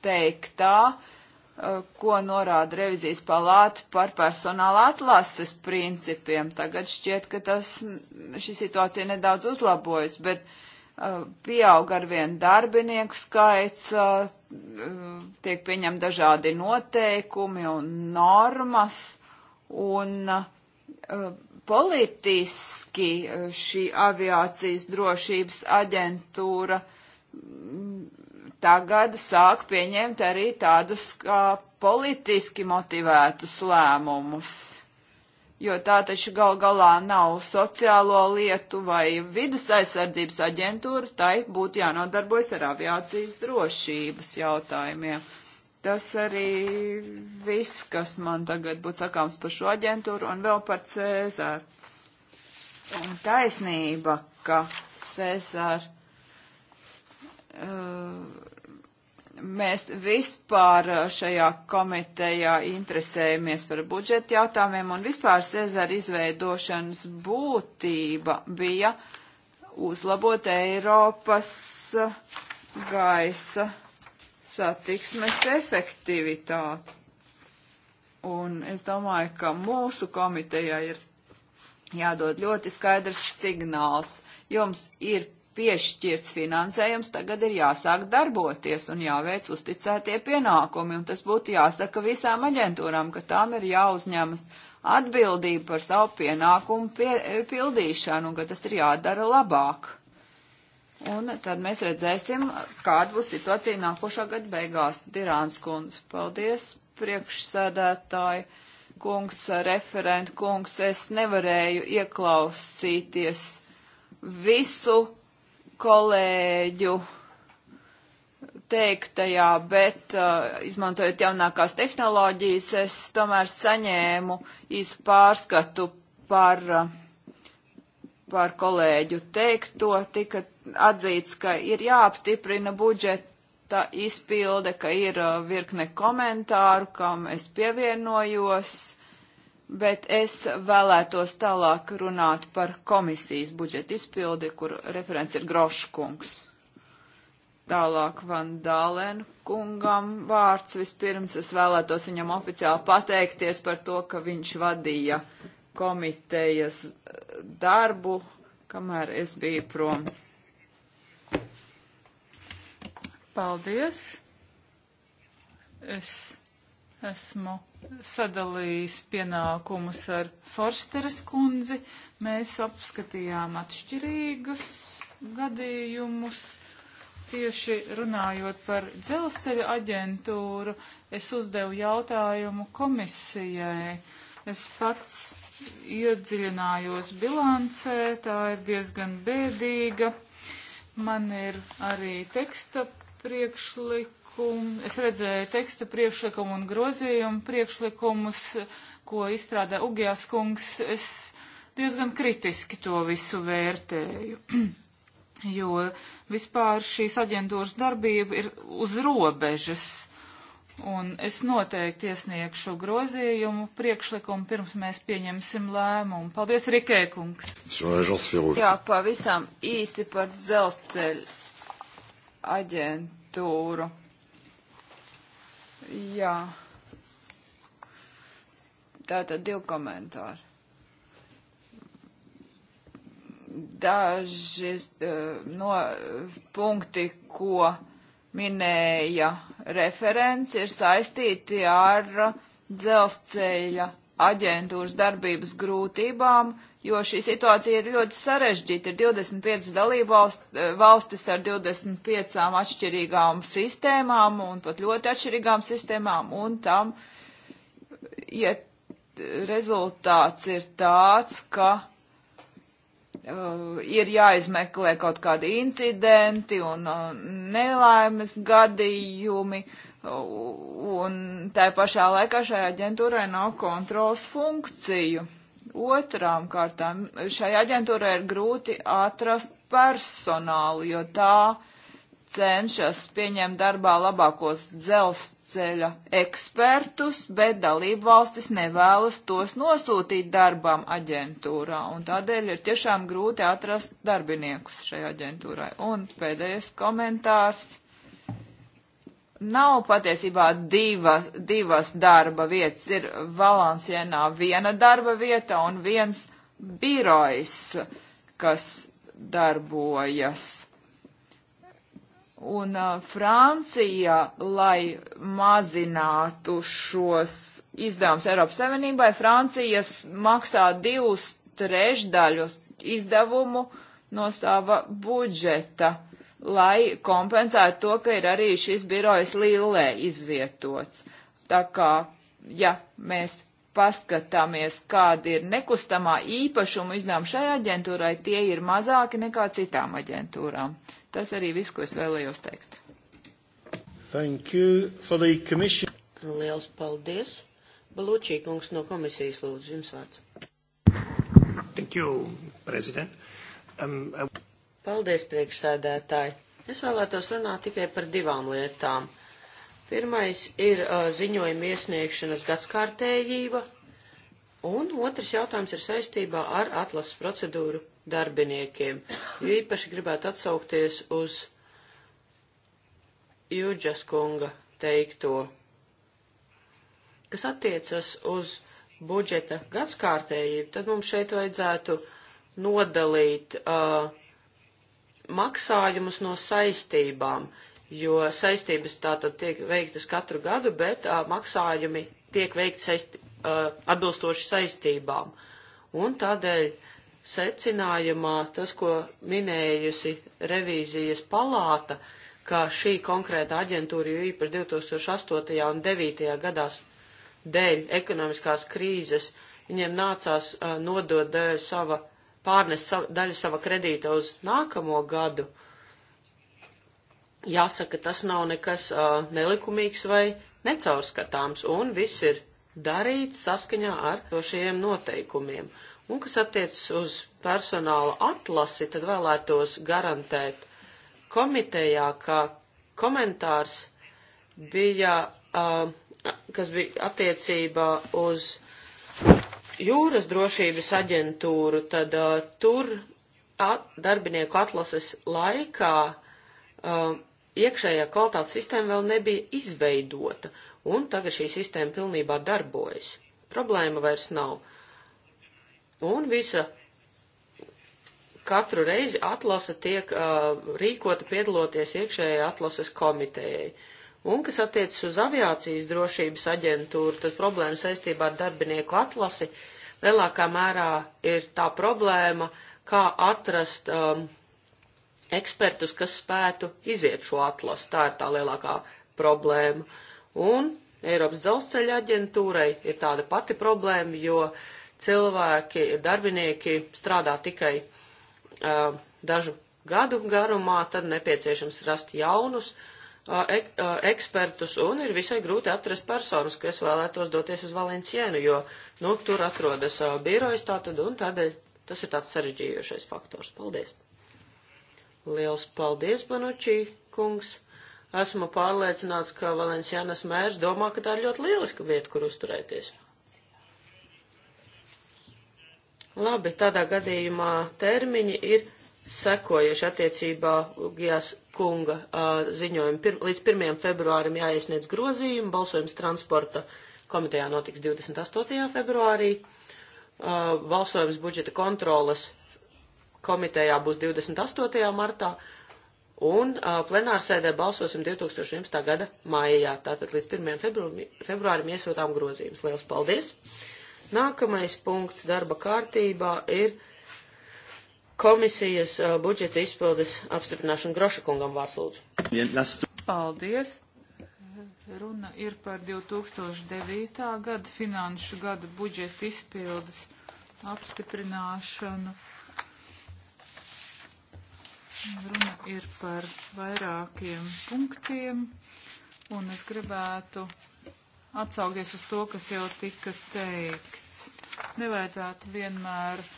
teiktā, uh, Eh, ko norāda revizijas palāta par personāla atlases principiem. Tagad šķiet, ka tas, mm, šī situācija nedaudz uzlabojas, bet uh, pieaug ar vien darbinieku skaits, uh, tiek pieņem dažādi noteikumi un normas, un uh, politiski šī aviācijas drošības aģentūra mm, tagad sāk pieņemt arī tādus kā politiski motivētus lēmumus. Jo tā taču gal galā nav sociālo lietu vai vidas aizsardzības aģentūra, tai būtu jānodarbojas ar aviācijas drošības jautājumiem. Tas arī viss, kas man tagad būtu sakāms par šo aģentūru un vēl par Cēzāru. Taisnība, ka Cēzāra mēs vispār šajā komitejā interesējamies par budžeta jautājumiem un vispār Cezara izveidošanas būtība bija uzlabot Eiropas gaisa satiksmes efektivitāti. Un es domāju, ka mūsu komitejā ir jādod ļoti skaidrs signāls. Jums ir piešķirts finansējums, tagad ir jāsāk darboties un jāveic uzticētie pienākumi, un tas būtu jāsaka visām aģentūrām, ka tām ir jāuzņemas atbildība par savu pienākumu pie, pildīšanu, un ka tas ir jādara labāk. Un tad mēs redzēsim, kāda būs situācija nākošā gada beigās. Dirāns kundze, paldies, priekšsēdētāji, kungs, referent kungs, es nevarēju ieklausīties visu kolēģu teiktajā, bet uh, izmantojot jaunākās tehnoloģijas, es tomēr saņēmu īsu pārskatu par, uh, par kolēģu teikto. Tika atzīts, ka ir jāapstiprina budžeta izpilde, ka ir uh, virkne komentāru, kam es pievienojos bet es vēlētos tālāk runāt par komisijas budžeta izpildi, kur referents ir Groškungs. Tālāk Van Dālen kungam vārds vispirms. Es vēlētos viņam oficiāli pateikties par to, ka viņš vadīja komitejas eh, darbu, kamēr es biju prom. Paldies! Es esmu sadalījis pienākumus ar Forsteres kundzi. Mēs apskatījām atšķirīgus gadījumus. Tieši runājot par dzelzceļa aģentūru, es uzdevu jautājumu komisijai. Es pats iedziļinājos bilancē, tā ir diezgan bēdīga. Man ir arī teksta priekšlikums Un es redzēju teksta priekšlikumu un grozījumu priekšlikumus, ko izstrādā Ugijās kungs. Es diezgan kritiski to visu vērtēju, jo vispār šīs aģentūras darbība ir uz robežas. Un es noteikti iesniegšu grozījumu priekšlikumu, pirms mēs pieņemsim lēmumu. Paldies, Rikē kungs! Jā, pavisam īsti par dzelzceļu aģentūru. Jā. Tātad divi komentāri. Daži eh, no punkti, ko minēja referents, ir saistīti ar dzelzceļa aģentūras darbības grūtībām, jo šī situācija ir ļoti sarežģīta. Ir 25 dalībvalstis eh, ar 25 atšķirīgām sistēmām un pat ļoti atšķirīgām sistēmām, un tam ja rezultāts ir tāds, ka uh, ir jāizmeklē kaut kādi incidenti un uh, nelaimes gadījumi, uh, un tā pašā laikā šai aģentūrai nav kontrols funkciju. Otrām kārtām šai aģentūrai ir grūti atrast personālu, jo tā cenšas pieņemt darbā labākos dzelzceļa ekspertus, bet dalību valstis nevēlas tos nosūtīt darbām aģentūrā, un tādēļ ir tiešām grūti atrast darbiniekus šai aģentūrai. Un pēdējais komentārs nav patiesībā diva, divas darba vietas. Ir Valensienā viena darba vieta un viens birojs, kas darbojas. Un uh, Francija, lai mazinātu šos izdevumus Eiropas Savienībai, Francijas maksā divus trešdaļus izdevumu no sava budžeta. Uh, lai kompensētu to, ka ir arī šis birojs Lillē izvietots. Tā kā, ja mēs paskatāmies, kāda ir nekustamā īpašuma izdevuma šai aģentūrai, tie ir mazāki nekā citām aģentūrām. Tas arī viss, ko es vēlējos teikt. Thank you for the commission. Liels paldies. Balučī kungs no komisijas lūdzu, jums vārds. Thank you, President. Um, I... Paldies, priekšsēdētāji. Es vēlētos runāt tikai par divām lietām. Pirmais ir uh, ziņojuma iesniegšanas gadskārtējība, un otrs jautājums ir saistībā ar atlases procedūru darbiniekiem. Jo īpaši gribētu atsaukties uz Jūģas kunga teikto, kas attiecas uz budžeta gadskārtējību, tad mums šeit vajadzētu nodalīt uh, maksājumus no saistībām, jo saistības tātad tiek veiktas katru gadu, bet uh, maksājumi tiek veikti saisti, uh, atbilstoši saistībām. Un tādēļ secinājumā tas, ko minējusi revīzijas palāta, ka šī konkrēta aģentūra, jo īpaši 2008. un 2009. gadās dēļ ekonomiskās krīzes, viņiem nācās uh, nodot dēļ sava pārnest sav, daļu sava kredīta uz nākamo gadu, jāsaka, tas nav nekas uh, nelikumīgs vai necaurskatāms, un viss ir darīts saskaņā ar šiem noteikumiem. Un kas attiecas uz personāla atlasi, tad vēlētos garantēt komitejā, ka komentārs bija, uh, kas bija attiecībā uz jūras drošības aģentūru, tad uh, tur at, darbinieku atlases laikā uh, iekšējā kvalitātes sistēma vēl nebija izveidota, un tagad šī sistēma pilnībā darbojas. Problēma vairs nav. Un visa katru reizi atlasa tiek uh, rīkota piedaloties iekšējai atlases komitejai. Uh, Un, kas attiecas uz aviācijas drošības aģentūru, tad problēma saistībā ar darbinieku atlasi lielākā mērā ir tā problēma, kā atrast um, ekspertus, kas spētu iziet šo atlasu. Tā ir tā lielākā problēma. Un Eiropas dzelzceļa aģentūrai ir tāda pati problēma, jo cilvēki, darbinieki strādā tikai uh, dažu gadu garumā, tad nepieciešams rast jaunus uh, ekspertus, un ir visai grūti atrast personas, kas vēlētos doties uz Valencienu, jo, nu, tur atrodas uh, birojas tātad, un tādēļ tas ir tāds sarežģījušais faktors. Paldies! Liels paldies, Banučī kungs! Esmu pārliecināts, ka Valencianas mērs domā, ka tā ir ļoti lieliska vieta, kur uzturēties. Labi, tādā gadījumā termiņi ir sekojuši attiecībā Gijas kunga uh, ziņojumu. Pir līdz 1. februārim jāiesniedz grozījumi, balsojums transporta komitejā notiks 28. februārī, uh, balsojums budžeta kontrolas komitejā būs 28. martā un uh, plenārsēdē balsosim 2011. gada maijā. Tātad līdz 1. Februārim, februārim iesūtām grozījumus. Liels paldies! Nākamais punkts darba kārtībā ir komisijas uh, budžeta izpildes apstiprināšanu Grošakungam vārslūdzu. Paldies. Runa ir par 2009. gada finanšu gada budžeta izpildes apstiprināšanu. Runa ir par vairākiem punktiem, un es gribētu atsaugties uz to, kas jau tika teikts. Nevajadzētu vienmēr uh,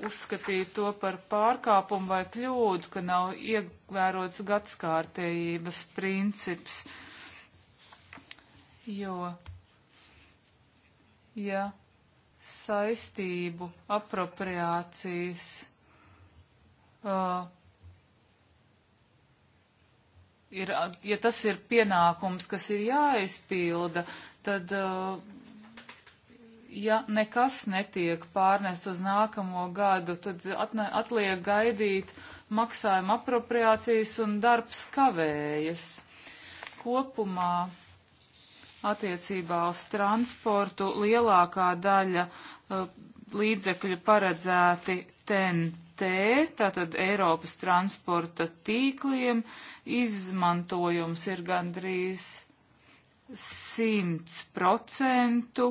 uzskatīja to par pārkāpumu vai kļūdu, ka nav ievērots gadskārtējības princips. Jo, ja saistību apropriācijas uh, ir, ja tas ir pienākums, kas ir jāizpilda, tad uh, ja nekas netiek pārnest uz nākamo gadu, tad atliek gaidīt maksājuma apropriācijas un darbs kavējas. Kopumā attiecībā uz transportu lielākā daļa uh, līdzekļu paredzēti TNT, tātad Eiropas transporta tīkliem, izmantojums ir gandrīz 100%,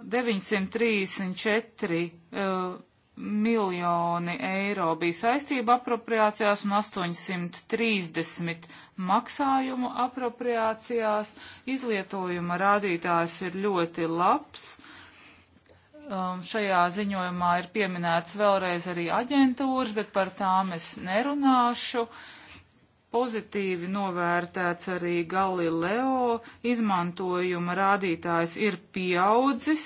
934 uh, eh, miljoni eiro bija saistība apropriācijās un 830 maksājumu apropriācijās. Izlietojuma rādītājs ir ļoti labs. Um, šajā ziņojumā ir pieminēts vēlreiz arī aģentūras, bet par tām es nerunāšu. Uh, Pozitīvi novērtēts arī Galileo izmantojuma rādītājs ir pieaudzis,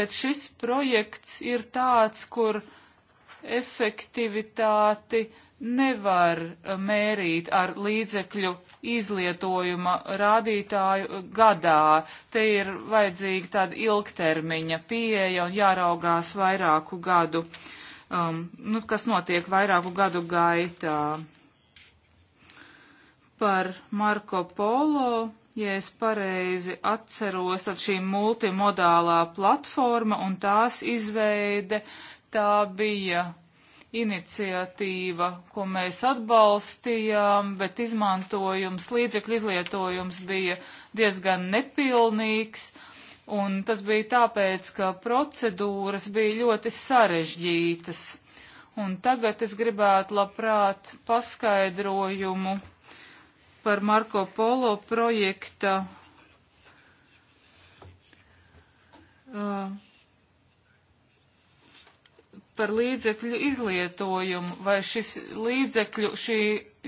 bet šis projekts ir tāds, kur efektivitāti nevar mērīt ar līdzekļu izlietojuma rādītāju gadā. Te ir vajadzīga tāda ilgtermiņa pieeja un jāraugās vairāku gadu, um, nu, kas notiek vairāku gadu gaitā par Marko Polo, ja es pareizi atceros, tad šī multimodālā platforma un tās izveide, tā bija iniciatīva, ko mēs atbalstījām, bet izmantojums, līdzekļu izlietojums bija diezgan nepilnīgs, un tas bija tāpēc, ka procedūras bija ļoti sarežģītas. Un tagad es gribētu labprāt paskaidrojumu par Marko Polo projekta uh, par līdzekļu izlietojumu, vai šis līdzekļu, šī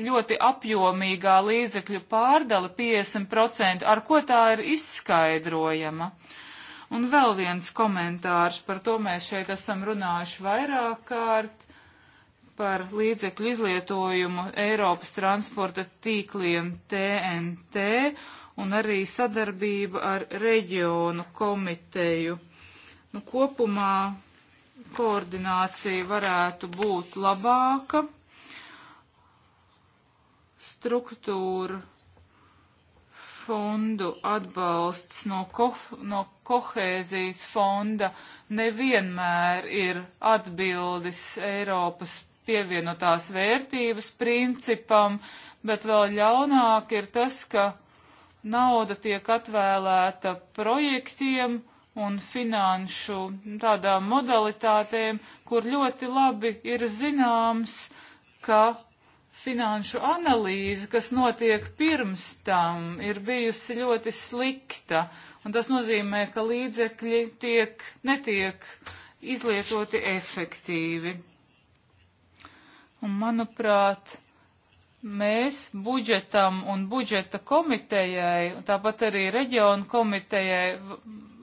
ļoti apjomīgā līdzekļu pārdala 50%, ar ko tā ir izskaidrojama. Un vēl viens komentārs, par to mēs šeit esam runājuši vairāk kārt par līdzekļu izlietojumu Eiropas transporta tīkliem TNT un arī sadarbība ar reģionu komiteju. Nu, kopumā koordinācija varētu būt labāka, struktūra fondu atbalsts no, kof, no kohēzijas fonda nevienmēr ir atbildes Eiropas pievienotās vērtības principam, bet vēl ļaunāk ir tas, ka nauda tiek atvēlēta projektiem un finanšu tādām modalitātēm, kur ļoti labi ir zināms, ka finanšu analīze, kas notiek pirms tam, ir bijusi ļoti slikta, un tas nozīmē, ka līdzekļi tiek, netiek izlietoti efektīvi. Un, manuprāt, mēs budžetam un budžeta komitejai, tāpat arī reģionu komitejai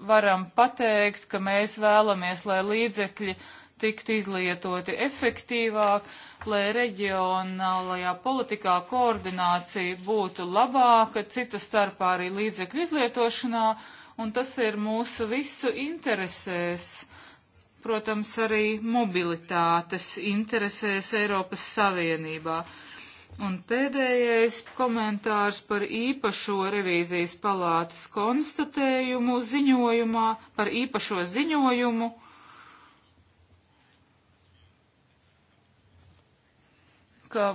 varam pateikt, ka mēs vēlamies, lai līdzekļi tiktu izlietoti efektīvāk, lai reģionālajā politikā koordinācija būtu labāka, cita starpā arī līdzekļu izlietošanā, un tas ir mūsu visu interesēs protams, arī mobilitātes interesēs Eiropas Savienībā. Un pēdējais komentārs par īpašo revīzijas palātas konstatējumu ziņojumā, par īpašo ziņojumu. Ka,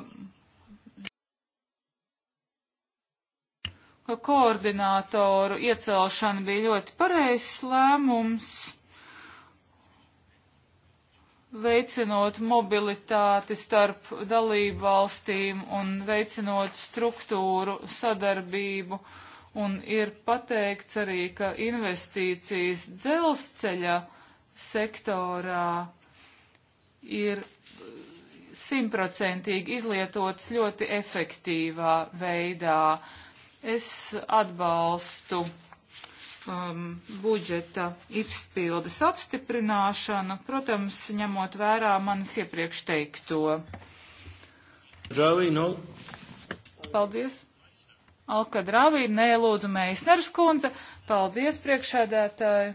ka koordinātoru iecelšana bija ļoti pareizs lēmums veicinot mobilitāti starp dalību valstīm un veicinot struktūru sadarbību. Un ir pateikts arī, ka investīcijas dzelzceļa sektorā ir simtprocentīgi izlietots ļoti efektīvā veidā. Es atbalstu um, budžeta izpildes apstiprināšanu, protams, ņemot vērā manis iepriekš teikto. Dravī, no. Paldies. Alka Dravī, nelūdzu Meisners kundze. Paldies, priekšēdētāji.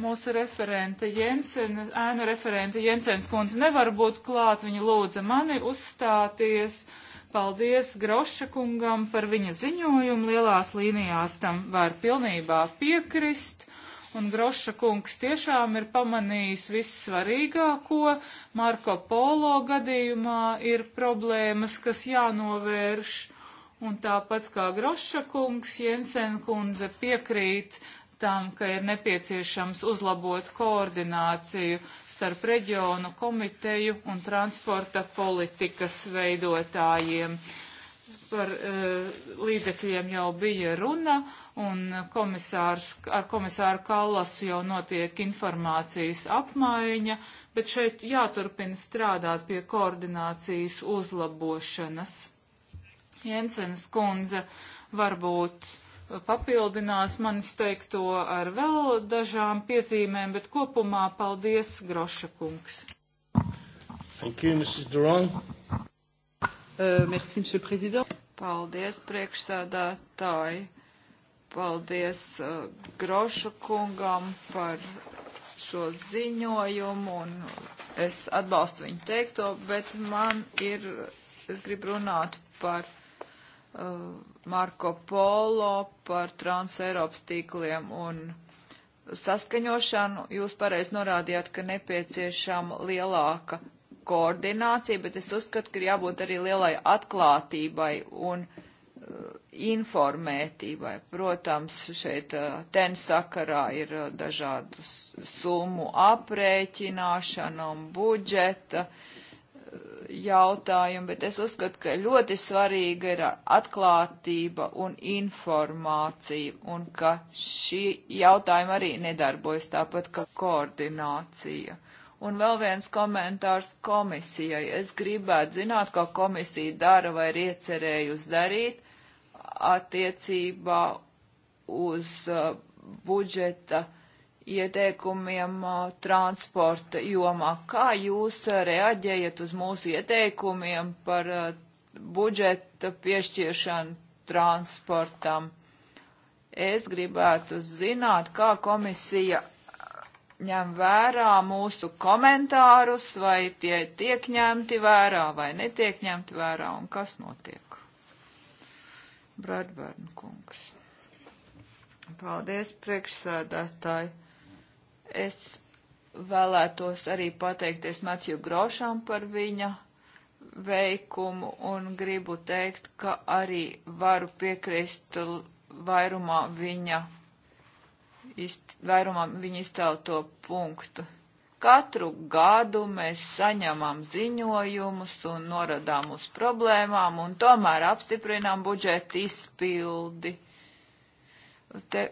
Mūsu referente Jensen, ēnu referente Jensens kundze nevar būt klāt, viņa lūdza mani uzstāties. Uh, Paldies Groša kungam par viņa ziņojumu. Lielās līnijās tam var pilnībā piekrist. Un Groša kungs tiešām ir pamanījis vissvarīgāko. Marko Polo gadījumā ir problēmas, kas jānovērš. Un tāpat kā Groša kungs, Jensen kundze piekrīt tam, ka ir nepieciešams uzlabot koordināciju starp reģionu komiteju un transporta politikas veidotājiem. Par uh, līdzekļiem jau bija runa, un komisārs, ar komisāru Kallasu jau notiek informācijas apmaiņa, bet šeit jāturpina strādāt pie koordinācijas uzlabošanas. Jensens kundze varbūt papildinās manis teikto ar vēl dažām piezīmēm, bet kopumā paldies, Groša kungs. Thank you, Mrs. Durand. Uh, merci, Monsieur le Président. Paldies, priekšsēdētāji. Paldies uh, Groša kungam par šo ziņojumu, un es atbalstu viņu teikto, bet man ir, es gribu runāt par uh, Marko Polo par transeiropas tīkliem un saskaņošanu. Jūs pareizi norādījāt, ka nepieciešama lielāka koordinācija, bet es uzskatu, ka ir jābūt arī lielai atklātībai un uh, informētībai. Protams, šeit uh, ten sakarā ir uh, dažādu summu aprēķināšana un budžeta. Uh, jautājumu, bet es uzskatu, ka ļoti svarīga ir atklātība un informācija, un ka šī jautājuma arī nedarbojas tāpat kā koordinācija. Un vēl viens komentārs komisijai. Es gribētu zināt, ko komisija dara vai ir iecerējusi darīt attiecībā uz uh, budžeta uh, ieteikumiem transporta jomā. Kā jūs reaģējat uz mūsu ieteikumiem par budžeta piešķiršanu transportam? Es gribētu zināt, kā komisija ņem vērā mūsu komentārus, vai tie tiek ņemti vērā vai netiek ņemti vērā, un kas notiek. Bradbērn kungs. Paldies, priekšsēdētāji. Es vēlētos arī pateikties Matiju Grošam par viņa veikumu un gribu teikt, ka arī varu piekrist vairumā viņa, izt, vairumā viņa izcelto punktu. Katru gadu mēs saņemam ziņojumus un noradām uz problēmām un tomēr apstiprinām budžeta izpildi. Te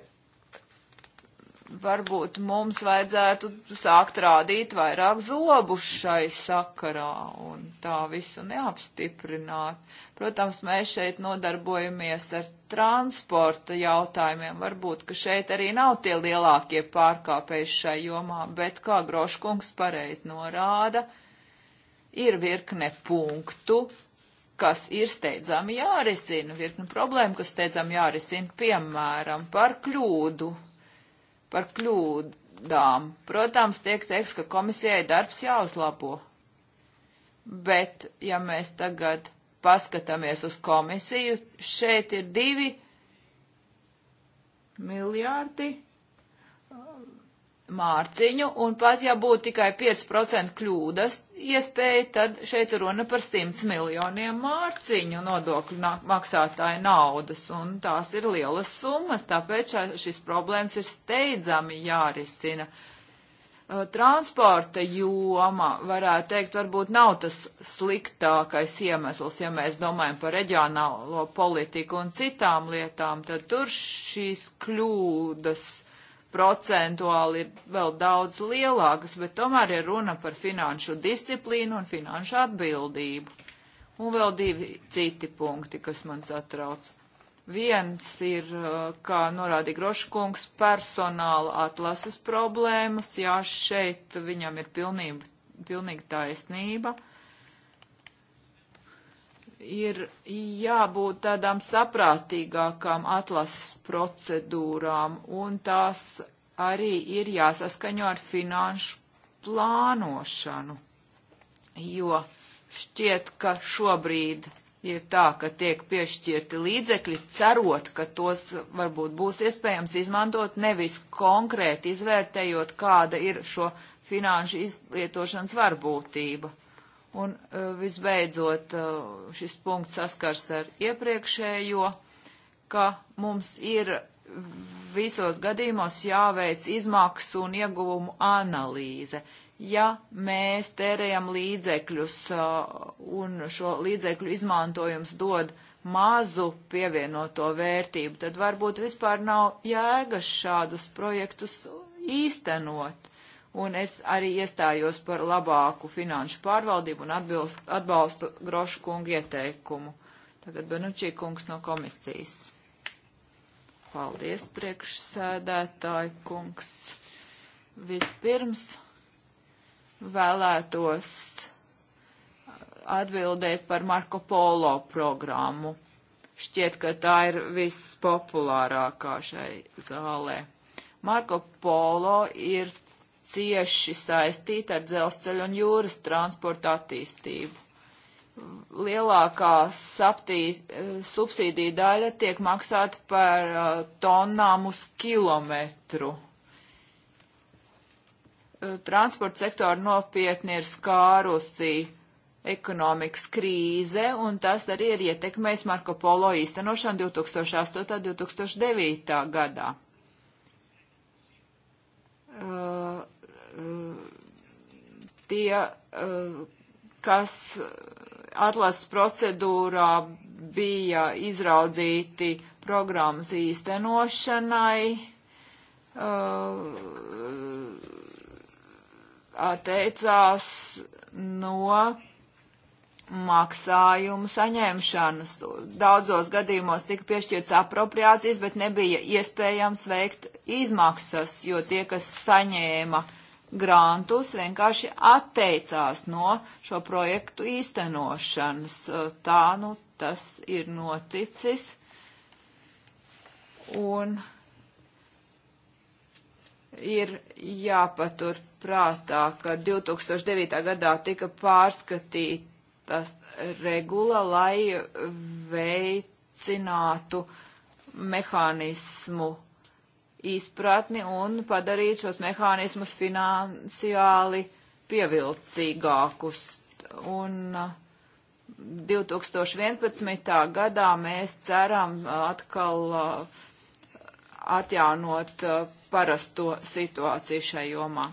varbūt mums vajadzētu sākt rādīt vairāk zobu šai sakarā un tā visu neapstiprināt. Protams, mēs šeit nodarbojamies ar transporta jautājumiem. Varbūt, ka šeit arī nav tie lielākie pārkāpēji šai jomā, bet, kā Groškungs pareizi norāda, ir virkne punktu, kas ir steidzami jārisina, virkni problēmu, kas steidzami jārisina, piemēram, par kļūdu par kļūdām. Protams, tiek teiks, ka komisijai darbs jāuzlabo. Bet, ja mēs tagad paskatāmies uz komisiju, šeit ir divi miljārdi mārciņu, un pat ja būtu tikai 5% kļūdas iespēja, tad šeit runa par 100 miljoniem mārciņu nodokļu maksātāju naudas, un tās ir lielas summas, tāpēc šā, šis problēmas ir steidzami jārisina. Uh, transporta joma, varētu teikt, varbūt nav tas sliktākais iemesls, ja mēs domājam par reģionālo politiku un citām lietām, tad tur šīs kļūdas procentuāli ir vēl daudz lielākas, bet tomēr ir runa par finanšu disciplīnu un finanšu atbildību. Un vēl divi citi punkti, kas man satrauc. Viens ir, uh, kā norādīja Groškungs, personāla atlases problēmas. Jā, šeit viņam ir pilnība, pilnīga taisnība. Uh, ir jābūt tādām saprātīgākām atlases procedūrām, un tās arī ir jāsaskaņo ar finanšu plānošanu, jo šķiet, ka šobrīd ir tā, ka tiek piešķirti līdzekļi, cerot, ka tos varbūt būs iespējams izmantot, nevis konkrēti izvērtējot, kāda ir šo finanšu izlietošanas varbūtība. Un e, visbeidzot, e, šis punkts saskars ar iepriekšējo, ka mums ir visos gadījumos jāveic izmaksu un ieguvumu analīze. Ja mēs tērējam līdzekļus e, un šo līdzekļu izmantojums dod mazu pievienoto vērtību, tad varbūt vispār nav jēgas šādus projektus īstenot un es arī iestājos par labāku finanšu pārvaldību un atbilst, atbalstu Grošu kungu ieteikumu. Tagad Benučī kungs no komisijas. Paldies, priekšsēdētāji kungs. Vispirms vēlētos atbildēt par Marko Polo programmu. Šķiet, ka tā ir vispopulārākā šai zālē. Marko Polo ir cieši saistīta ar dzelzceļu un jūras transporta attīstību. Lielākā saptī, eh, subsīdija daļa tiek maksāta par eh, tonnām uz kilometru. Eh, transporta sektora nopietni ir skārusi ekonomikas krīze, un tas arī ir ietekmējis Marko Polo īstenošanu 2008. un 2009. gadā. Uh, tie, kas atlases procedūrā bija izraudzīti programmas īstenošanai, atteicās no maksājumu saņemšanas. Daudzos gadījumos tika piešķirts apropriācijas, bet nebija iespējams veikt izmaksas, jo tie, kas saņēma uh, grantus, vienkārši atteicās no šo projektu īstenošanas. Eh, tā nu tas ir noticis. Un ir jāpatur prātā, ka 2009. gadā tika pārskatīta regula, lai veicinātu mehānismu izpratni un padarīt šos mehānismus finansiāli pievilcīgākus. Un 2011. Uh, gadā mēs ceram uh, atkal uh, atjaunot parasto situāciju šai jomā.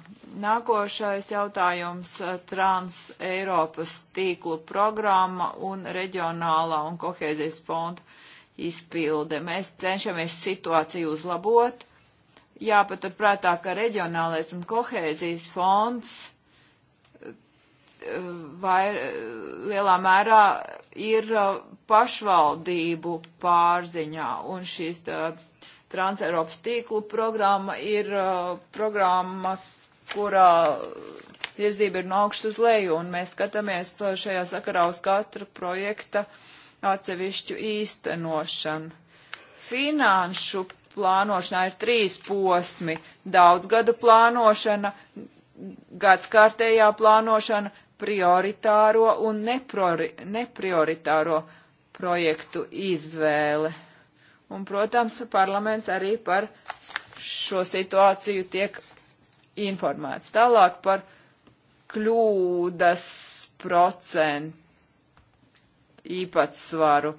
Nākošais jautājums - Trans Eiropas tīklu programma un reģionālā un kohēzijas fonda izpilde. Mēs cenšamies situāciju uzlabot jāpaturprātā, ka reģionālais un kohēzijas fonds eh, vai eh, lielā mērā ir eh, pašvaldību pārziņā, un šīs Transeiropas tīklu programma ir programma, kurā virzība ir no augšas uz leju, un mēs skatāmies šajā sakarā uz katru projekta atsevišķu īstenošanu. Finanšu plānošanā ir trīs posmi - daudzgadu plānošana, gadskārtējā plānošana, prioritāro un nepriori, neprioritāro projektu izvēle. Un, protams, parlaments arī par šo situāciju tiek informēts. Tālāk par kļūdas procentu īpatsvaru.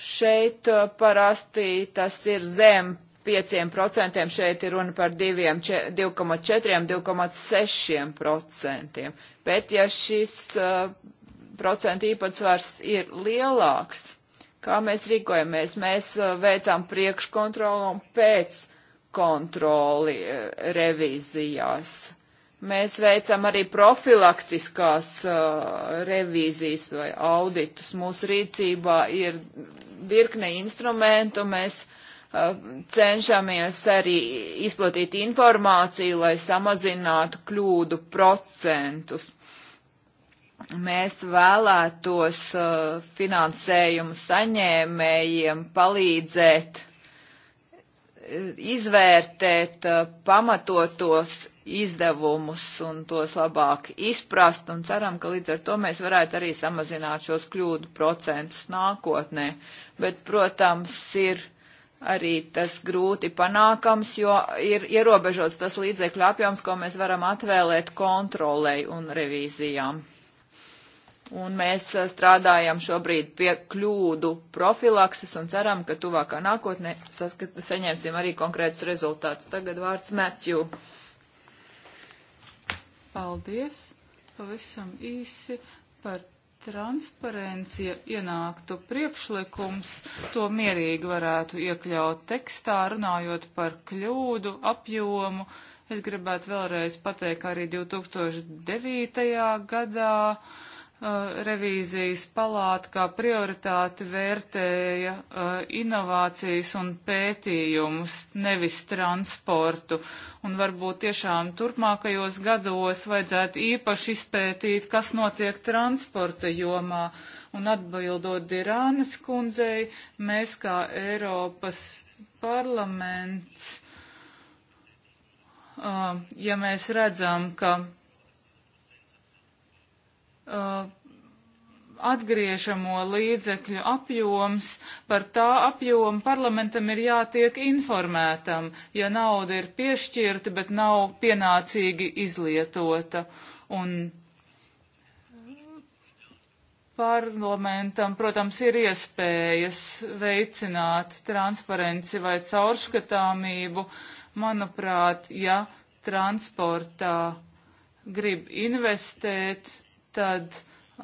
Šeit uh, parasti tas ir zem 5%, šeit ir runa par 2,4-2,6%. Bet ja šis uh, procentu īpatsvars ir lielāks, kā mēs rīkojamies, mēs uh, veicām priekškontrolu un pēc kontroli uh, revīzijās. Mēs veicam arī profilaktiskās uh, revīzijas vai auditus. Mūsu rīcībā ir virkne instrumentu mēs uh, cenšamies arī izplatīt informāciju, lai samazinātu kļūdu procentus. Mēs vēlētos uh, finansējumu saņēmējiem palīdzēt uh, izvērtēt uh, pamatotos izdevumus un tos labāk izprast un ceram, ka līdz ar to mēs varētu arī samazināt šos kļūdu procentus nākotnē. Bet, protams, ir arī tas grūti panākams, jo ir ierobežots tas līdzekļu apjoms, ko mēs varam atvēlēt kontrolei un revīzijām. Un mēs uh, strādājam šobrīd pie kļūdu profilakses un ceram, ka tuvākā nākotnē saskat, saņemsim arī konkrētus rezultātus. Tagad vārds Matju. Uh, Paldies! Pavisam īsi par transparenci, ja ienāktu priekšlikums, to mierīgi varētu iekļaut tekstā, runājot par kļūdu apjomu. Es gribētu vēlreiz pateikt, arī 2009. gadā Eh, revīzijas palāta kā prioritāti vērtēja uh, inovācijas un pētījumus, nevis transportu. Un varbūt tiešām turpmākajos gados vajadzētu īpaši izpētīt, kas notiek transporta jomā. Un atbildot Dirānas kundzei, mēs kā Eiropas parlaments, uh, ja mēs redzam, ka uh, atgriežamo līdzekļu apjoms, par tā apjomu parlamentam ir jātiek informētam, ja nauda ir piešķirta, bet nav pienācīgi izlietota. Un parlamentam, protams, ir iespējas veicināt transparenci vai caurskatāmību. Manuprāt, ja transportā grib investēt, tad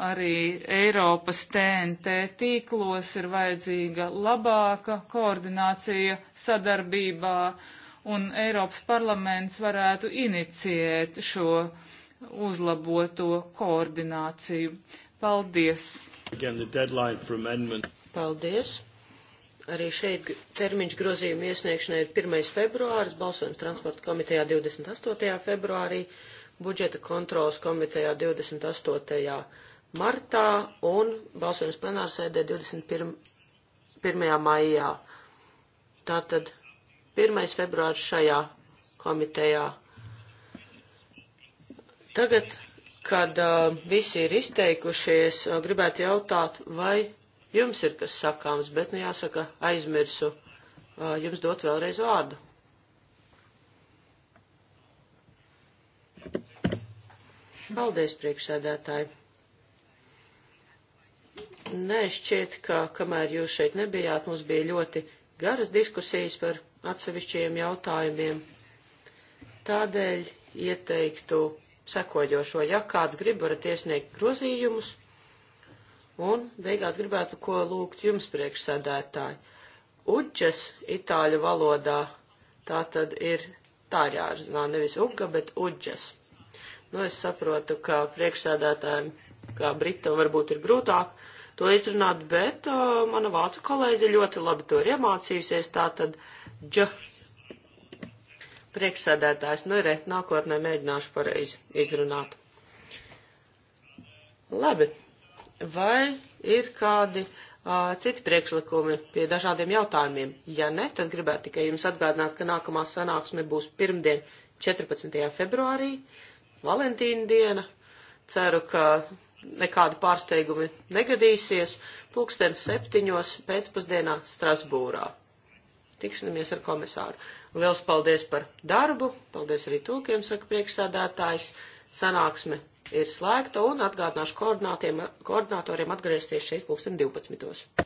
arī Eiropas TNT tīklos ir vajadzīga labāka koordinācija sadarbībā, un Eiropas parlaments varētu iniciēt šo uzlaboto koordināciju. Paldies! Again, Paldies! Arī šeit termiņš grozījuma iesniegšanai ir 1. februāris, balsojums transporta komitejā 28. februārī budžeta kontrolas komitejā 28. martā un balsojums plenārsēdē 21. maijā. Tātad 1. februārs šajā komitejā. Tagad, kad uh, visi ir izteikušies, uh, gribētu jautāt, vai jums ir kas sakāms, bet, nu jāsaka, aizmirsu uh, jums dot vēlreiz vārdu. Paldies, priekšsēdētāji. Nē, šķiet, ka kamēr jūs šeit nebijāt, mums bija ļoti garas diskusijas par atsevišķiem jautājumiem. Tādēļ ieteiktu sekojošo, ja kāds grib, varat iesniegt grozījumus, un beigās gribētu ko lūgt jums priekšsēdētāji. Uģes itāļu valodā tā tad ir tā jārunā, nevis uga, bet uģes. Nu, es saprotu, ka priekšsēdētājiem, kā Britam, varbūt ir grūtāk to izrunāt, bet uh, mana vācu kolēģe ļoti labi to ir iemācījusies. Tā tad dža priekšsēdētājs, nu, re, nākotnē mēģināšu pareizi izrunāt. Labi. Vai ir kādi uh, citi priekšlikumi pie dažādiem jautājumiem? Ja ne, tad gribētu tikai jums atgādināt, ka nākamā sanāksme būs pirmdien 14. februārī. Uh, Valentīna diena. Ceru, ka nekādi pārsteigumi negadīsies. Pulksten septiņos pēcpusdienā Strasbūrā. Tikšanamies ar komisāru. Liels paldies par darbu, paldies arī tūkiem, saka priekšsādātājs. Sanāksme ir slēgta un atgādināšu koordinātoriem atgriezties šeit pulksten 12.